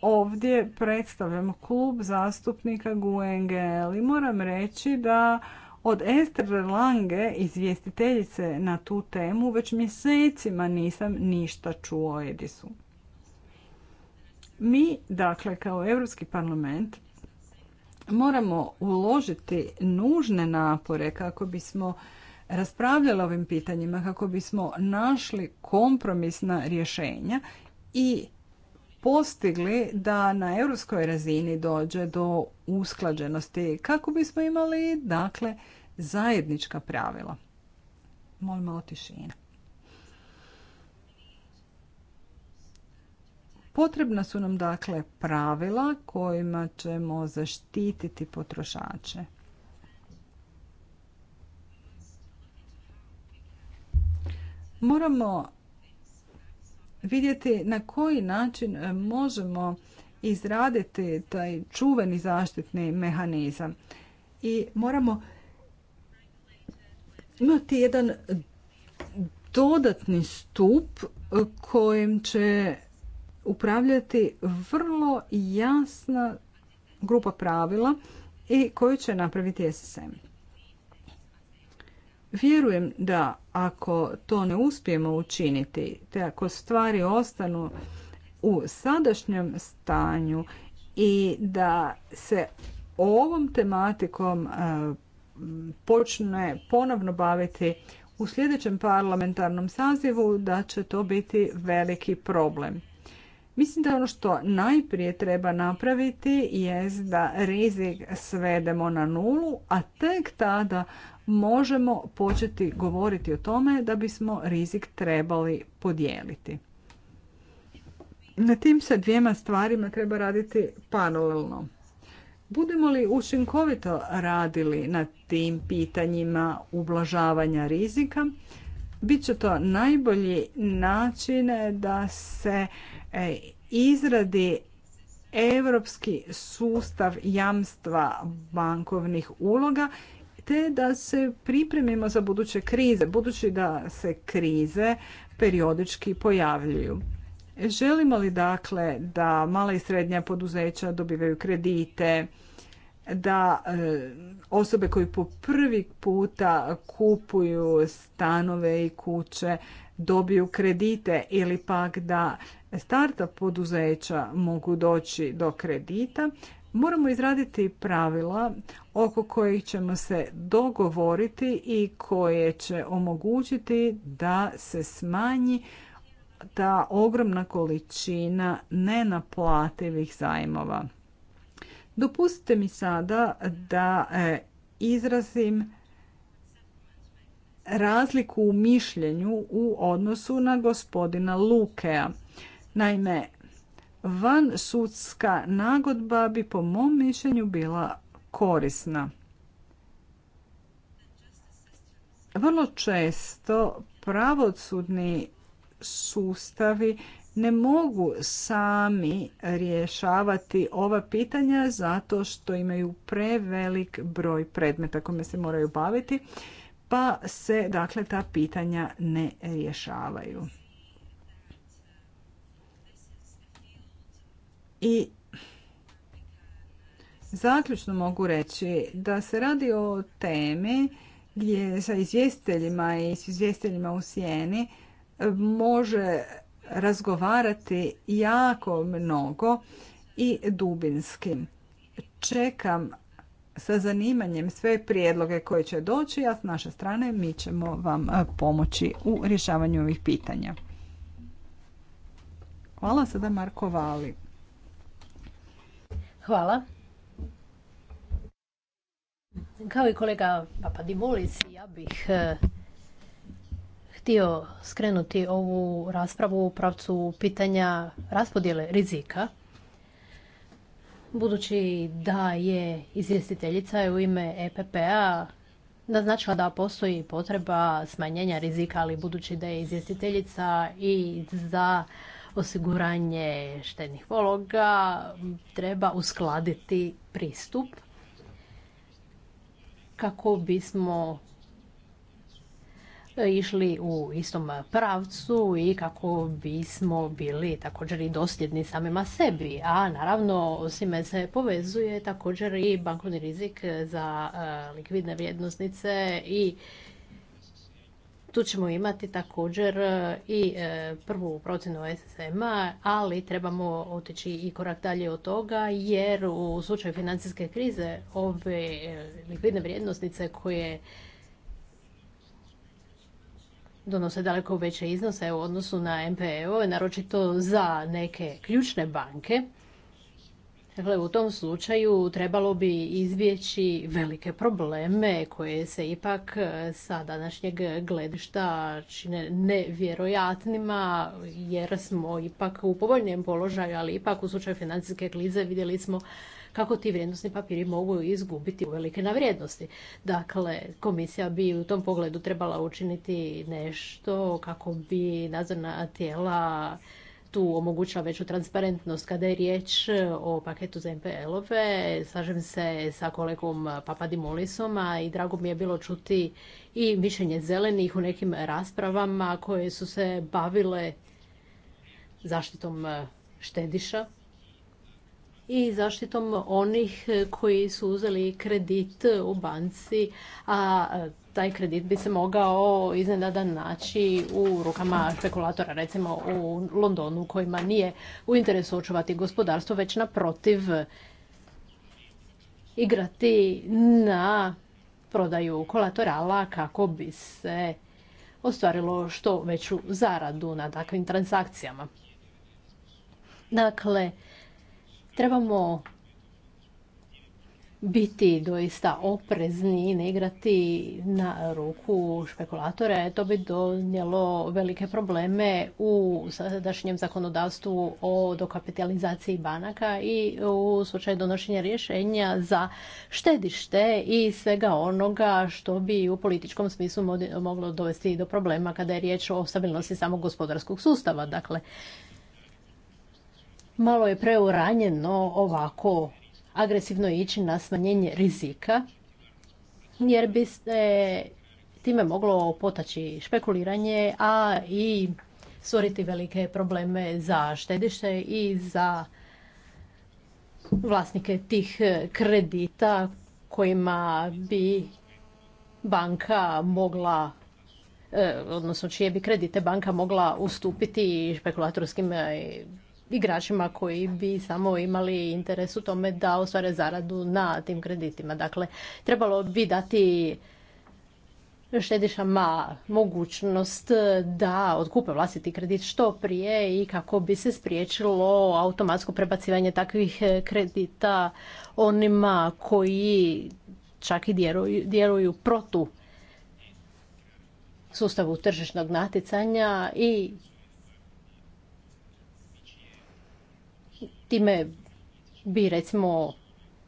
ovdje predstavljam klub zastupnika GUNGL i moram reći da od Ester Lange, izvjestiteljice na tu temu, već mjesecima nisam ništa čuo o Edisu. Mi, dakle, kao Europski parlament, moramo uložiti nužne napore kako bismo raspravljala ovim pitanjima kako bismo našli kompromisna rješenja i postigli da na europskoj razini dođe do usklađenosti kako bismo imali dakle zajednička pravila. Molim malo Potrebna su nam dakle pravila kojima ćemo zaštititi potrošače. Moramo vidjeti na koji način e, možemo izraditi taj čuveni zaštitni mehanizam. I moramo imati jedan dodatni stup kojim će upravljati vrlo jasna grupa pravila i koju će napraviti SSM. Vjerujem da ako to ne uspijemo učiniti, te ako stvari ostanu u sadašnjem stanju i da se ovom tematikom e, počne ponovno baviti u sljedećem parlamentarnom sazivu, da će to biti veliki problem. Mislim da ono što najprije treba napraviti jest da rizik svedemo na nulu, a tek tada možemo početi govoriti o tome da bismo rizik trebali podijeliti. Na tim se dvijema stvarima treba raditi paralelno. Budemo li učinkovito radili na tim pitanjima ublažavanja rizika, bit će to najbolji način da se e, izradi europski sustav jamstva bankovnih uloga da se pripremimo za buduće krize, budući da se krize periodički pojavljuju. Želimo li dakle da mala i srednja poduzeća dobivaju kredite, da e, osobe koji po prvi puta kupuju stanove i kuće dobiju kredite ili pak da starta poduzeća mogu doći do kredita, Moramo izraditi pravila oko kojih ćemo se dogovoriti i koje će omogućiti da se smanji ta ogromna količina nenaplativih zajmova. Dopustite mi sada da e, izrazim razliku u mišljenju u odnosu na gospodina Lukea. Naime, van sudska nagodba bi po mom mišljenju bila korisna. Vrlo često pravosudni sustavi ne mogu sami rješavati ova pitanja zato što imaju prevelik broj predmeta kome se moraju baviti, pa se dakle ta pitanja ne rješavaju. I zaključno mogu reći da se radi o temi gdje sa izvjestiteljima i s izvjestiteljima u sjeni može razgovarati jako mnogo i dubinski. Čekam sa zanimanjem sve prijedloge koje će doći, a s naše strane mi ćemo vam pomoći u rješavanju ovih pitanja. Hvala sada Marko Vali. Hvala. Kao i kolega Papadimulis, ja bih e, htio skrenuti ovu raspravu u pravcu pitanja raspodjele rizika. Budući da je izvjestiteljica u ime EPP-a naznačila da postoji potreba smanjenja rizika, ali budući da je izvjestiteljica i za osiguranje štednih pologa, treba uskladiti pristup kako bismo išli u istom pravcu i kako bismo bili također i dosljedni samima sebi. A naravno, osim se povezuje također i bankovni rizik za e, likvidne vrijednosnice i tu ćemo imati također e, i e, prvu procjenu SSM-a, ali trebamo otići i korak dalje od toga jer u slučaju financijske krize ove e, likvidne vrijednostnice koje donose daleko veće iznose u odnosu na MPO, naročito za neke ključne banke, Dakle, u tom slučaju trebalo bi izbjeći velike probleme koje se ipak e, sa današnjeg gledišta čine nevjerojatnima jer smo ipak u povoljnijem položaju, ali ipak u slučaju financijske krize vidjeli smo kako ti vrijednosni papiri mogu izgubiti velike na vrijednosti. Dakle, komisija bi u tom pogledu trebala učiniti nešto kako bi nadzorna tijela tu omogućila veću transparentnost kada je riječ o paketu za MPL-ove. Slažem se sa kolegom Papadimolisom a i drago mi je bilo čuti i mišljenje zelenih u nekim raspravama koje su se bavile zaštitom e, štediša i zaštitom onih koji su uzeli kredit u banci, a e, taj kredit bi se mogao iznenada naći u rukama špekulatora, recimo u Londonu, kojima nije u interesu očuvati gospodarstvo, već naprotiv igrati na prodaju kolaterala kako bi se ostvarilo što veću zaradu na takvim transakcijama. Dakle, trebamo biti doista oprezni i ne igrati na ruku špekulatore. to bi donijelo velike probleme u sadašnjem zakonodavstvu o dokapitalizaciji banaka i u slučaju donošenja rješenja za štedište i svega onoga što bi u političkom smislu moglo dovesti do problema kada je riječ o stabilnosti samog gospodarskog sustava. Dakle, malo je preuranjeno ovako agresivno ići na smanjenje rizika, jer bi se time moglo potaći špekuliranje, a i stvoriti velike probleme za štedište i za vlasnike tih kredita kojima bi banka mogla e, odnosno čije bi kredite banka mogla ustupiti špekulatorskim e, igračima koji bi samo imali interes u tome da ostvare zaradu na tim kreditima. Dakle, trebalo bi dati štedišama mogućnost da odkupe vlastiti kredit što prije i kako bi se spriječilo automatsko prebacivanje takvih kredita onima koji čak i djeluju, djeluju protu sustavu tržišnog natjecanja i Time bi recimo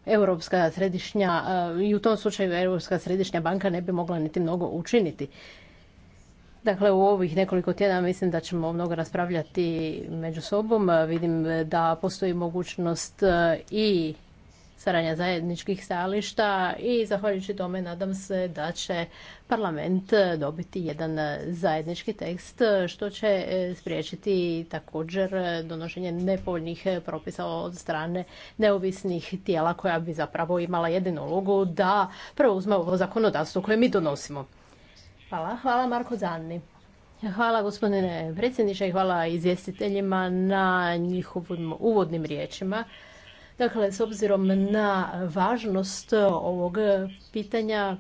Europska središnja e, i u tom slučaju Europska središnja banka ne bi mogla niti mnogo učiniti. Dakle, u ovih nekoliko tjedana mislim da ćemo mnogo raspravljati među sobom. Vidim da postoji mogućnost e, i saranja zajedničkih stajališta i zahvaljujući tome nadam se da će parlament dobiti jedan zajednički tekst što će e, spriječiti također donošenje nepovoljnih propisa od strane neovisnih tijela koja bi zapravo imala jedinu ulogu da preuzme ovo zakonodavstvo koje mi donosimo. Hvala. Hvala Marko Zanni. Hvala gospodine predsjedniče i hvala izvjestiteljima na njihovim uvodnim riječima. Dakle, s obzirom na važnost e, ovog e, pitanja,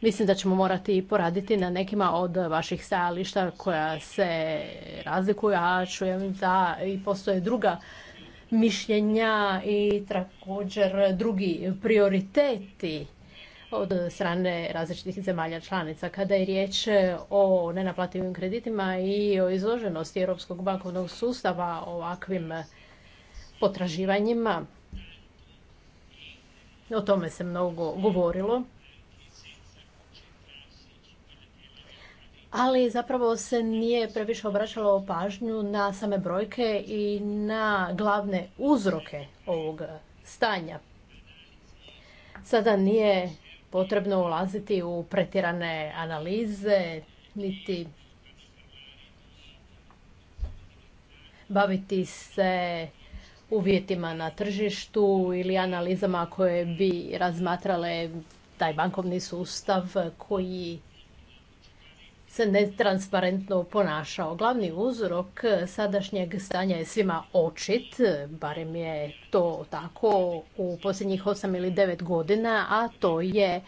mislim da ćemo morati poraditi na nekima od vaših stajališta koja se razlikuju, a čujem da i postoje druga mišljenja i također drugi prioriteti od strane različitih zemalja članica kada je riječ e, o nenaplativim kreditima i o izloženosti europskog bankovnog sustava ovakvim potraživanjima. O tome se mnogo govorilo. ali zapravo se nije previše obraćalo pažnju na same brojke i na glavne uzroke ovog stanja. Sada nije potrebno ulaziti u pretjerane analize, niti baviti se uvjetima na tržištu ili analizama koje bi razmatrale taj bankovni sustav koji se netransparentno ponašao. Glavni uzrok sadašnjeg stanja je svima očit, barem je to tako u posljednjih 8 ili 9 godina, a to je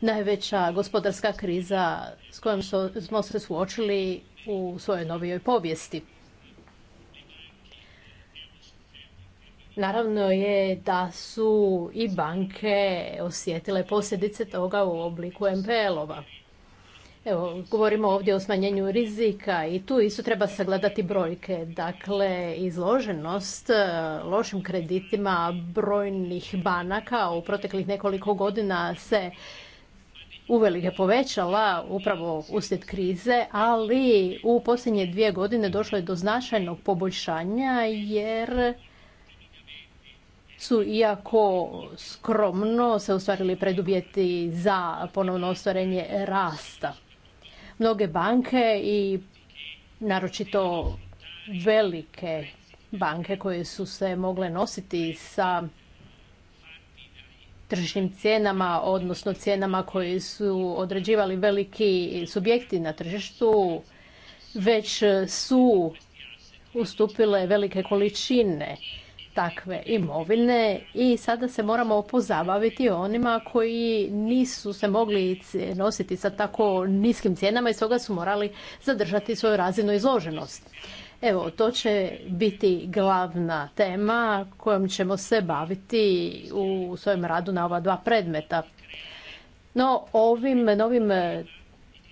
najveća gospodarska kriza s kojom smo se suočili u svojoj novijoj povijesti. Naravno je da su i banke osjetile posljedice toga u obliku MPL-ova. Evo, govorimo ovdje o smanjenju rizika i tu isto treba sagledati brojke. Dakle, izloženost e, lošim kreditima brojnih banaka u proteklih nekoliko godina se uvelike povećala upravo uslijed krize, ali u posljednje dvije godine došlo je do značajnog poboljšanja jer su iako skromno se ostvarili predubjeti za ponovno ostvarenje rasta. Mnoge banke i naročito velike banke koje su se mogle nositi sa tržišnim cijenama, odnosno cijenama koje su određivali veliki subjekti na tržištu, već su ustupile velike količine takve imovine i sada se moramo pozabaviti onima koji nisu se mogli nositi sa tako niskim cijenama i stoga su morali zadržati svoju razinu izloženosti. Evo, to će biti glavna tema kojom ćemo se baviti u svojem radu na ova dva predmeta. No, ovim novim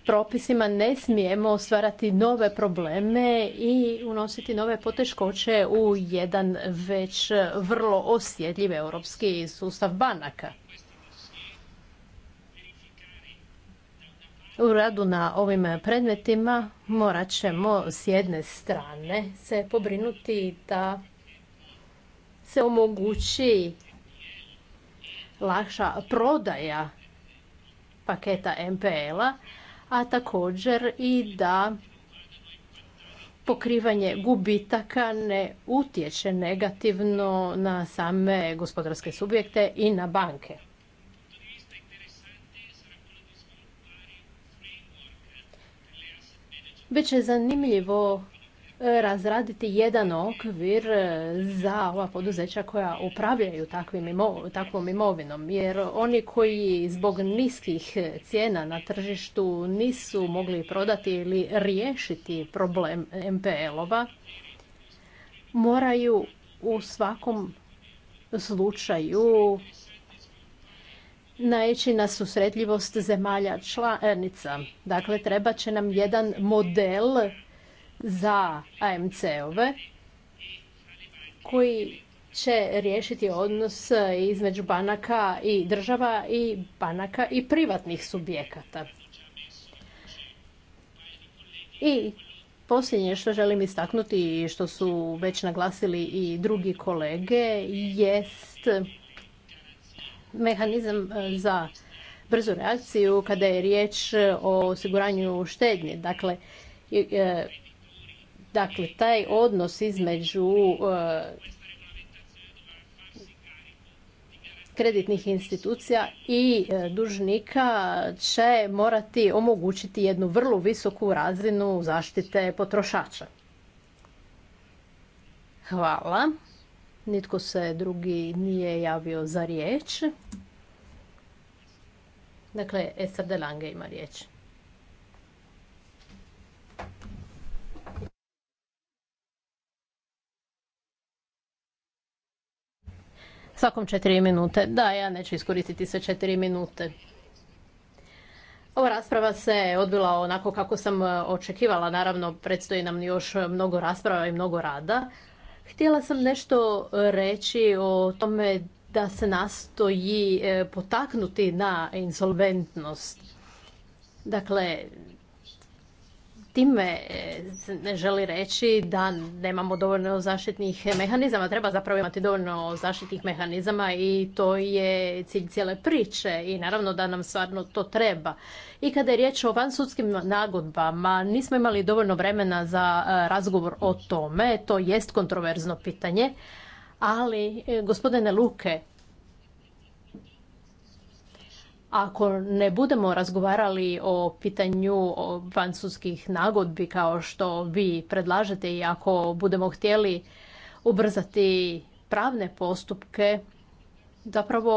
propisima ne smijemo stvarati nove probleme i unositi nove poteškoće u jedan već vrlo osjetljiv europski sustav banaka. U radu na ovim predmetima morat ćemo s jedne strane se pobrinuti da se omogući lakša prodaja paketa MPL-a, a također i da pokrivanje gubitaka ne utječe negativno na same gospodarske subjekte i na banke. Biće zanimljivo razraditi jedan okvir e, za ova poduzeća koja upravljaju takvom imovinom. Jer oni koji zbog niskih cijena na tržištu nisu mogli prodati ili riješiti problem MPL-ova, moraju u svakom slučaju naići na susretljivost zemalja članica. Dakle, treba će nam jedan model za AMC-ove koji će riješiti odnos između banaka i država i banaka i privatnih subjekata. I posljednje što želim istaknuti i što su već naglasili i drugi kolege jest mehanizam e, za brzu reakciju kada je riječ o osiguranju štednje. Dakle, e, Dakle, taj odnos između e, kreditnih institucija i e, dužnika će morati omogućiti jednu vrlo visoku razinu zaštite potrošača. Hvala. Nitko se drugi nije javio za riječ. Dakle, Ester Lange ima riječ. svakom četiri minute. Da, ja neću iskoristiti sve četiri minute. Ova rasprava se odbila onako kako sam e, očekivala. Naravno, predstoji nam još mnogo rasprava i mnogo rada. Htjela sam nešto reći o tome da se nastoji e, potaknuti na insolventnost. Dakle, time e, ne želi reći da nemamo dovoljno zaštitnih mehanizama. Treba zapravo imati dovoljno zaštitnih mehanizama i to je cilj cijele priče i naravno da nam stvarno to treba. I kada je riječ o vansudskim nagodbama, nismo imali dovoljno vremena za e, razgovor o tome. To jest kontroverzno pitanje. Ali, e, gospodine Luke, ako ne budemo razgovarali o pitanju francuskih nagodbi kao što vi predlažete i ako budemo htjeli ubrzati pravne postupke, zapravo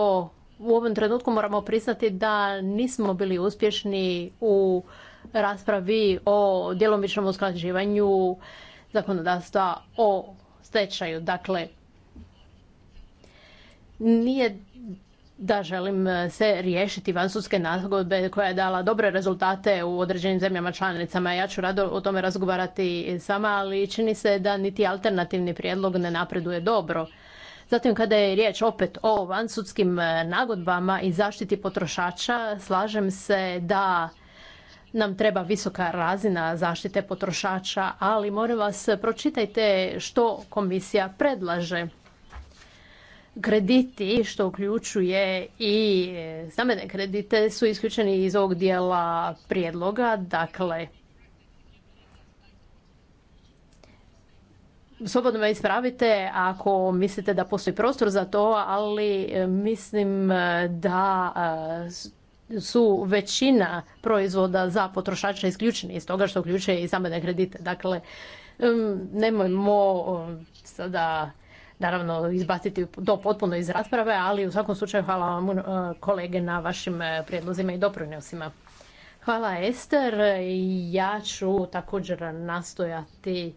u ovom trenutku moramo priznati da nismo bili uspješni u raspravi o djelomičnom usklađivanju zakonodavstva o stečaju. Dakle, nije da želim e, se riješiti vansudske nagodbe koja je dala dobre rezultate u određenim zemljama članicama. Ja ću rado o tome razgovarati sama, ali čini se da niti alternativni prijedlog ne napreduje dobro. Zatim kada je riječ opet o vansudskim e, nagodbama i zaštiti potrošača, slažem se da nam treba visoka razina zaštite potrošača, ali molim vas pročitajte što komisija predlaže krediti, što uključuje i e, stambene kredite, su isključeni iz ovog dijela prijedloga. Dakle, slobodno me ispravite ako mislite da postoji prostor za to, ali e, mislim e, da su većina proizvoda za potrošača isključeni iz toga što uključuje i stambene kredite. Dakle, nemojmo sada naravno izbaciti do potpuno iz rasprave, ali u svakom slučaju hvala vam uh, kolege na vašim uh, prijedlozima i doprinosima. Hvala Ester. Ja ću također nastojati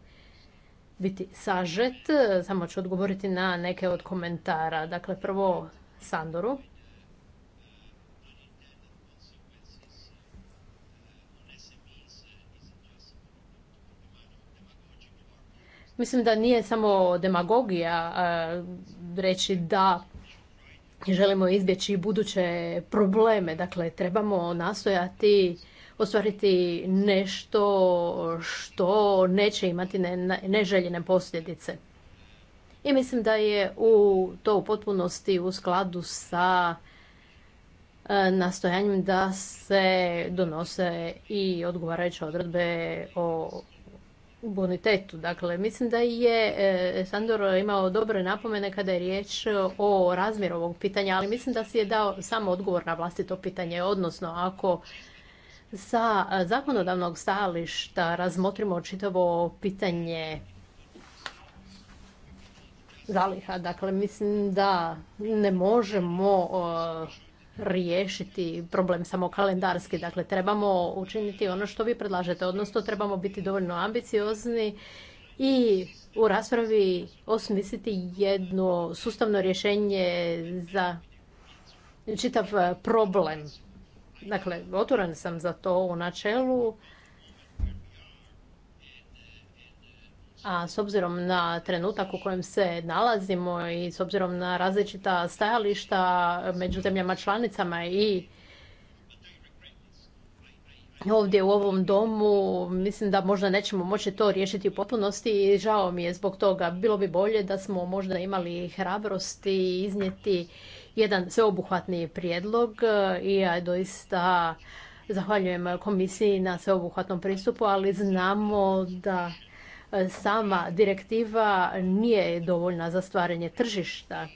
biti sažet. Samo ću odgovoriti na neke od komentara. Dakle, prvo Sandoru. Mislim da nije samo demagogija reći da želimo izbjeći buduće probleme. Dakle, trebamo nastojati ostvariti nešto što neće imati neželjene posljedice. I mislim da je u to u potpunosti u skladu sa e, nastojanjem da se donose i odgovarajuće odredbe o bonitetu. Dakle, mislim da je e, Sandor imao dobre napomene kada je riječ o razmjeru ovog pitanja, ali mislim da si je dao samo odgovor na vlastito pitanje, odnosno ako sa zakonodavnog stajališta razmotrimo čitavo pitanje zaliha. Dakle, mislim da ne možemo e, riješiti problem samo kalendarski. Dakle, trebamo učiniti ono što vi predlažete, odnosno trebamo biti dovoljno ambiciozni i u raspravi osmisliti jedno sustavno rješenje za čitav problem. Dakle, otvoren sam za to u načelu, A s obzirom na trenutak u kojem se nalazimo i s obzirom na različita stajališta među zemljama članicama i ovdje u ovom domu, mislim da možda nećemo moći to riješiti u potpunosti i žao mi je zbog toga. Bilo bi bolje da smo možda imali hrabrosti iznijeti jedan sveobuhvatni prijedlog i ja doista zahvaljujem komisiji na sveobuhvatnom pristupu, ali znamo da E, sama direktiva nije dovoljna za stvaranje tržišta.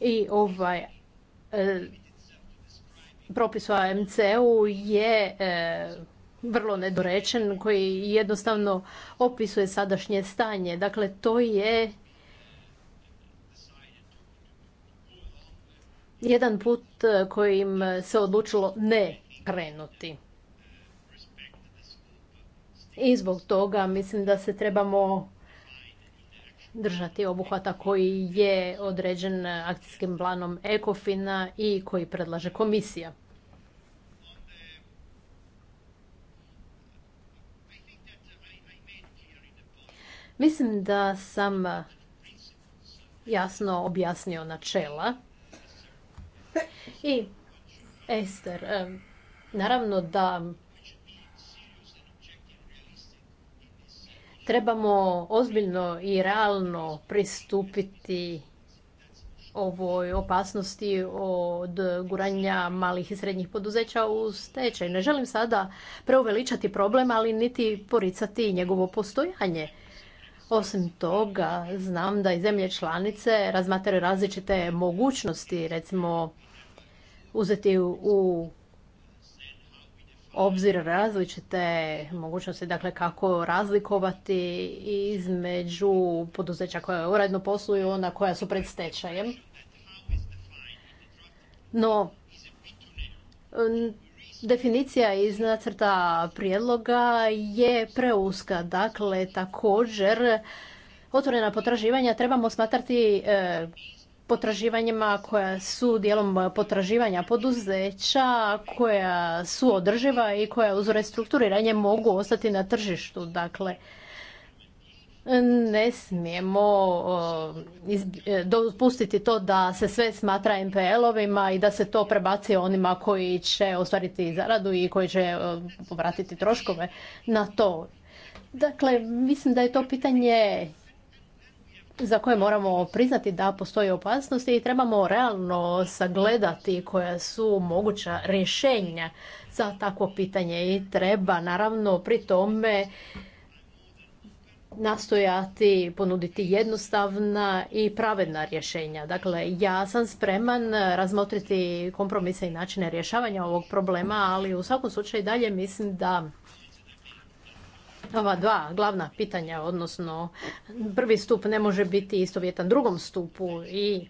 I ovaj e, propis o AMC-u je e, vrlo nedorečen koji jednostavno opisuje sadašnje stanje. Dakle, to je jedan put kojim se odlučilo ne krenuti. I zbog toga mislim da se trebamo držati obuhvata koji je određen akcijskim planom ecofin i koji predlaže komisija. Mislim da sam jasno objasnio načela. I Ester, eh, naravno da trebamo ozbiljno i realno pristupiti ovoj opasnosti od guranja malih i srednjih poduzeća u stečaj. Ne želim sada preuveličati problem, ali niti poricati njegovo postojanje. Osim toga, znam da i zemlje članice razmatraju različite mogućnosti, recimo uzeti u obzir različite mogućnosti, dakle kako razlikovati između poduzeća koja uredno posluju, ona koja su pred stečajem. No, definicija iz nacrta prijedloga je preuska, dakle također otvorena potraživanja trebamo smatrati e, potraživanjima koja su dijelom potraživanja poduzeća, koja su održiva i koja uz restrukturiranje mogu ostati na tržištu. Dakle, ne smijemo e, dopustiti to da se sve smatra MPL-ovima i da se to prebaci onima koji će ostvariti zaradu i koji će povratiti troškove na to. Dakle, mislim da je to pitanje za koje moramo priznati da postoje opasnosti i trebamo realno sagledati koja su moguća rješenja za takvo pitanje i treba naravno pri tome nastojati ponuditi jednostavna i pravedna rješenja. Dakle, ja sam spreman razmotriti kompromise i načine rješavanja ovog problema, ali u svakom slučaju dalje mislim da ova dva glavna pitanja, odnosno prvi stup ne može biti istovjetan drugom stupu i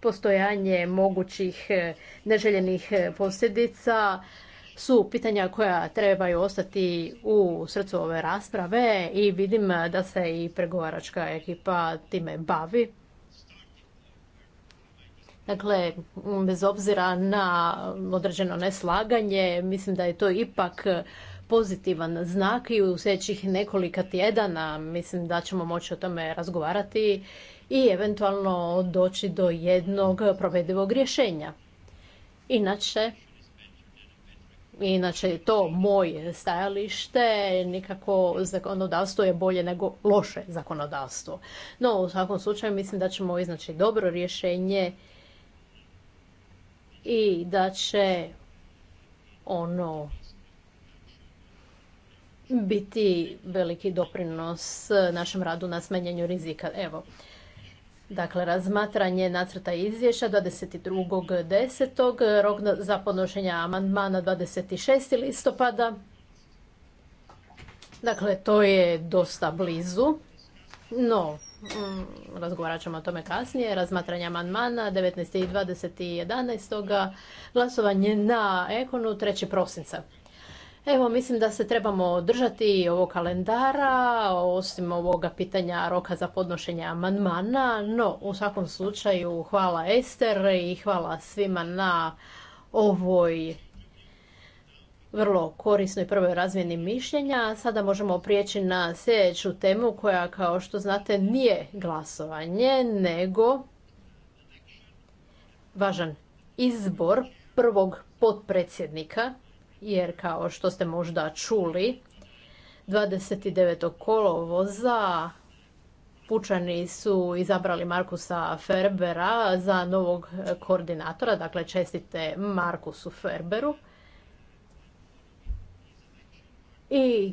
postojanje mogućih e, neželjenih e, posljedica su pitanja koja trebaju ostati u srcu ove rasprave i vidim da se i pregovaračka ekipa time bavi. Dakle, bez obzira na određeno neslaganje, mislim da je to ipak pozitivan znak i u sljedećih nekolika tjedana mislim da ćemo moći o tome razgovarati i eventualno doći do jednog provedivog rješenja. Inače, inače je to moje stajalište, nikako zakonodavstvo je bolje nego loše zakonodavstvo. No, u svakom slučaju mislim da ćemo iznaći dobro rješenje i da će ono biti veliki doprinos e, našem radu na smanjenju rizika. Evo, Dakle, razmatranje nacrta izvješća 22.10. Rok za podnošenje amandmana 26. listopada. Dakle, to je dosta blizu. No, mm, razgovarat ćemo o tome kasnije. Razmatranje amandmana 19. i 20. i 11. Glasovanje na Ekonu 3. prosinca. Evo, mislim da se trebamo držati ovog kalendara, osim ovoga pitanja roka za podnošenje amandmana, no u svakom slučaju hvala Ester i hvala svima na ovoj vrlo korisnoj prvoj razmjeni mišljenja. Sada možemo prijeći na sljedeću temu koja, kao što znate, nije glasovanje, nego važan izbor prvog potpredsjednika jer kao što ste možda čuli, 29. kolovoza Pučani su izabrali Markusa Ferbera za novog koordinatora, dakle čestite Markusu Ferberu. I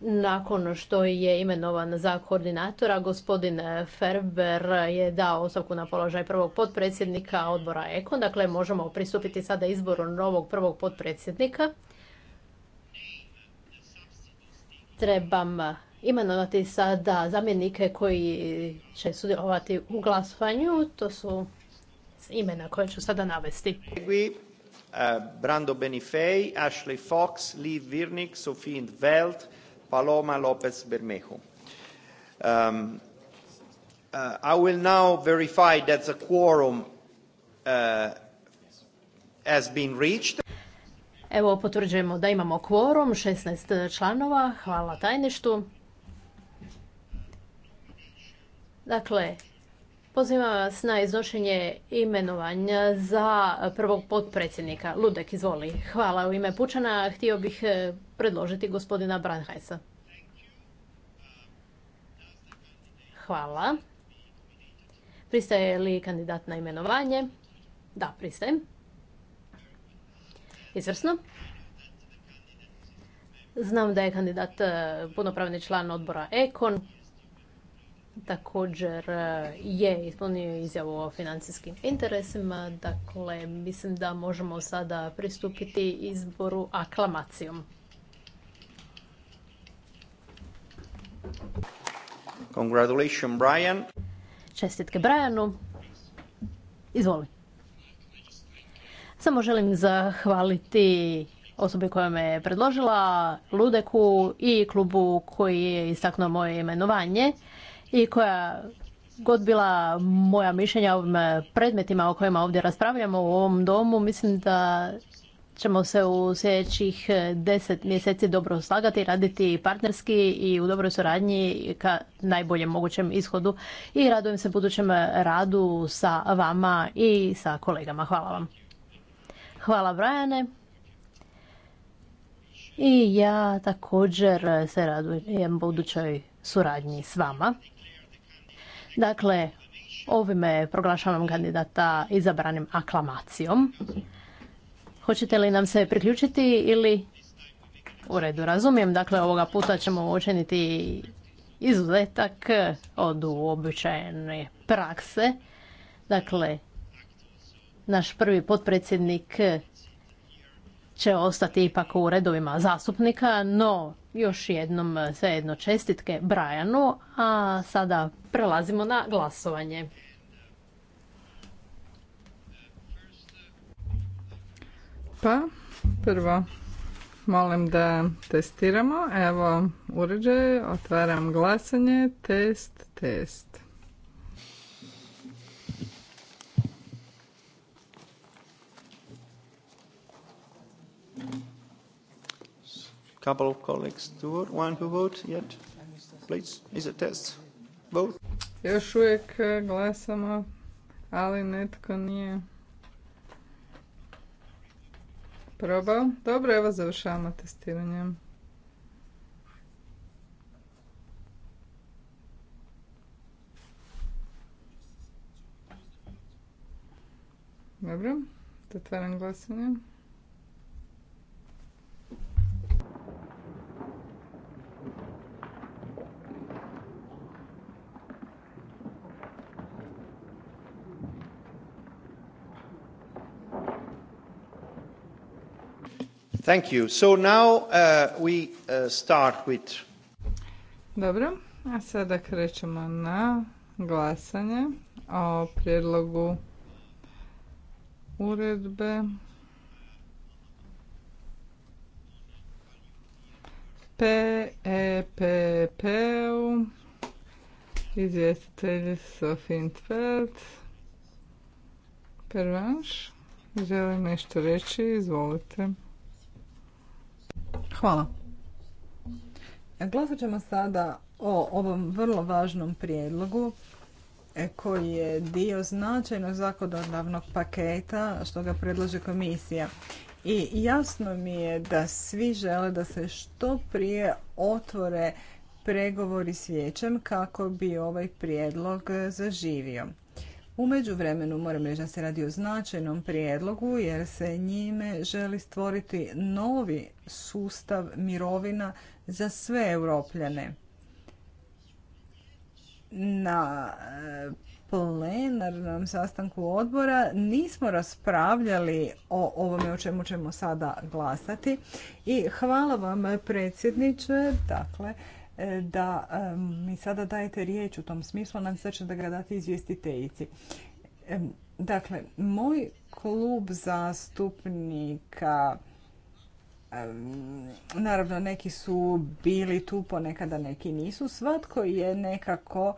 nakon što je imenovan za koordinatora, gospodin Ferber je dao ostavku na položaj prvog potpredsjednika odbora EKON. Dakle, možemo pristupiti sada izboru novog prvog potpredsjednika. Trebam imenovati sada zamjenike koji će sudjelovati u glasovanju. To su imena koje ću sada navesti. Uh, Brando Benifej, Ashley Fox, Liv Virnik, Sofie Veldt, Paloma López Bermejo. Um, uh, I will now verify that the quorum uh, has been reached. Evo, potvrđujemo da imamo kvorum, 16 članova. Hvala tajništu. Dakle, Pozivam vas na iznošenje imenovanja za prvog potpredsjednika. Ludek, izvoli. Hvala u ime Pučana. Htio bih eh, predložiti gospodina Branhajsa. Hvala. Pristaje li kandidat na imenovanje? Da, pristajem. Izvrsno. Znam da je kandidat eh, punopravni član odbora Ekon također e, je ispunio izjavu o financijskim interesima. Dakle, mislim da možemo sada pristupiti izboru aklamacijom. Congratulations, Brian. Čestitke Brianu. Izvoli. Samo želim zahvaliti osobi koja me je predložila, Ludeku i klubu koji je istaknuo moje imenovanje i koja god bila moja mišljenja o ovim predmetima o kojima ovdje raspravljamo u ovom domu, mislim da ćemo se u sljedećih deset mjeseci dobro slagati, raditi partnerski i u dobroj suradnji ka najboljem mogućem ishodu i radujem se budućem radu sa vama i sa kolegama. Hvala vam. Hvala Brajane. I ja također se radujem budućoj suradnji s vama. Dakle, ovime proglašavam kandidata izabranim aklamacijom. Hoćete li nam se priključiti ili... U redu, razumijem. Dakle, ovoga puta ćemo učiniti izuzetak od uobičajene prakse. Dakle, naš prvi potpredsjednik će ostati ipak u redovima zastupnika, no još jednom eh, svejedno čestitke Brajanu, a sada prelazimo na glasovanje. Pa, prvo molim da testiramo. Evo uređaj, otvaram glasanje, test, test. couple of colleagues to vote. One who vote yet? Please, is it test. Vote. Još uvijek e, glasamo, ali netko nije probao. Dobro, evo završavamo testiranjem. Dobro, zatvaram glasanje. Thank you. So now uh, we uh, start with... Dobro, a sada krećemo na glasanje o prijedlogu uredbe PEPP-u izvjestitelj Sofin Tveld. Pervanš, želim nešto reći, izvolite. Hvala. Glasat ćemo sada o ovom vrlo važnom prijedlogu e, koji je dio značajnog zakonodavnog paketa što ga predlaže komisija. I jasno mi je da svi žele da se što prije otvore pregovori s vijećem kako bi ovaj prijedlog zaživio. U međuvremenu moram reći da se radi o značajnom prijedlogu jer se njime želi stvoriti novi sustav mirovina za sve europljane. Na e, plenarnom sastanku odbora nismo raspravljali o ovome o čemu ćemo sada glasati i hvala vam predsjedniče. Dakle, E, da mi sada dajete riječ u tom smislu, nam se će da ga dati izvjestiteljici. Dakle, moj klub zastupnika naravno neki su bili tu ponekada neki nisu svatko je nekako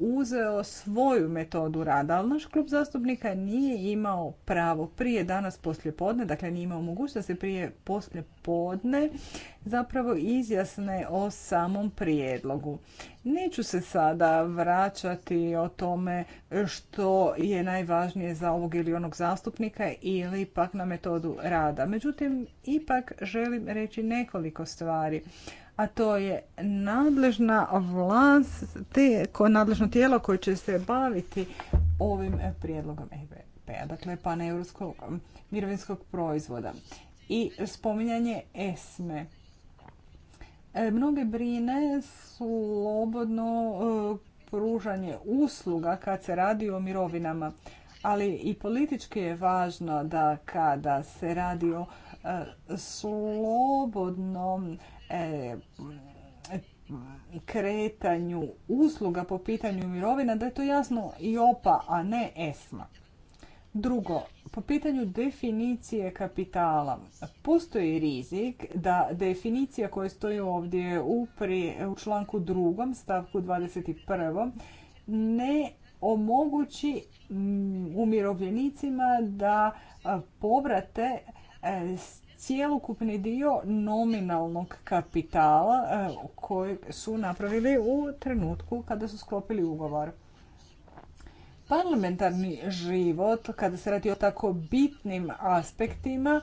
uzeo svoju metodu rada, ali naš klub zastupnika nije imao pravo prije danas poslje podne, dakle nije imao mogućnost da se prije poslje podne zapravo izjasne o samom prijedlogu. Neću se sada vraćati o tome što je najvažnije za ovog ili onog zastupnika ili pak na metodu rada. Međutim, ipak želim reći nekoliko stvari a to je nadležna vlast, te nadležno tijelo koje će se baviti ovim prijedlogom ebp a dakle paneuropskog mirovinskog proizvoda i spominjanje ESME. E, mnoge brine su slobodno e, pružanje usluga kad se radi o mirovinama, ali i politički je važno da kada se radi o e, slobodnom E, kretanju usluga po pitanju mirovina, da je to jasno i opa, a ne esma. Drugo, po pitanju definicije kapitala, postoji rizik da definicija koja stoji ovdje u, pri, u članku drugom, stavku 21. ne omogući umirovljenicima da povrate e, cjelokupni dio nominalnog kapitala e, koji su napravili u trenutku kada su sklopili ugovor. Parlamentarni život, kada se radi o tako bitnim aspektima,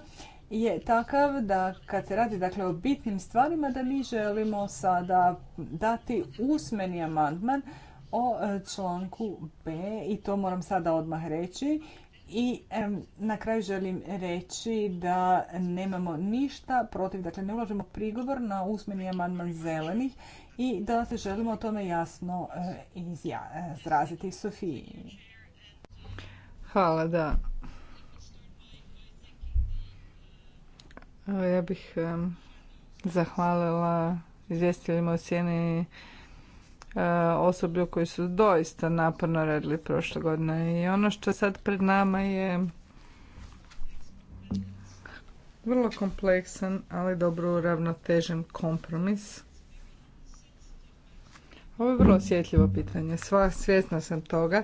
je takav da kad se radi dakle, o bitnim stvarima da mi želimo sada dati usmeni amandman o e, članku B i to moram sada odmah reći i na kraju želim reći da nemamo ništa protiv, dakle ne ulažemo prigovor na usmeni amandman zelenih i da se želimo o tome jasno e, e, izraziti Sofiji. Hvala, da. Ja bih zahvalila izvjestiteljima u sjeni E, osoblju koji su doista naporno radili prošle godine. I ono što sad pred nama je vrlo kompleksan, ali dobro uravnotežen kompromis. Ovo je vrlo osjetljivo pitanje, sva svjesna sam toga.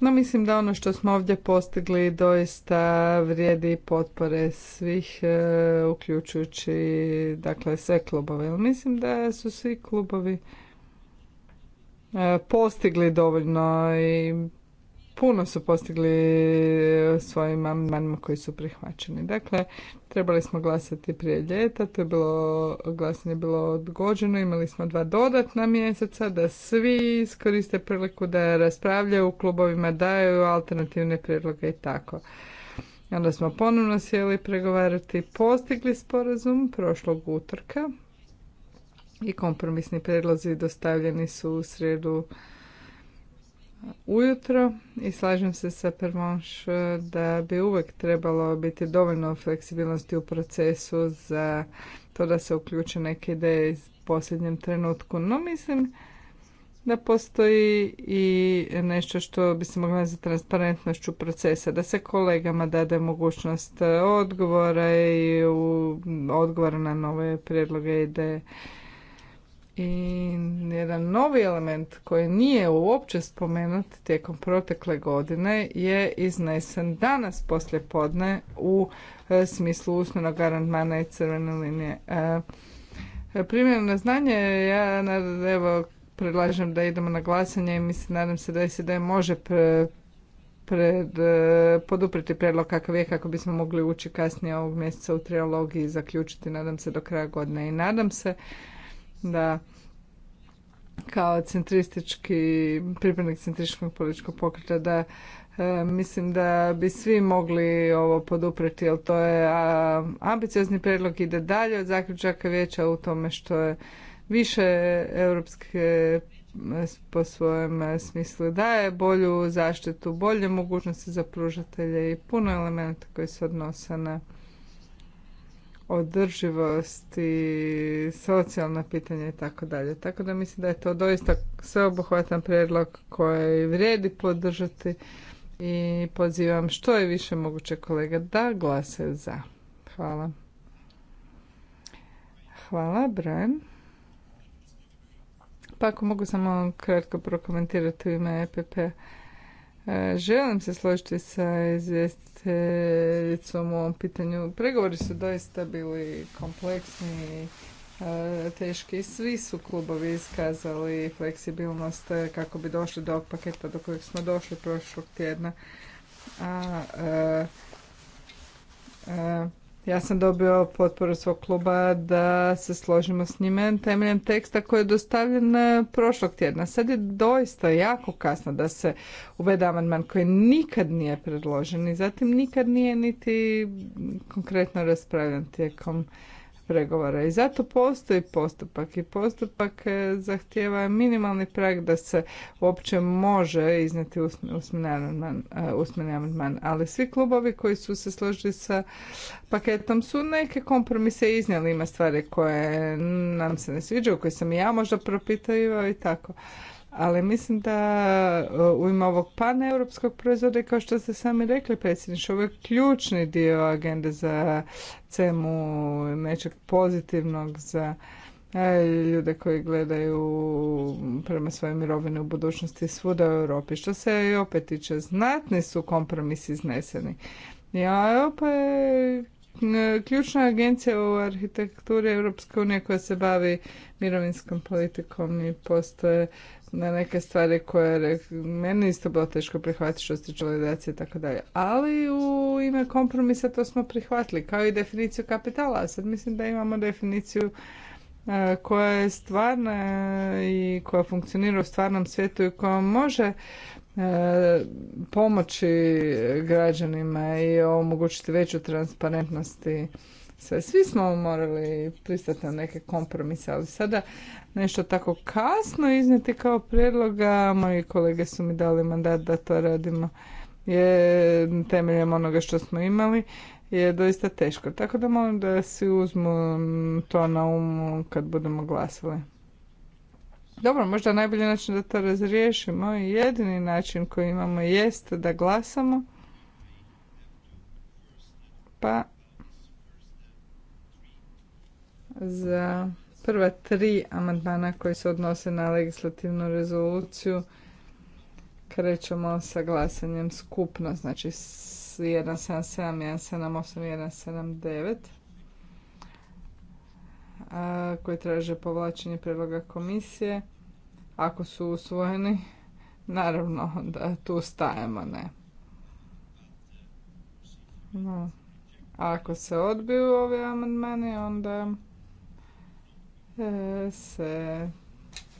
No mislim da ono što smo ovdje postigli doista vrijedi potpore svih, e, uključujući dakle sve klubove. mislim da su svi klubovi E, postigli dovoljno i puno su postigli e, svojim amandmanima koji su prihvaćeni. Dakle, trebali smo glasati prije ljeta, to je bilo, glasanje bilo odgođeno, imali smo dva dodatna mjeseca da svi iskoriste priliku da raspravljaju u klubovima, daju alternativne prijedloge i tako. Onda smo ponovno sjeli pregovarati postigli sporazum prošlog utorka, i kompromisni predlozi dostavljeni su u sredu ujutro i slažem se sa Permonš e, da bi uvek trebalo biti dovoljno fleksibilnosti u procesu za to da se uključe neke ideje iz posljednjem trenutku. No mislim da postoji i nešto što bi se moglo za transparentnošću procesa, da se kolegama dade mogućnost e, odgovora i odgovora na nove prijedloge ideje. I jedan novi element koji nije uopće spomenut tijekom protekle godine je iznesen danas poslje podne u e, smislu usmenog garantmana i crvene linije. E, Primjerno na znanje, ja evo, predlažem da idemo na glasanje i mislim, nadam se da SED može pred, e, podupriti predlog kakav je kako bismo mogli ući kasnije ovog mjeseca u triologiji i zaključiti, nadam se, do kraja godine. I nadam se da kao centristički pripadnik centričkog političkog pokreta da e, mislim da bi svi mogli ovo podupreti jer to je a, ambiciozni prijedlog ide dalje od zaključaka vijeća u tome što je više europske po svojem e, smislu daje bolju zaštitu, bolje mogućnosti za pružatelje i puno elemenata koji se odnose na održivosti, socijalna pitanja i tako dalje. Tako da mislim da je to doista sveobuhvatan prijedlog koji vrijedi podržati i pozivam što je više moguće kolega da glase za. Hvala. Hvala, Brian. Pa ako mogu samo kratko prokomentirati u ime EPP. E, želim se složiti sa izvjestiteljem recimo u ovom pitanju. Pregovori su doista bili kompleksni e, teški. Svi su klubovi iskazali fleksibilnost kako bi došli do ovog paketa do kojeg smo došli prošlog tjedna. a e, e, ja sam dobio potporu svog kluba da se složimo s njime temeljem teksta koji je dostavljen e, prošlog tjedna. Sad je doista jako kasno da se uvede amandman koji nikad nije predložen i zatim nikad nije niti konkretno raspravljan tijekom pregovora. I zato postoji postupak i postupak e, zahtjeva minimalni prag da se uopće može iznijeti e, usmeni amandman, ali svi klubovi koji su se složili sa paketom su neke kompromise iznijeli, ima stvari koje nam se ne sviđaju, koje sam i ja možda propitavao i tako ali mislim da uh, u ime ovog paneuropskog proizvoda kao što ste sami rekli predsjedniče, ovo je ključni dio agende za CEMU, nečeg pozitivnog za e, ljude koji gledaju prema svojoj mirovini u budućnosti svuda u Europi. Što se i e opet tiče, znatni su kompromisi izneseni. Ja, Europa je e, ključna agencija u arhitekturi Europske unije koja se bavi mirovinskom politikom i postoje na neke stvari koje meni isto bilo teško prihvatiti što se tiče validacije i tako dalje. Ali u ime kompromisa to smo prihvatili, kao i definiciju kapitala. A sad mislim da imamo definiciju e, koja je stvarna e, i koja funkcionira u stvarnom svijetu i koja može e, pomoći građanima i omogućiti veću transparentnost sve. Svi smo morali pristati na neke kompromise, ali sada nešto tako kasno iznijeti kao prijedloga, moji kolege su mi dali mandat da to radimo je temeljem onoga što smo imali je doista teško. Tako da molim da si uzmu to na umu kad budemo glasali. Dobro, možda najbolji način da to razriješimo i jedini način koji imamo jest da glasamo. Pa za prva tri amandmana koji se odnose na legislativnu rezoluciju. Krećemo sa glasanjem skupno, znači 177, 178, 179 koji traže povlačenje predloga komisije. Ako su usvojeni, naravno da tu stajemo, ne. ako se odbiju ove amandmane, onda E, se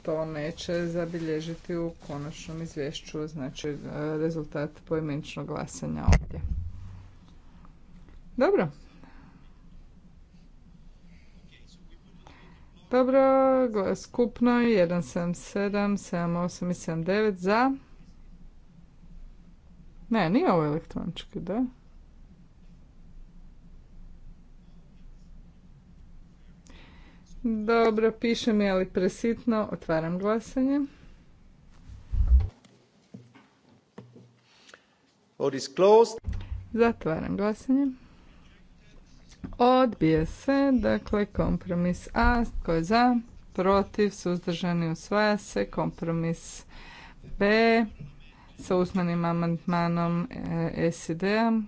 to neće zabilježiti u konačnom izvješću, znači e, rezultat poimeničnog glasanja ovdje. Dobro. Dobro, skupno 177, 78 i 79 za. Ne, nije ovo elektronički, da? Dobro, piše mi, ali presitno. Otvaram glasanje. Zatvaram glasanje. Odbije se, dakle kompromis A, tko je za, protiv, suzdržani usvaja se, kompromis B sa usmanim amandmanom e, SID-a,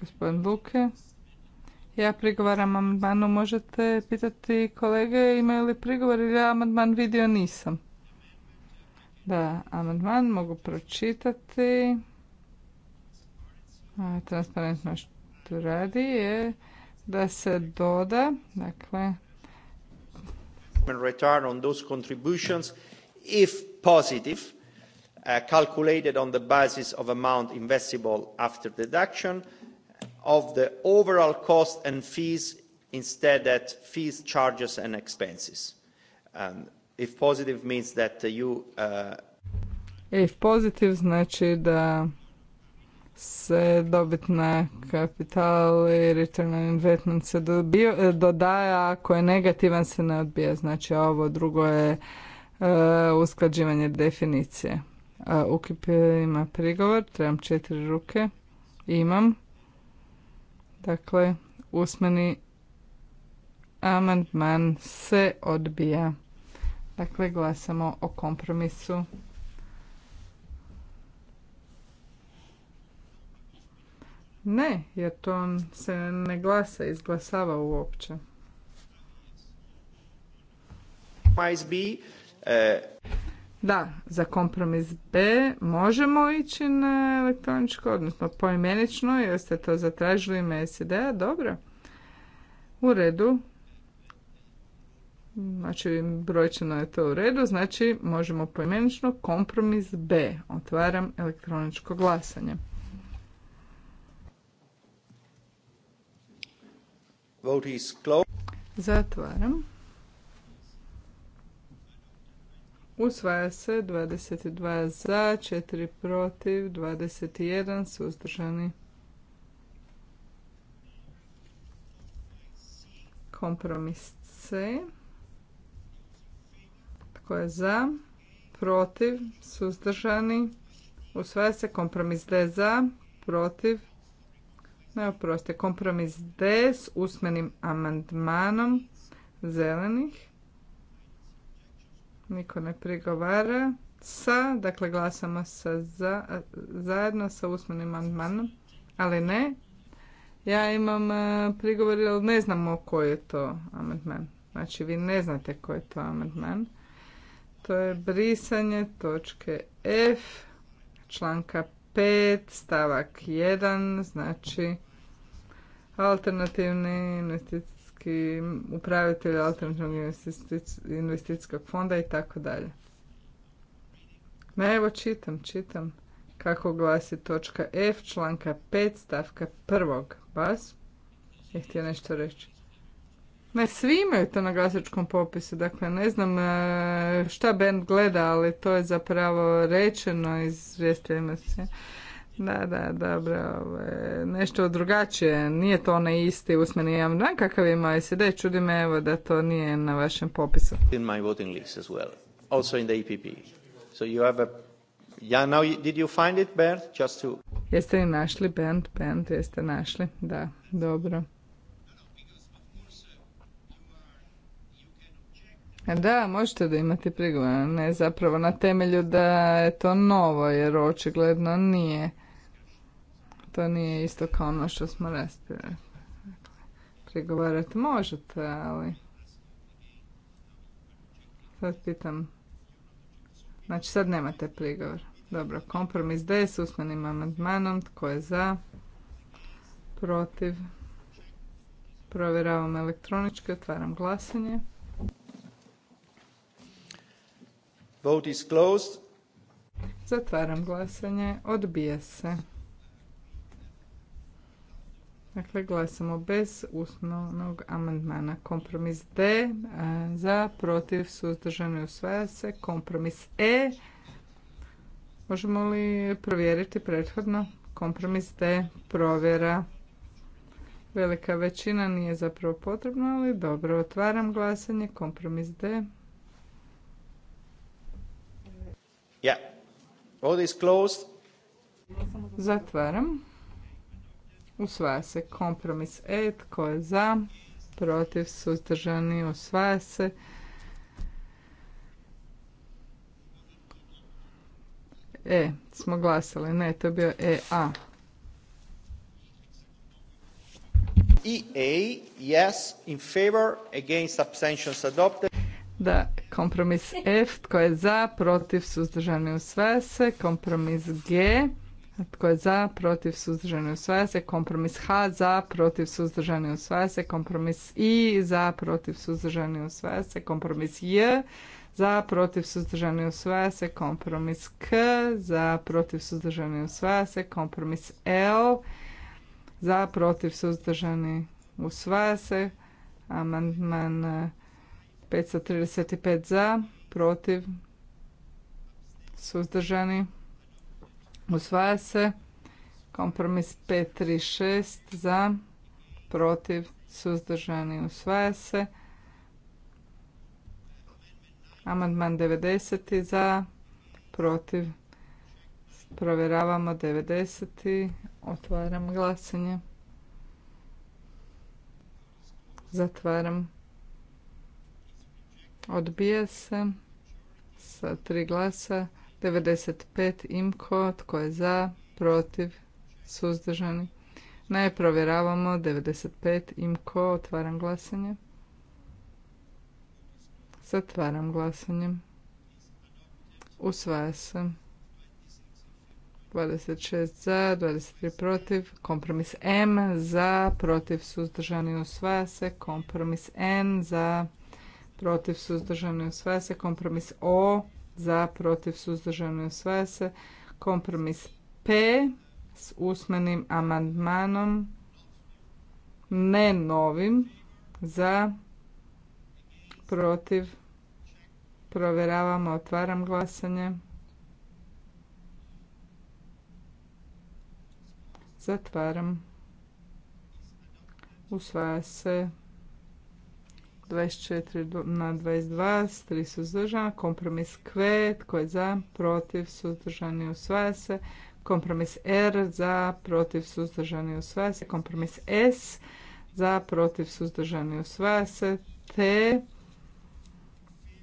gospodin Buke. Ja prigovaram amandmanu, možete pitati kolege imaju li prigovor ili ja amandman vidio nisam. Da, amandman mogu pročitati. Transparentno što radi je da se doda, dakle... return on those contributions if positive uh, calculated on the basis of amount investable after deduction of the overall cost and fees instead of fees charges and expenses um, if positive means that you uh, if positive znači da se dobit na kapital i return on investment se dobio, eh, dodaje, ako je negativan se ne odbija. Znači ovo drugo je eh, usklađivanje definicije. Uh, ima prigovor, trebam četiri ruke. Imam. Dakle, usmeni amandman se odbija. Dakle, glasamo o kompromisu. Ne, jer to se ne glasa, izglasava uopće. Da, za kompromis B možemo ići na elektroničko, odnosno poimenično, jer ste to zatražili ime SED-a, dobro. U redu. Znači, brojčano je to u redu, znači možemo poimenično kompromis B. Otvaram elektroničko glasanje. Zatvaram. Usvaja se 22 za, 4 protiv, 21 suzdržani. Kompromis C. Tko je za? Protiv, suzdržani. Usvaja se kompromis D za, protiv. Ne oproste, kompromis D s usmenim amandmanom zelenih. Niko ne prigovara. Sa, dakle glasamo sa za, zajedno sa usmenim amandmanom, ali ne. Ja imam e, prigovor jer ne znamo koji je to amandman. Znači vi ne znate koji je to amandman. To je brisanje točke F članka 5 stavak 1 znači alternativni investicijski i upravitelj alternativnog investicijskog fonda i tako dalje. Na evo čitam, čitam kako glasi točka F članka 5 stavka 1. vas. je htio nešto reći. Ne, svi imaju to na glasačkom popisu, dakle ne znam e, šta band gleda, ali to je zapravo rečeno iz se. Da, da, dobro. Ovaj, nešto drugačije. Nije to onaj isti usmeni jedan dan kakav ima SED. Čudi me evo da to nije na vašem popisu. In my voting list as well. Also in the EPP. So you have a... Yeah, now did you find it, Bernd? Just to... Jeste li našli, Bernd? Bernd, jeste našli? Da, dobro. Da, možete da imate prigovor, ne zapravo na temelju da je to novo, jer očigledno nije to nije isto kao ono što smo raspravili. Dakle, prigovarati možete, ali... Sad pitam. Znači sad nemate prigovor. Dobro, kompromis D s usmenim amandmanom. Tko je za? Protiv? Provjeravam elektronički, otvaram glasanje. Vote is closed. Zatvaram glasanje. Odbija se. Dakle, glasamo bez usnovnog amandmana. Kompromis D e, za, protiv, suzdržani usvaja se. Kompromis E. Možemo li provjeriti prethodno? Kompromis D provjera. Velika većina nije zapravo potrebna, ali dobro, otvaram glasanje. Kompromis D. Ja. Zatvaram usvaja se. Kompromis E, tko je za, protiv, suzdržani, usvaja se. E, smo glasali, ne, to je bio EA. a yes, in favor, against abstentions adopted. Da, kompromis F, tko je za, protiv, suzdržani, usvaja se. Kompromis G, tko je za, protiv, suzdržani, usvaja se. Kompromis H za, protiv, suzdržani, usvaja se. Kompromis I za, protiv, suzdržani, usvaja se. Kompromis J za, protiv, suzdržani, usvaja se. Kompromis K za, protiv, suzdržani, usvaja se. Kompromis L za, protiv, suzdržani, usvaja se. Amandman 535 e, za, protiv, suzdržani, Usvaja se kompromis 536 za, protiv, suzdržani. Usvaja se amandman 90 za, protiv, provjeravamo 90. Otvaram glasanje. Zatvaram. Odbija se sa tri glasa. 95 imko, tko je za, protiv, suzdržani. Ne, provjeravamo 95 imko, otvaram glasanje. Zatvaram glasanje. Usvaja se. 26 za, 23 protiv, kompromis M za, protiv suzdržani usvaja se, kompromis N za, protiv suzdržani usvaja se, kompromis O za, protiv, i usvaja se. Kompromis P s usmenim amandmanom, ne novim, za, protiv, provjeravamo, otvaram glasanje. Zatvaram. Usvaja se 24 na 22, s tri suzdržana, kompromis kvet tko je za, protiv, suzdržani, usvaja se, kompromis R, za, protiv, suzdržani, usvaja se, kompromis S, za, protiv, suzdržani, usvaja se, T,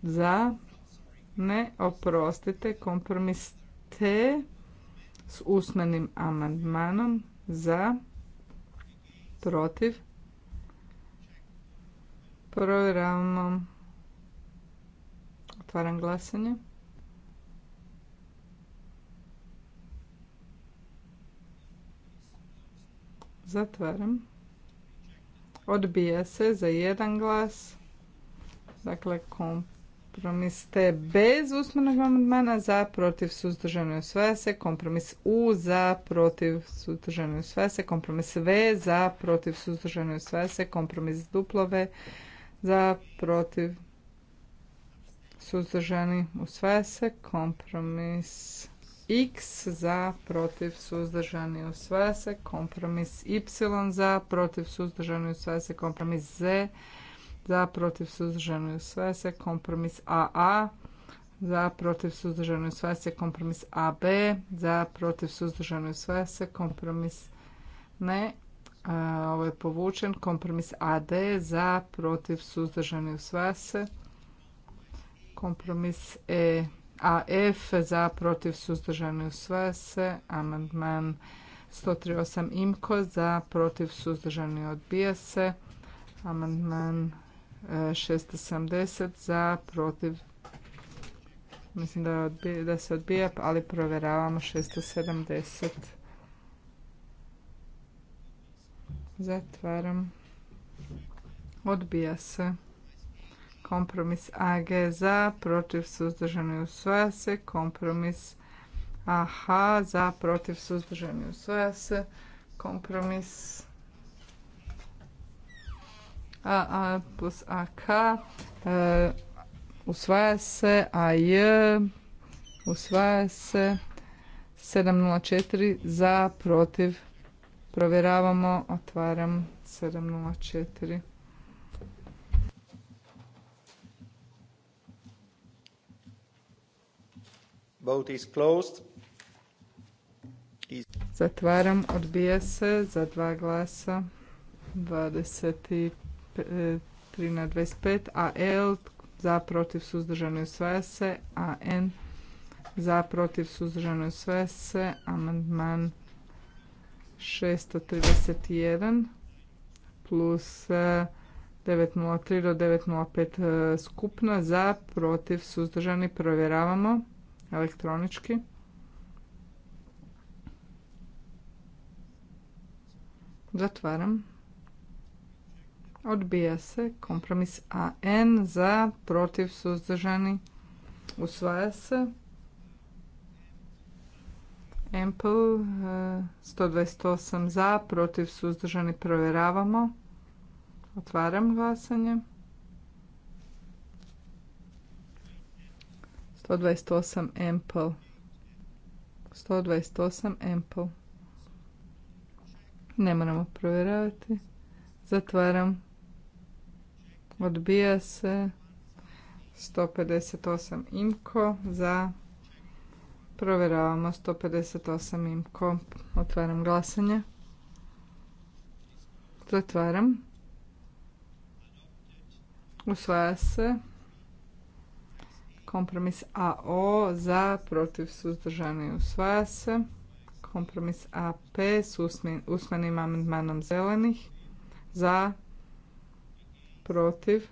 za, ne, oprostite, kompromis T, s usmenim amandmanom, za, protiv, Provjeravamo. Otvaram glasanje. Zatvaram. Odbija se za jedan glas. Dakle, kompromis T bez usmenog amandmana za protiv suzdržane svese Kompromis U za protiv suzdržane svese, Kompromis V za protiv suzdržane svese, se. Kompromis duplove za protiv suzdržani usvaja se kompromis x za protiv suzdržani usvaja se kompromis y za protiv suzdržani usvaja se kompromis z za protiv suzdržani usvaja se kompromis aa za protiv suzdržani usvaja se kompromis ab za protiv suzdržani usvaja se kompromis ne ovo je povučen. Kompromis AD za, protiv, suzdržani, u Kompromis E, AF za, protiv, suzdržani, svase. se. Amandman 138 IMKO za, protiv, suzdržani, odbija se. Amandman 670 e, za, protiv, mislim da, da se odbija, ali provjeravamo 670. Zatvaram. Odbija se. Kompromis AG za, protiv suzdržani usvaja se. Kompromis AH za, protiv suzdržani usvaja se. Kompromis AA plus AK e, usvaja se. AJ usvaja se. 704 za, protiv Provjeravamo, otvaram 704. Vote is closed. Zatvaram, odbija se za dva glasa. 23 na 25. AL za protiv suzdržano svese, se. AN za protiv suzdržano svese, se. Amandman 631 plus 903 e, do 905 e, skupno za, protiv, suzdržani, provjeravamo elektronički. Zatvaram. Odbija se kompromis AN za, protiv, suzdržani, usvaja se. Eh, Ample 128 za, protiv suzdržani provjeravamo. Otvaram glasanje. 128 Ample. 128 Ample. Ne moramo provjeravati. Zatvaram. Odbija se. 158 Imko za Provjeravamo 158 imko. Otvaram glasanje. Zatvaram. Usvaja se. Kompromis AO za protiv suzdržani usvaja se. Kompromis AP s usmenim amandmanom zelenih za protiv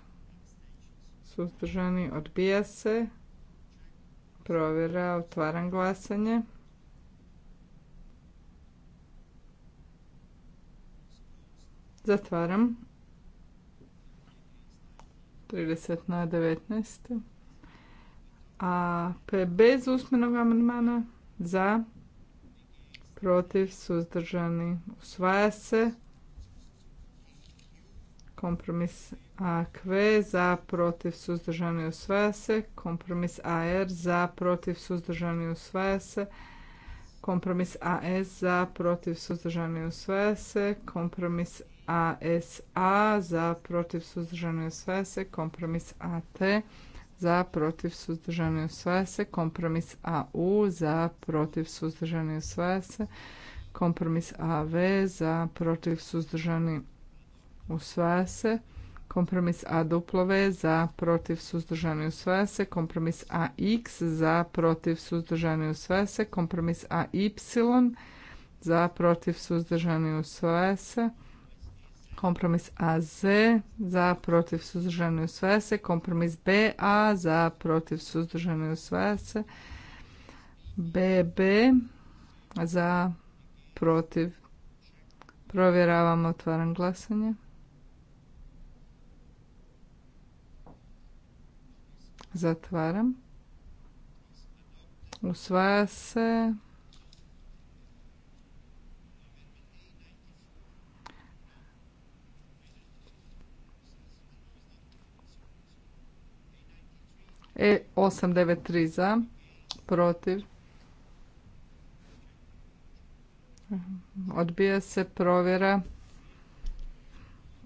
suzdržani odbija se. Provjera, otvaram glasanje. Zatvaram. 30 na 19. A bez usmenog amandmana za, protiv, suzdržani, usvaja se. Kompromis AQ za protiv suzdržani usvaja se. Kompromis AR za protiv suzdržani usvaja se. Kompromis AS za protiv suzdržani usvaja se. Kompromis ASA za protiv suzdržani usvaja se. Kompromis AT za protiv suzdržani usvaja se. Kompromis AU za protiv suzdržani usvaja se. Kompromis AV za protiv suzdržani usvaja se. Kompromis A duplove za protiv suzdržani usvaja se. Kompromis A x za protiv suzdržani usvaja se. Kompromis A y za protiv suzdržani usvaja se. Kompromis AZ za protiv suzdržani usvaja se. Kompromis BA za protiv suzdržani usvaja se. BB za protiv. Provjeravamo otvaram glasanje. Zatvaram. Usvaja se. E 893 za, protiv. Odbija se provjera.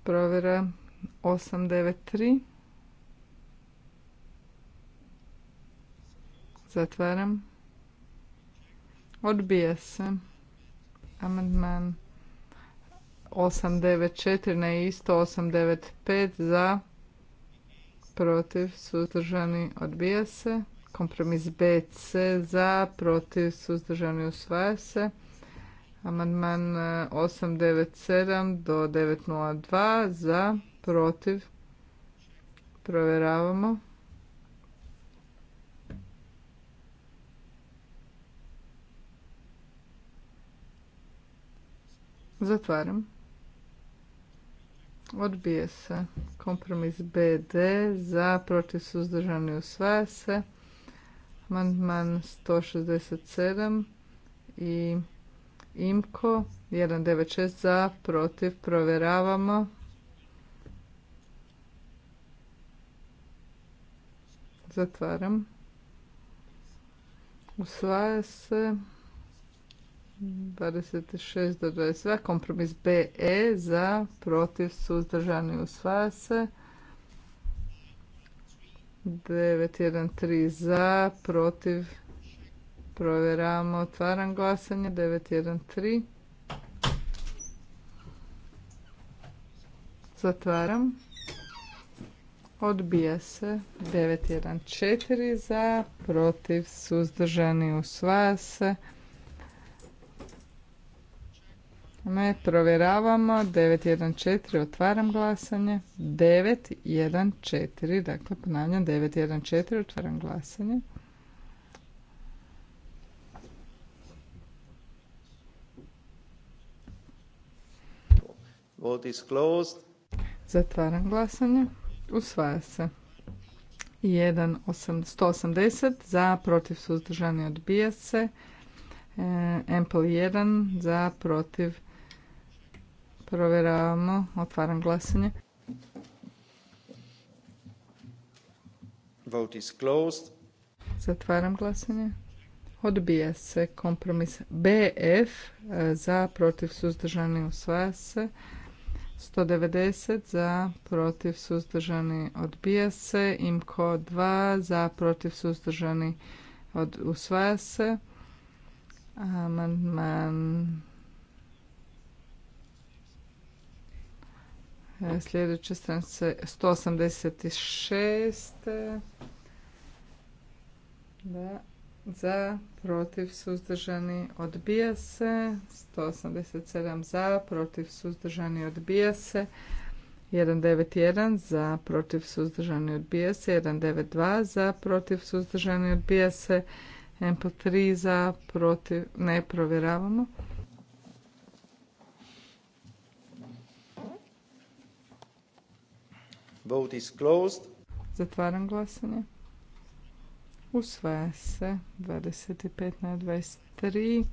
Provjera 893. Zatvaram. Odbija se. Amandman 894 na isto 895 za protiv suzdržani odbija se. Kompromis BC za protiv suzdržani usvaja se. Amandman 897 do 902 za protiv provjeravamo. Zatvaram. Odbije se. Kompromis BD za protiv suzdržani usvaja se. Amandman 167 i IMKO 196 za protiv provjeravamo. Zatvaram. Usvaja se. 26 do 22, kompromis BE za, protiv, suzdržani, usvaja se. 913 za, protiv, provjeramo, otvaram glasanje, 913. Zatvaram. Odbija se. 914 za, protiv, suzdržani, usvaja se. Ne, provjeravamo. 914, otvaram glasanje. 914, dakle ponavljam 914, otvaram glasanje. Vote is closed. Zatvaram glasanje. Usvaja se. 1, 180 za, protiv suzdržani odbija se. E, Ampel 1 za, protiv Provjeravamo. Otvaram glasanje. Vote is closed. Zatvaram glasanje. Odbija se kompromis BF e, za protiv suzdržani usvaja se. 190 za protiv suzdržani odbija se. IMKO 2 za protiv suzdržani usvaja se. Amandman E, Sljedeće stranice 186. Da. Za, protiv, suzdržani, odbija se. 187 za, protiv, suzdržani, odbija se. 191 za, protiv, suzdržani, odbija se. 192 za, protiv, suzdržani, odbija se. mp za, protiv, ne provjeravamo. Vote is closed. Zatvaram glasanje. Usvaja se 25 na 23.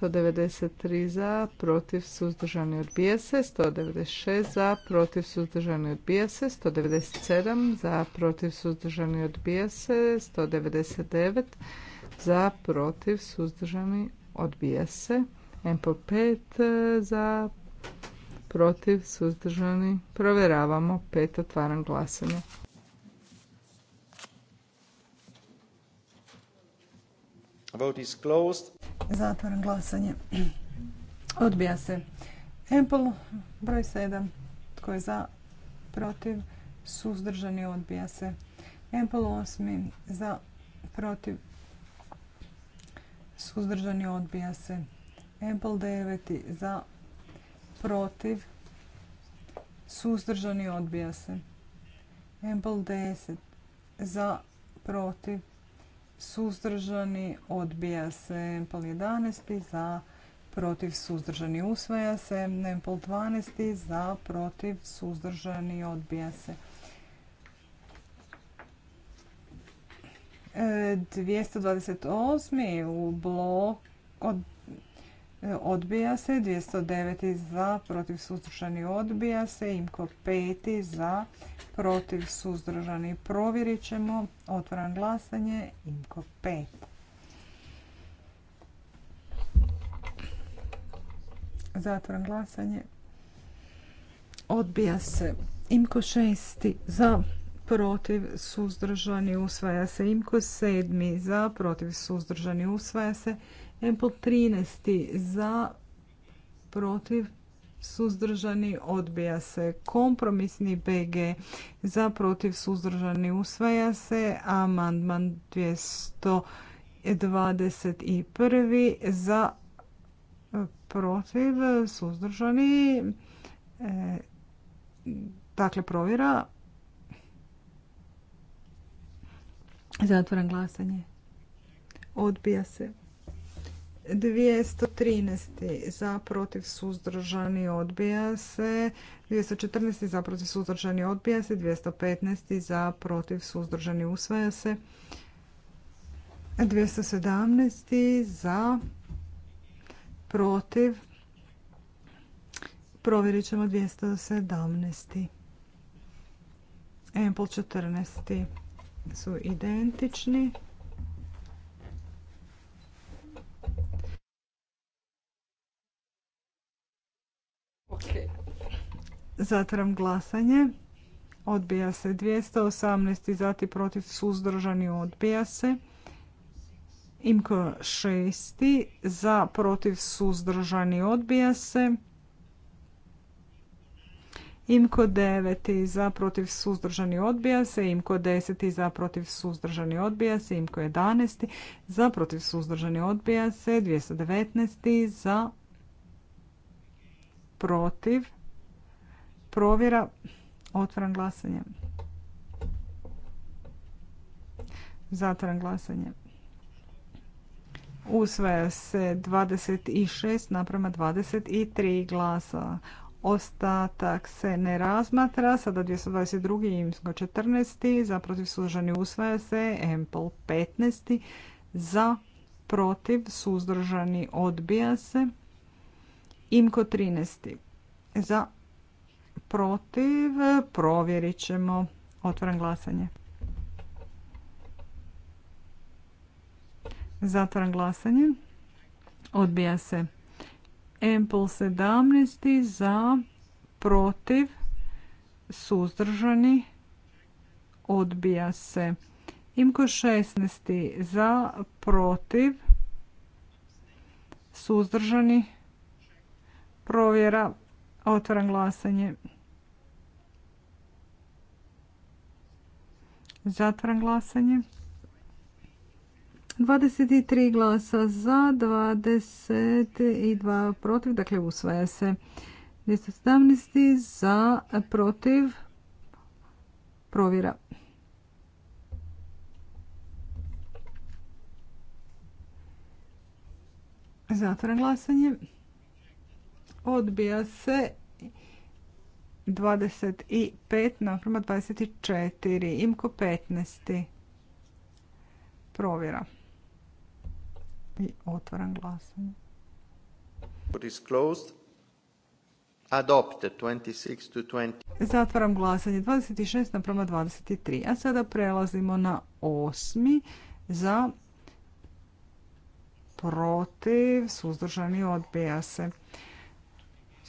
193 za, protiv suzdržani odbija se, 196 za, protiv suzdržani odbija se, 197 za, protiv suzdržani odbija se, 199 za, protiv suzdržani odbija se, MP5 za, protiv, suzdržani, provjeravamo, pet, otvaram glasanje. Vote is closed. Zatvaram glasanje. Odbija se. Empol broj 7. Tko je za, protiv, suzdržani, odbija se. Empol 8. Za, protiv, suzdržani, odbija se. Empol 9. Za, protiv, suzdržani odbija se. Ample 10 za, protiv, suzdržani odbija se. Ample 11 za, protiv, suzdržani usvaja se. Ample 12 za, protiv, suzdržani odbija se. 228. E, u blok od odbija se, 209 za, protiv suzdržani odbija se, imko 5 za, protiv suzdržani provjerit ćemo, otvoran glasanje, imko 5. Zatvoran glasanje. Odbija se. Imko šesti za, protiv, suzdržani, usvaja se. Imko sedmi za, protiv, suzdržani, usvaja se. Po 13 za, protiv, suzdržani, odbija se. Kompromisni BG za, protiv, suzdržani, usvaja se. Amandman 221 za, protiv, suzdržani, e, dakle provjera. Zatvaram glasanje. Odbija se. 213. za protiv suzdržani odbija se. 214. za protiv suzdržani odbija se. 215. za protiv suzdržani usvaja se. 217. za protiv. Provjerit ćemo 217. Ample 14. su identični. Zatram glasanje. Odbija se 218. Zati protiv suzdržani odbija se. Imko 6. Za protiv suzdržani odbija se. Imko deveti Za protiv suzdržani odbija se. Imko 10. Za protiv suzdržani odbija se. Imko 11. Za protiv suzdržani odbija se. 219. Za protiv, provjera, otvaram glasanje. Zatvaram glasanje. Usvaja se 26 naprema 23 glasa. Ostatak se ne razmatra. Sada 222. imsko 14. Za protiv suzdržani usvaja se. Empel 15. Za protiv suzdržani odbija se. Imko 13. Za protiv provjerit ćemo. Otvoram glasanje. Zatvoram glasanje. Odbija se. Empol 17 za protiv suzdržani odbija se. Imko 16 za protiv suzdržani Provjera. Otvoran glasanje. Zatvoram glasanje. 23 glasa za, 22 protiv, dakle usvaja se. 217 za, protiv, provjera. Zatvaram glasanje odbija se 25 naprema 24, imko 15. Provjera. I otvoram glasanje. It 26 to 20. Zatvaram glasanje 26 naprema 23. A sada prelazimo na osmi za protiv suzdržani odbija se.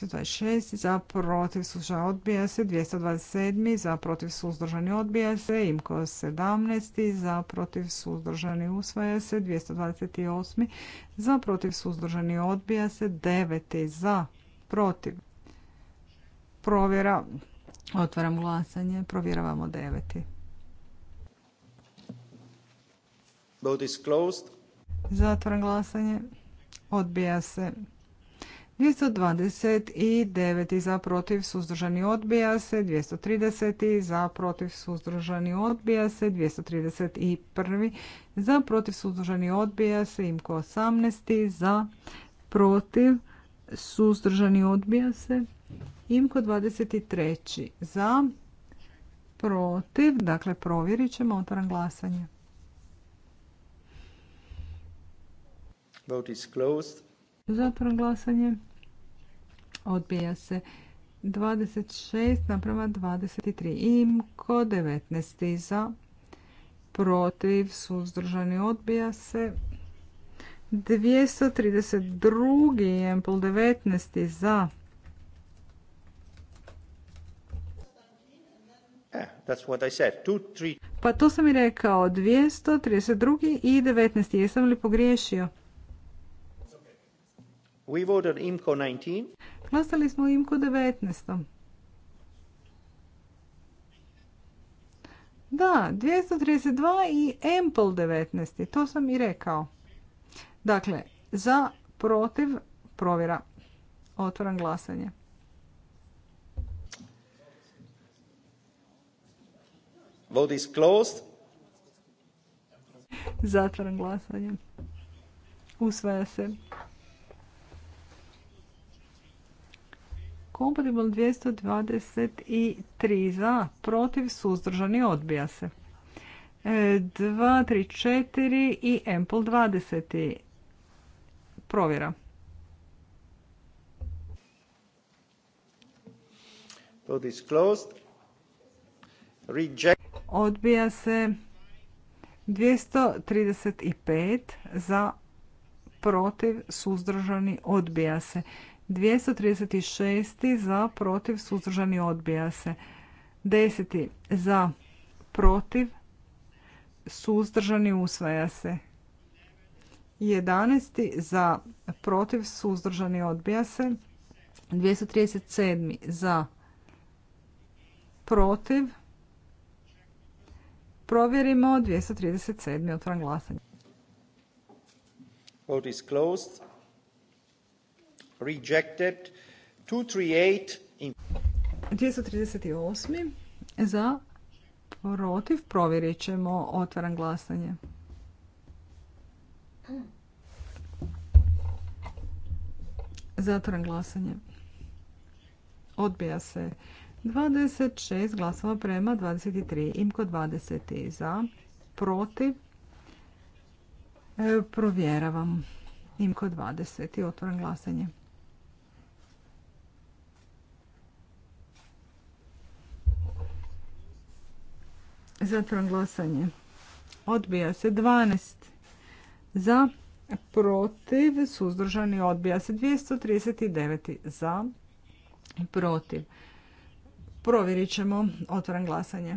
226 za protiv suzdržan odbija se, 227 za protiv suzdržani odbija se, imko 17 za protiv suzdržani usvaja se, 228 za protiv suzdržani odbija se, 9 za protiv. Provjera, otvaram glasanje, provjeravamo 9. Vote is closed. Zatvaram glasanje. Odbija se 229 za protiv suzdržani odbija se, 230 za protiv suzdržani odbija se, 231 za protiv suzdržani odbija se, imko 18 za protiv suzdržani odbija se, imko 23 za protiv, dakle provjerit ćemo, otvaram glasanje. Vote is closed za glasanje odbija se 26 naprema 23. Imko 19. za protiv suzdržani odbija se 232. 19. za eh, Pa to sam i rekao, 232. i 19. Jesam li pogriješio? We voted IMCO 19. Glasali smo u IMCO 19. Da, 232 i EMPL 19. To sam i rekao. Dakle, za, protiv, provjera. Otvoram glasanje. Vote is closed. Zatvoram glasanje. Usvaja se. Compatible 223 za, protiv, suzdržani, odbija se. 2, 3, 4 i Ample 20. Provjera. Reject. Odbija se 235 za protiv suzdržani odbija se. 236. za, protiv, suzdržani, odbija se. 10. za, protiv, suzdržani, usvaja se. 11. za, protiv, suzdržani, odbija se. 237. za, protiv, provjerimo 237. otvoran glasanje. Vote is closed rejected 238 in 238 za protiv provjerit ćemo otvaram glasanje zatvaram glasanje odbija se 26 glasova prema 23 imko 20 za protiv e, provjeravam imko 20 Otvoren glasanje Zatvoram glasanje. Odbija se 12 za, protiv, suzdržani odbija se 239 za, protiv. Provjerit ćemo, otvoram glasanje.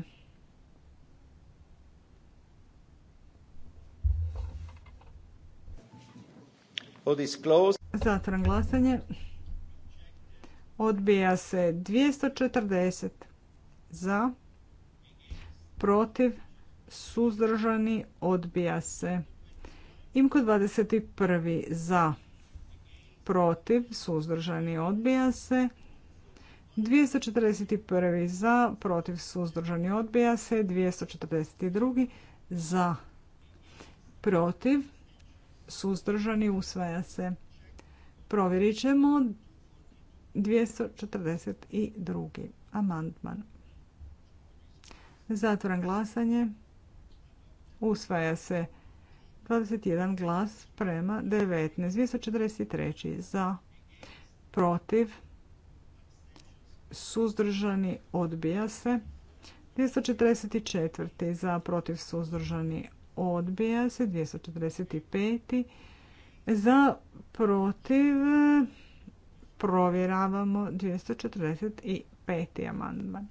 Zatvoram glasanje. Odbija se 240 za, protiv, suzdržani, odbija se. Imko 21. za, protiv, suzdržani, odbija se. 241. za, protiv, suzdržani, odbija se. 242. za, protiv, suzdržani, usvaja se. Provjerit ćemo 242. amandman. Zatvoram glasanje. Usvaja se 21 glas prema 19. 243. za, protiv, suzdržani, odbija se. 244. za, protiv, suzdržani, odbija se. 245. za, protiv, provjeravamo 245. amandman.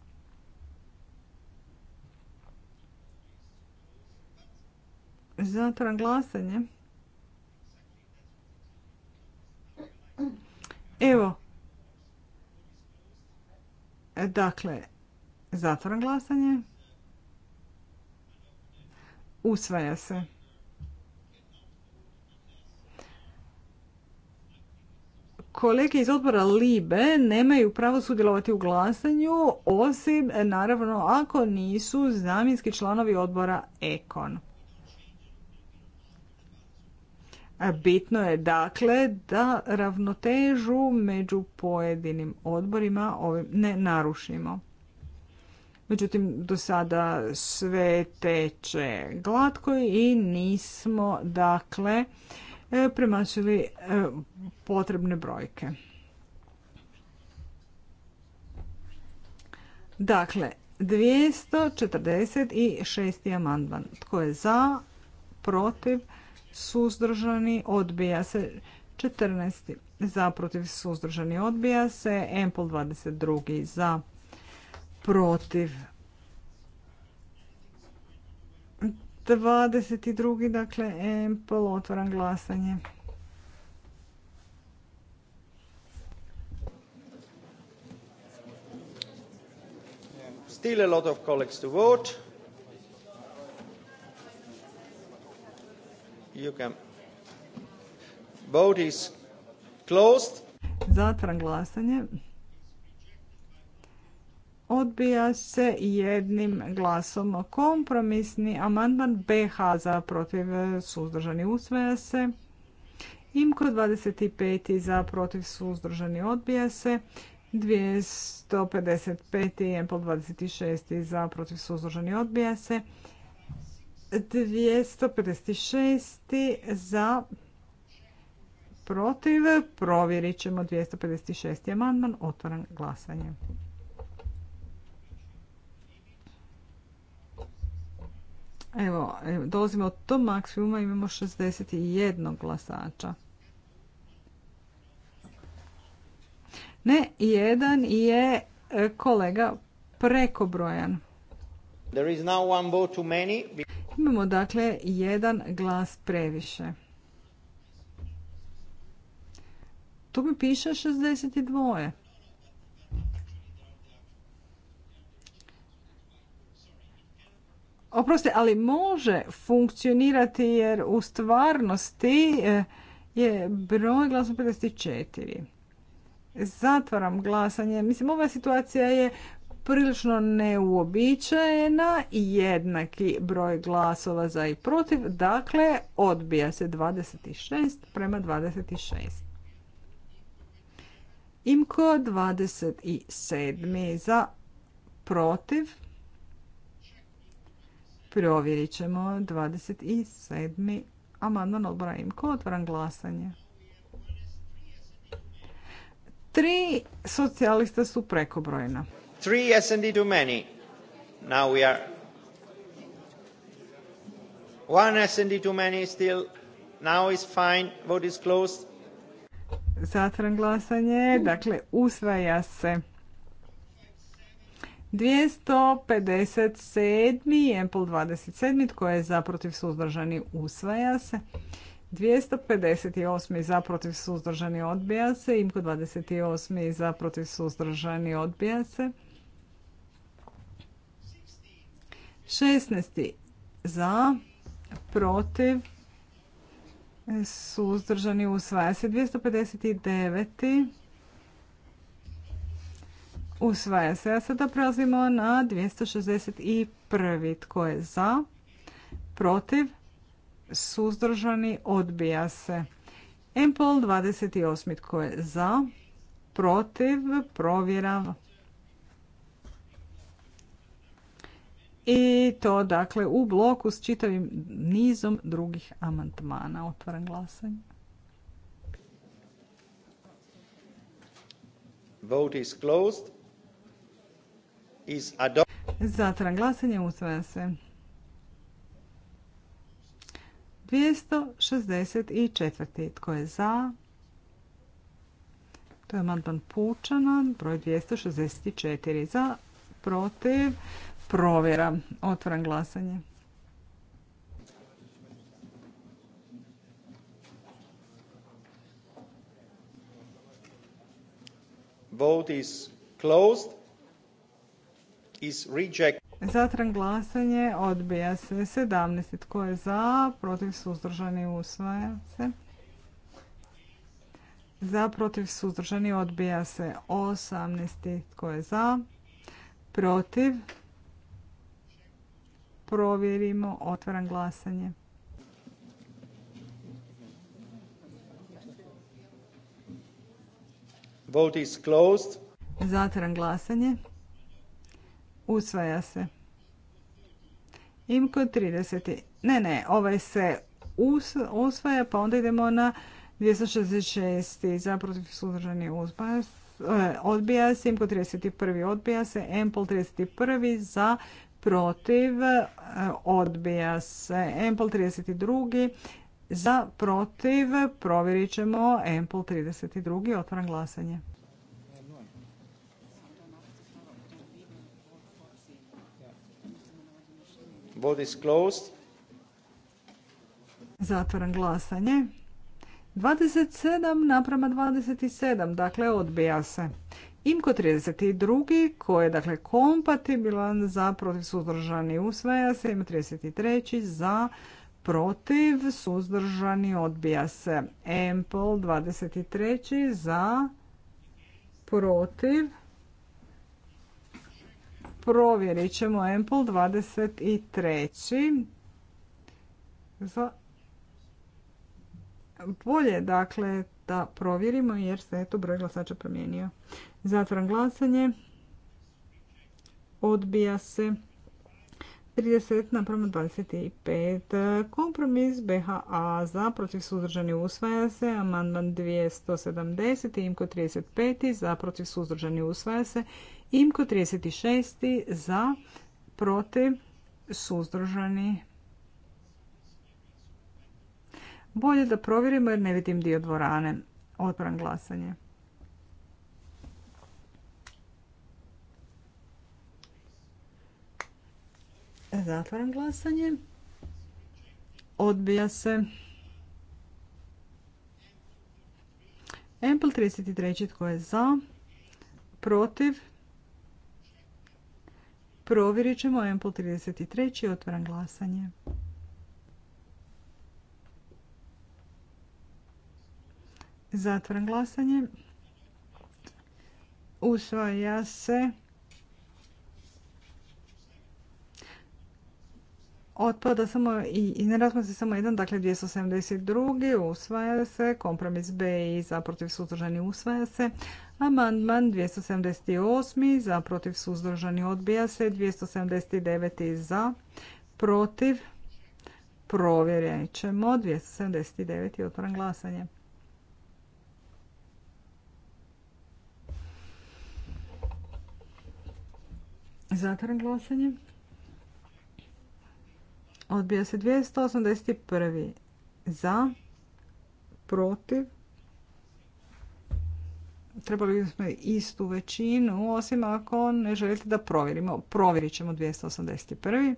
Zatvaram glasanje. Evo. Dakle, zatvoram glasanje. Usvaja se. kolege iz odbora LIBE nemaju pravo sudjelovati u glasanju, osim naravno ako nisu zamjenski članovi odbora EKON. Bitno je dakle da ravnotežu među pojedinim odborima ovim ne narušimo. Međutim, do sada sve teče glatko i nismo dakle e, premašili e, potrebne brojke. Dakle, 246. amandman. Tko je za, protiv, suzdržani, odbija se 14. za, protiv, suzdržani, odbija se empol 22. za, protiv 22. dakle empol otvoran glasanje. Still a lot of colleagues to vote. You Zatvaram glasanje. Odbija se jednim glasom kompromisni amandman BH za protiv suzdržani usvaja se. Imko 25. za protiv suzdržani odbija se. 255. i Empol 26. za protiv suzdržani odbija se. 256. za protiv. Provjerit ćemo 256. amandman. Otvoran glasanje. Evo, dolazimo od maksimuma, imamo 61 glasača. Ne, jedan je e, kolega prekobrojan. There Imamo dakle jedan glas previše. Tu mi piše 62. Oprosti, ali može funkcionirati jer u stvarnosti e, je broj glasa 54. Zatvaram glasanje. Mislim, ova situacija je prilično neuobičajena, i jednaki broj glasova za i protiv, dakle odbija se 26 prema 26. Imko 27. za protiv. Provjerit ćemo 27. amandman odbora Imko. otvaram glasanje. Tri socijalista su prekobrojna. Three S&D too many. Now we are one S&D too many still. Now is fine. Vote is closed. Zatran glasanje. Dakle, usvaja se. 257. Empel 27. Tko je zaprotiv suzdržani usvaja se. 258. zaprotiv suzdržani odbija se. Imko 28. zaprotiv suzdržani odbija se. 16. za, protiv, suzdržani usvaja se. 259. usvaja se. A sada prelazimo na 261. Tko je za, protiv, suzdržani odbija se. Empol 28. Tko je za, protiv, provjera i to dakle u bloku s čitavim nizom drugih amandmana. Otvaram glasanje. Vote is closed. Is Zatvaram glasanje, usvaja se. 264. Tko je za? To je amandman Pučana, broj 264. Za, protiv, provjera. Otvaram glasanje. Vote is closed. Is Zatran glasanje odbija se 17. Tko je za? Protiv suzdržani usvaja se. Za protiv suzdržani odbija se 18. Tko je za? Protiv provjerimo. Otvaram glasanje. Vote is closed. Zatvaram glasanje. Usvaja se. Imko 30. Ne, ne, ovaj se usvaja, pa onda idemo na 266. Za protiv suzdržani e, odbija se. Imko 31. odbija se. Empol 31. Za protiv, e, odbija se. Empol 32. Za, protiv, provjerit ćemo Empol 32. Otvoram glasanje. Vote is closed. Zatvoram glasanje. 27 naprama 27, dakle odbija se. Imko 32. koji je dakle kompatibilan za protiv suzdržani usvaja se. Ima 33. za protiv suzdržani odbija se. Empol 23. za protiv provjerit ćemo Empol 23. Za bolje, dakle, da provjerimo jer se eto broj glasača promijenio. Zatvaram glasanje. Odbija se 30 napravo 25. Kompromis BHA za protiv suzdržani usvaja se. Amandman 270. Imko 35. za protiv suzdržani usvaja se. Imko 36. za protiv suzdržani Bolje da provjerimo jer ne vidim dio dvorane. Otvoram glasanje. Zatvaram glasanje. Odbija se. Ample 33. Tko je za? Protiv? Provjerit ćemo Ample 33. Otvaram glasanje. Zatvoren glasanje. Usvaja se. Otpada samo i, ne razmatra se samo jedan, dakle 272. Usvaja se. Kompromis B i za protiv suzdržani usvaja se. Amandman 278. za protiv suzdržani odbija se. 279. za protiv provjerit ćemo. 279. otvoren glasanje. Zatvaram glasanje. Odbija se 281. Za. Protiv. Trebali smo istu većinu, osim ako ne želite da provjerimo. Provjerit ćemo 281.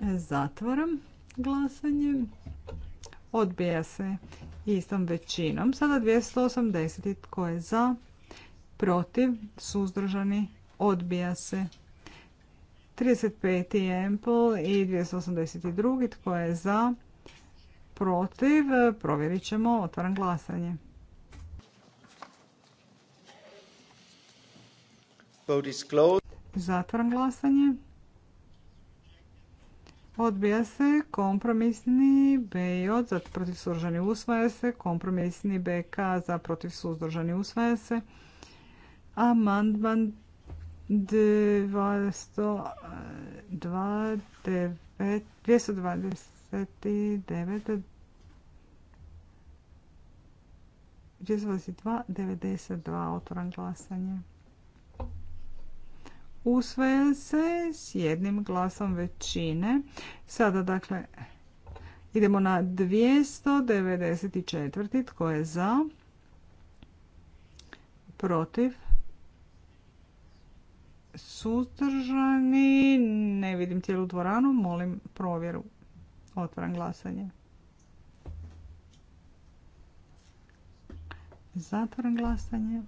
Zatvaram glasanje. Odbija se istom većinom. Sada 280. Tko je za? Protiv? Suzdržani? Odbija se. 35. je i 282. Tko je za? Protiv? Provjerit ćemo. Otvaram glasanje. Zatvaram glasanje. Odbija se kompromisni BJ za protiv suzdržani usvaja se. Kompromisni BK za protiv suzdržani usvaja se. Amandman 229 222 92 otvoran glasanje usvaja se s jednim glasom većine. Sada dakle idemo na 294. Tko je za? Protiv? Suzdržani? Ne vidim cijelu dvoranu. Molim provjeru. Otvaram glasanje. Zatvaram glasanje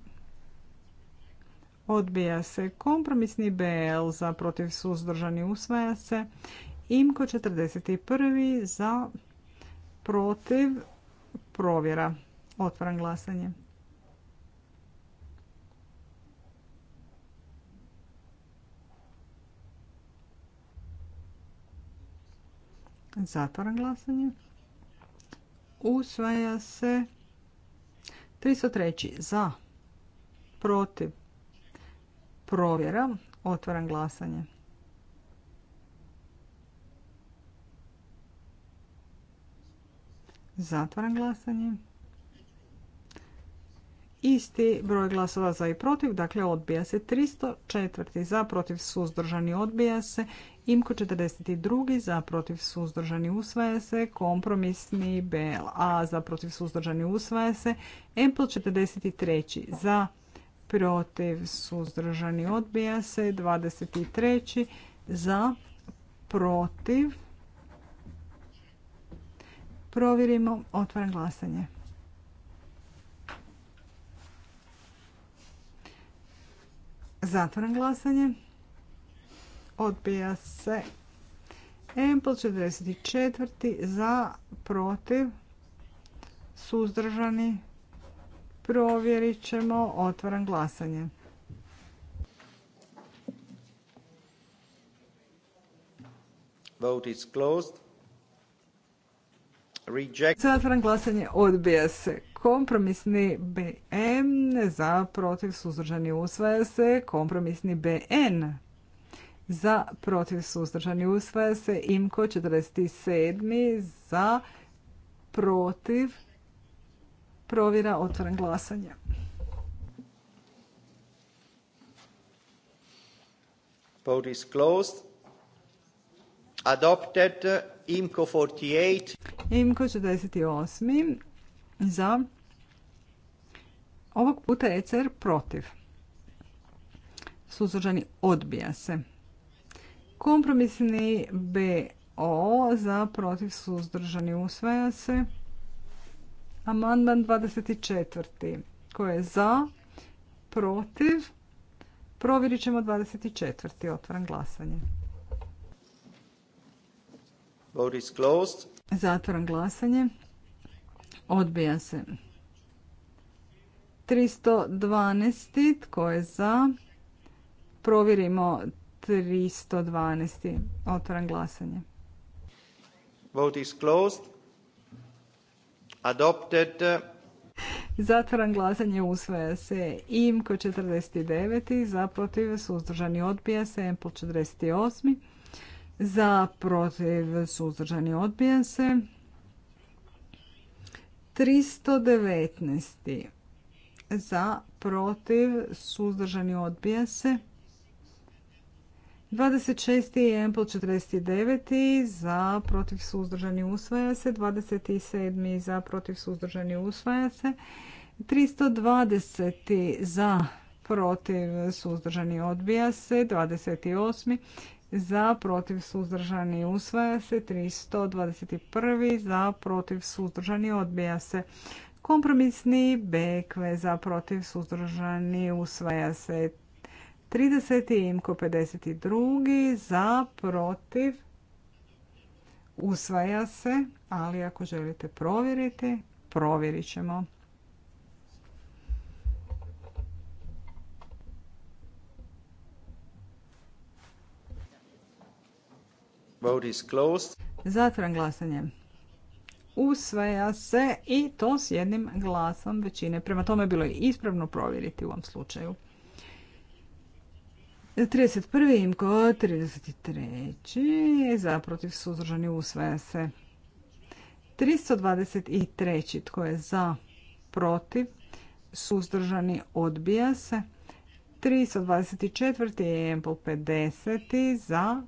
odbija se. Kompromisni BL za protiv suzdržani usvaja se. Imko 41 za protiv provjera. Otvaram glasanje. Zatvaram glasanje. Usvaja se 303. za, protiv, provjera. Otvaram glasanje. Zatvaram glasanje. Isti broj glasova za i protiv, dakle odbija se 304. za, protiv suzdržani odbija se. Imko 42. za, protiv suzdržani usvaja se. Kompromisni BLA za, protiv suzdržani usvaja se. Empl 43. za, protiv, suzdržani, odbija se. 23. za, protiv. Provjerimo, otvaram glasanje. Zatvaram glasanje. Odbija se. Empl 44 za, protiv, suzdržani, Provjerit ćemo. Otvaram glasanje. Vote is closed. Reject. Zatvaram glasanje. Odbija se. Kompromisni BN za protiv suzdržani usvaja se. Kompromisni BN za protiv suzdržani usvaja se. Imko 47 za protiv provjera, otvoren glasanje. Vote is closed. Adopted IMCO 48. IMCO 48. Za. Ovog puta ECR protiv. Suzdržani odbija se. Kompromisni BO za protiv suzdržani usvaja se. Amandman 24. Ko je za? Protiv? Provjerit ćemo 24. otvoran glasanje. Vote is closed. Zatvaram glasanje. Odbija se. 312. Tko je za? Provjerimo 312. otvoran glasanje. Vote is closed. Adopted. Zatvaram glasanje, usvaja se IMKO 49, za protiv suzdržani odbija se, EMPL 48, za protiv suzdržani odbija se, 319, za protiv suzdržani odbija se, 26. je Ample 49. za protiv suzdržani usvaja se. 27. za protiv suzdržani usvaja se. 320. za protiv suzdržani odbija se. 28. za protiv suzdržani usvaja se. 321. za protiv suzdržani odbija se. Kompromisni BKV za protiv suzdržani usvaja se. 30. imko 52. za, protiv, usvaja se, ali ako želite provjeriti, provjerit ćemo. Vote glasanje. Usvaja se i to s jednim glasom većine. Prema tome je bilo ispravno provjeriti u ovom slučaju. 31. imko 33. za protiv suzdržani usvaja se. 323. tko je za protiv suzdržani odbija se. 324. je po 50. za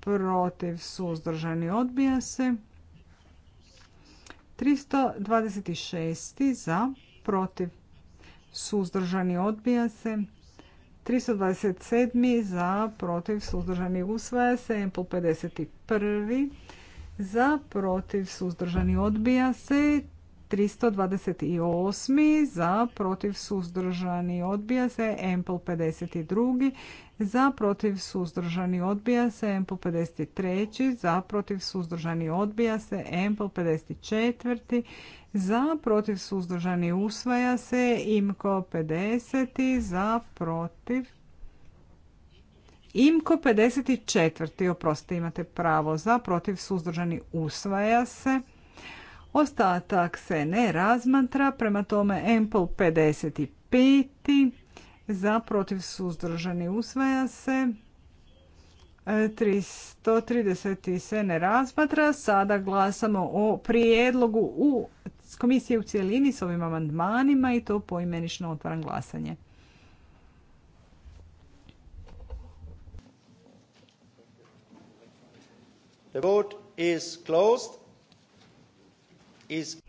protiv suzdržani odbija se. 326. za protiv suzdržani odbija se. 327. za, protiv, suzdržani, usvaja se. po 51. za, protiv, suzdržani, odbija se. 328. za, protiv, suzdržani, odbija se. Empl 52. za, protiv, suzdržani, odbija se. Empl 53. za, protiv, suzdržani, odbija se. Empl 54 za, protiv suzdržani usvaja se, imko 50 za, protiv. Imko 54, oprostite, imate pravo za, protiv suzdržani usvaja se. Ostatak se ne razmatra, prema tome Empol 55, za, protiv suzdržani usvaja se. 330 e, se ne razmatra. Sada glasamo o prijedlogu u komisije u cjelini s ovim amandmanima i to poimenično otvaram glasanje.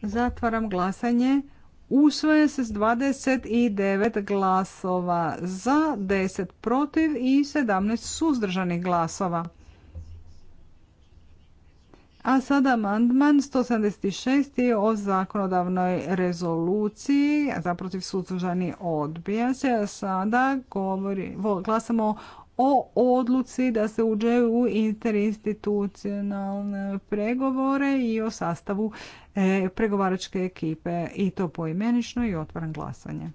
Zatvaram glasanje. Usvoje se s 29 glasova za, 10 protiv i 17 suzdržanih glasova. A sada amandman 176 je o zakonodavnoj rezoluciji, Zaprotiv odbija se. A sada govori, glasamo o odluci da se uđe u interinstitucionalne pregovore i o sastavu e, pregovaračke ekipe i to poimenično i otvaram glasanje.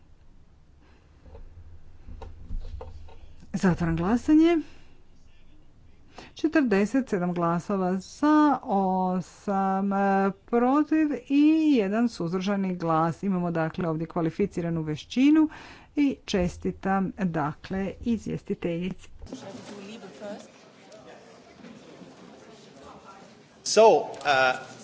Zatvaram glasanje. 47 glasova za, 8 e, protiv i jedan suzdržani glas. Imamo dakle ovdje kvalificiranu vešćinu i čestitam dakle izvjestiteljici. So, uh...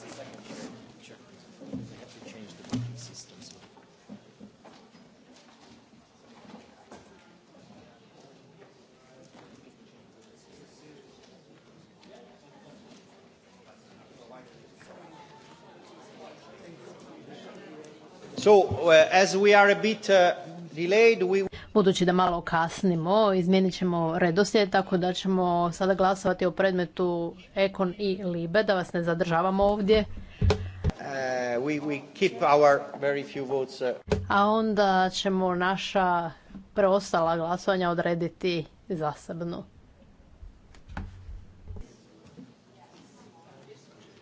Budući da malo kasnimo, izmijenit ćemo redoslijed, tako da ćemo sada glasovati o predmetu Ekon i Libe, da vas ne zadržavamo ovdje. Uh, uh. A onda ćemo naša preostala glasovanja odrediti zasebno.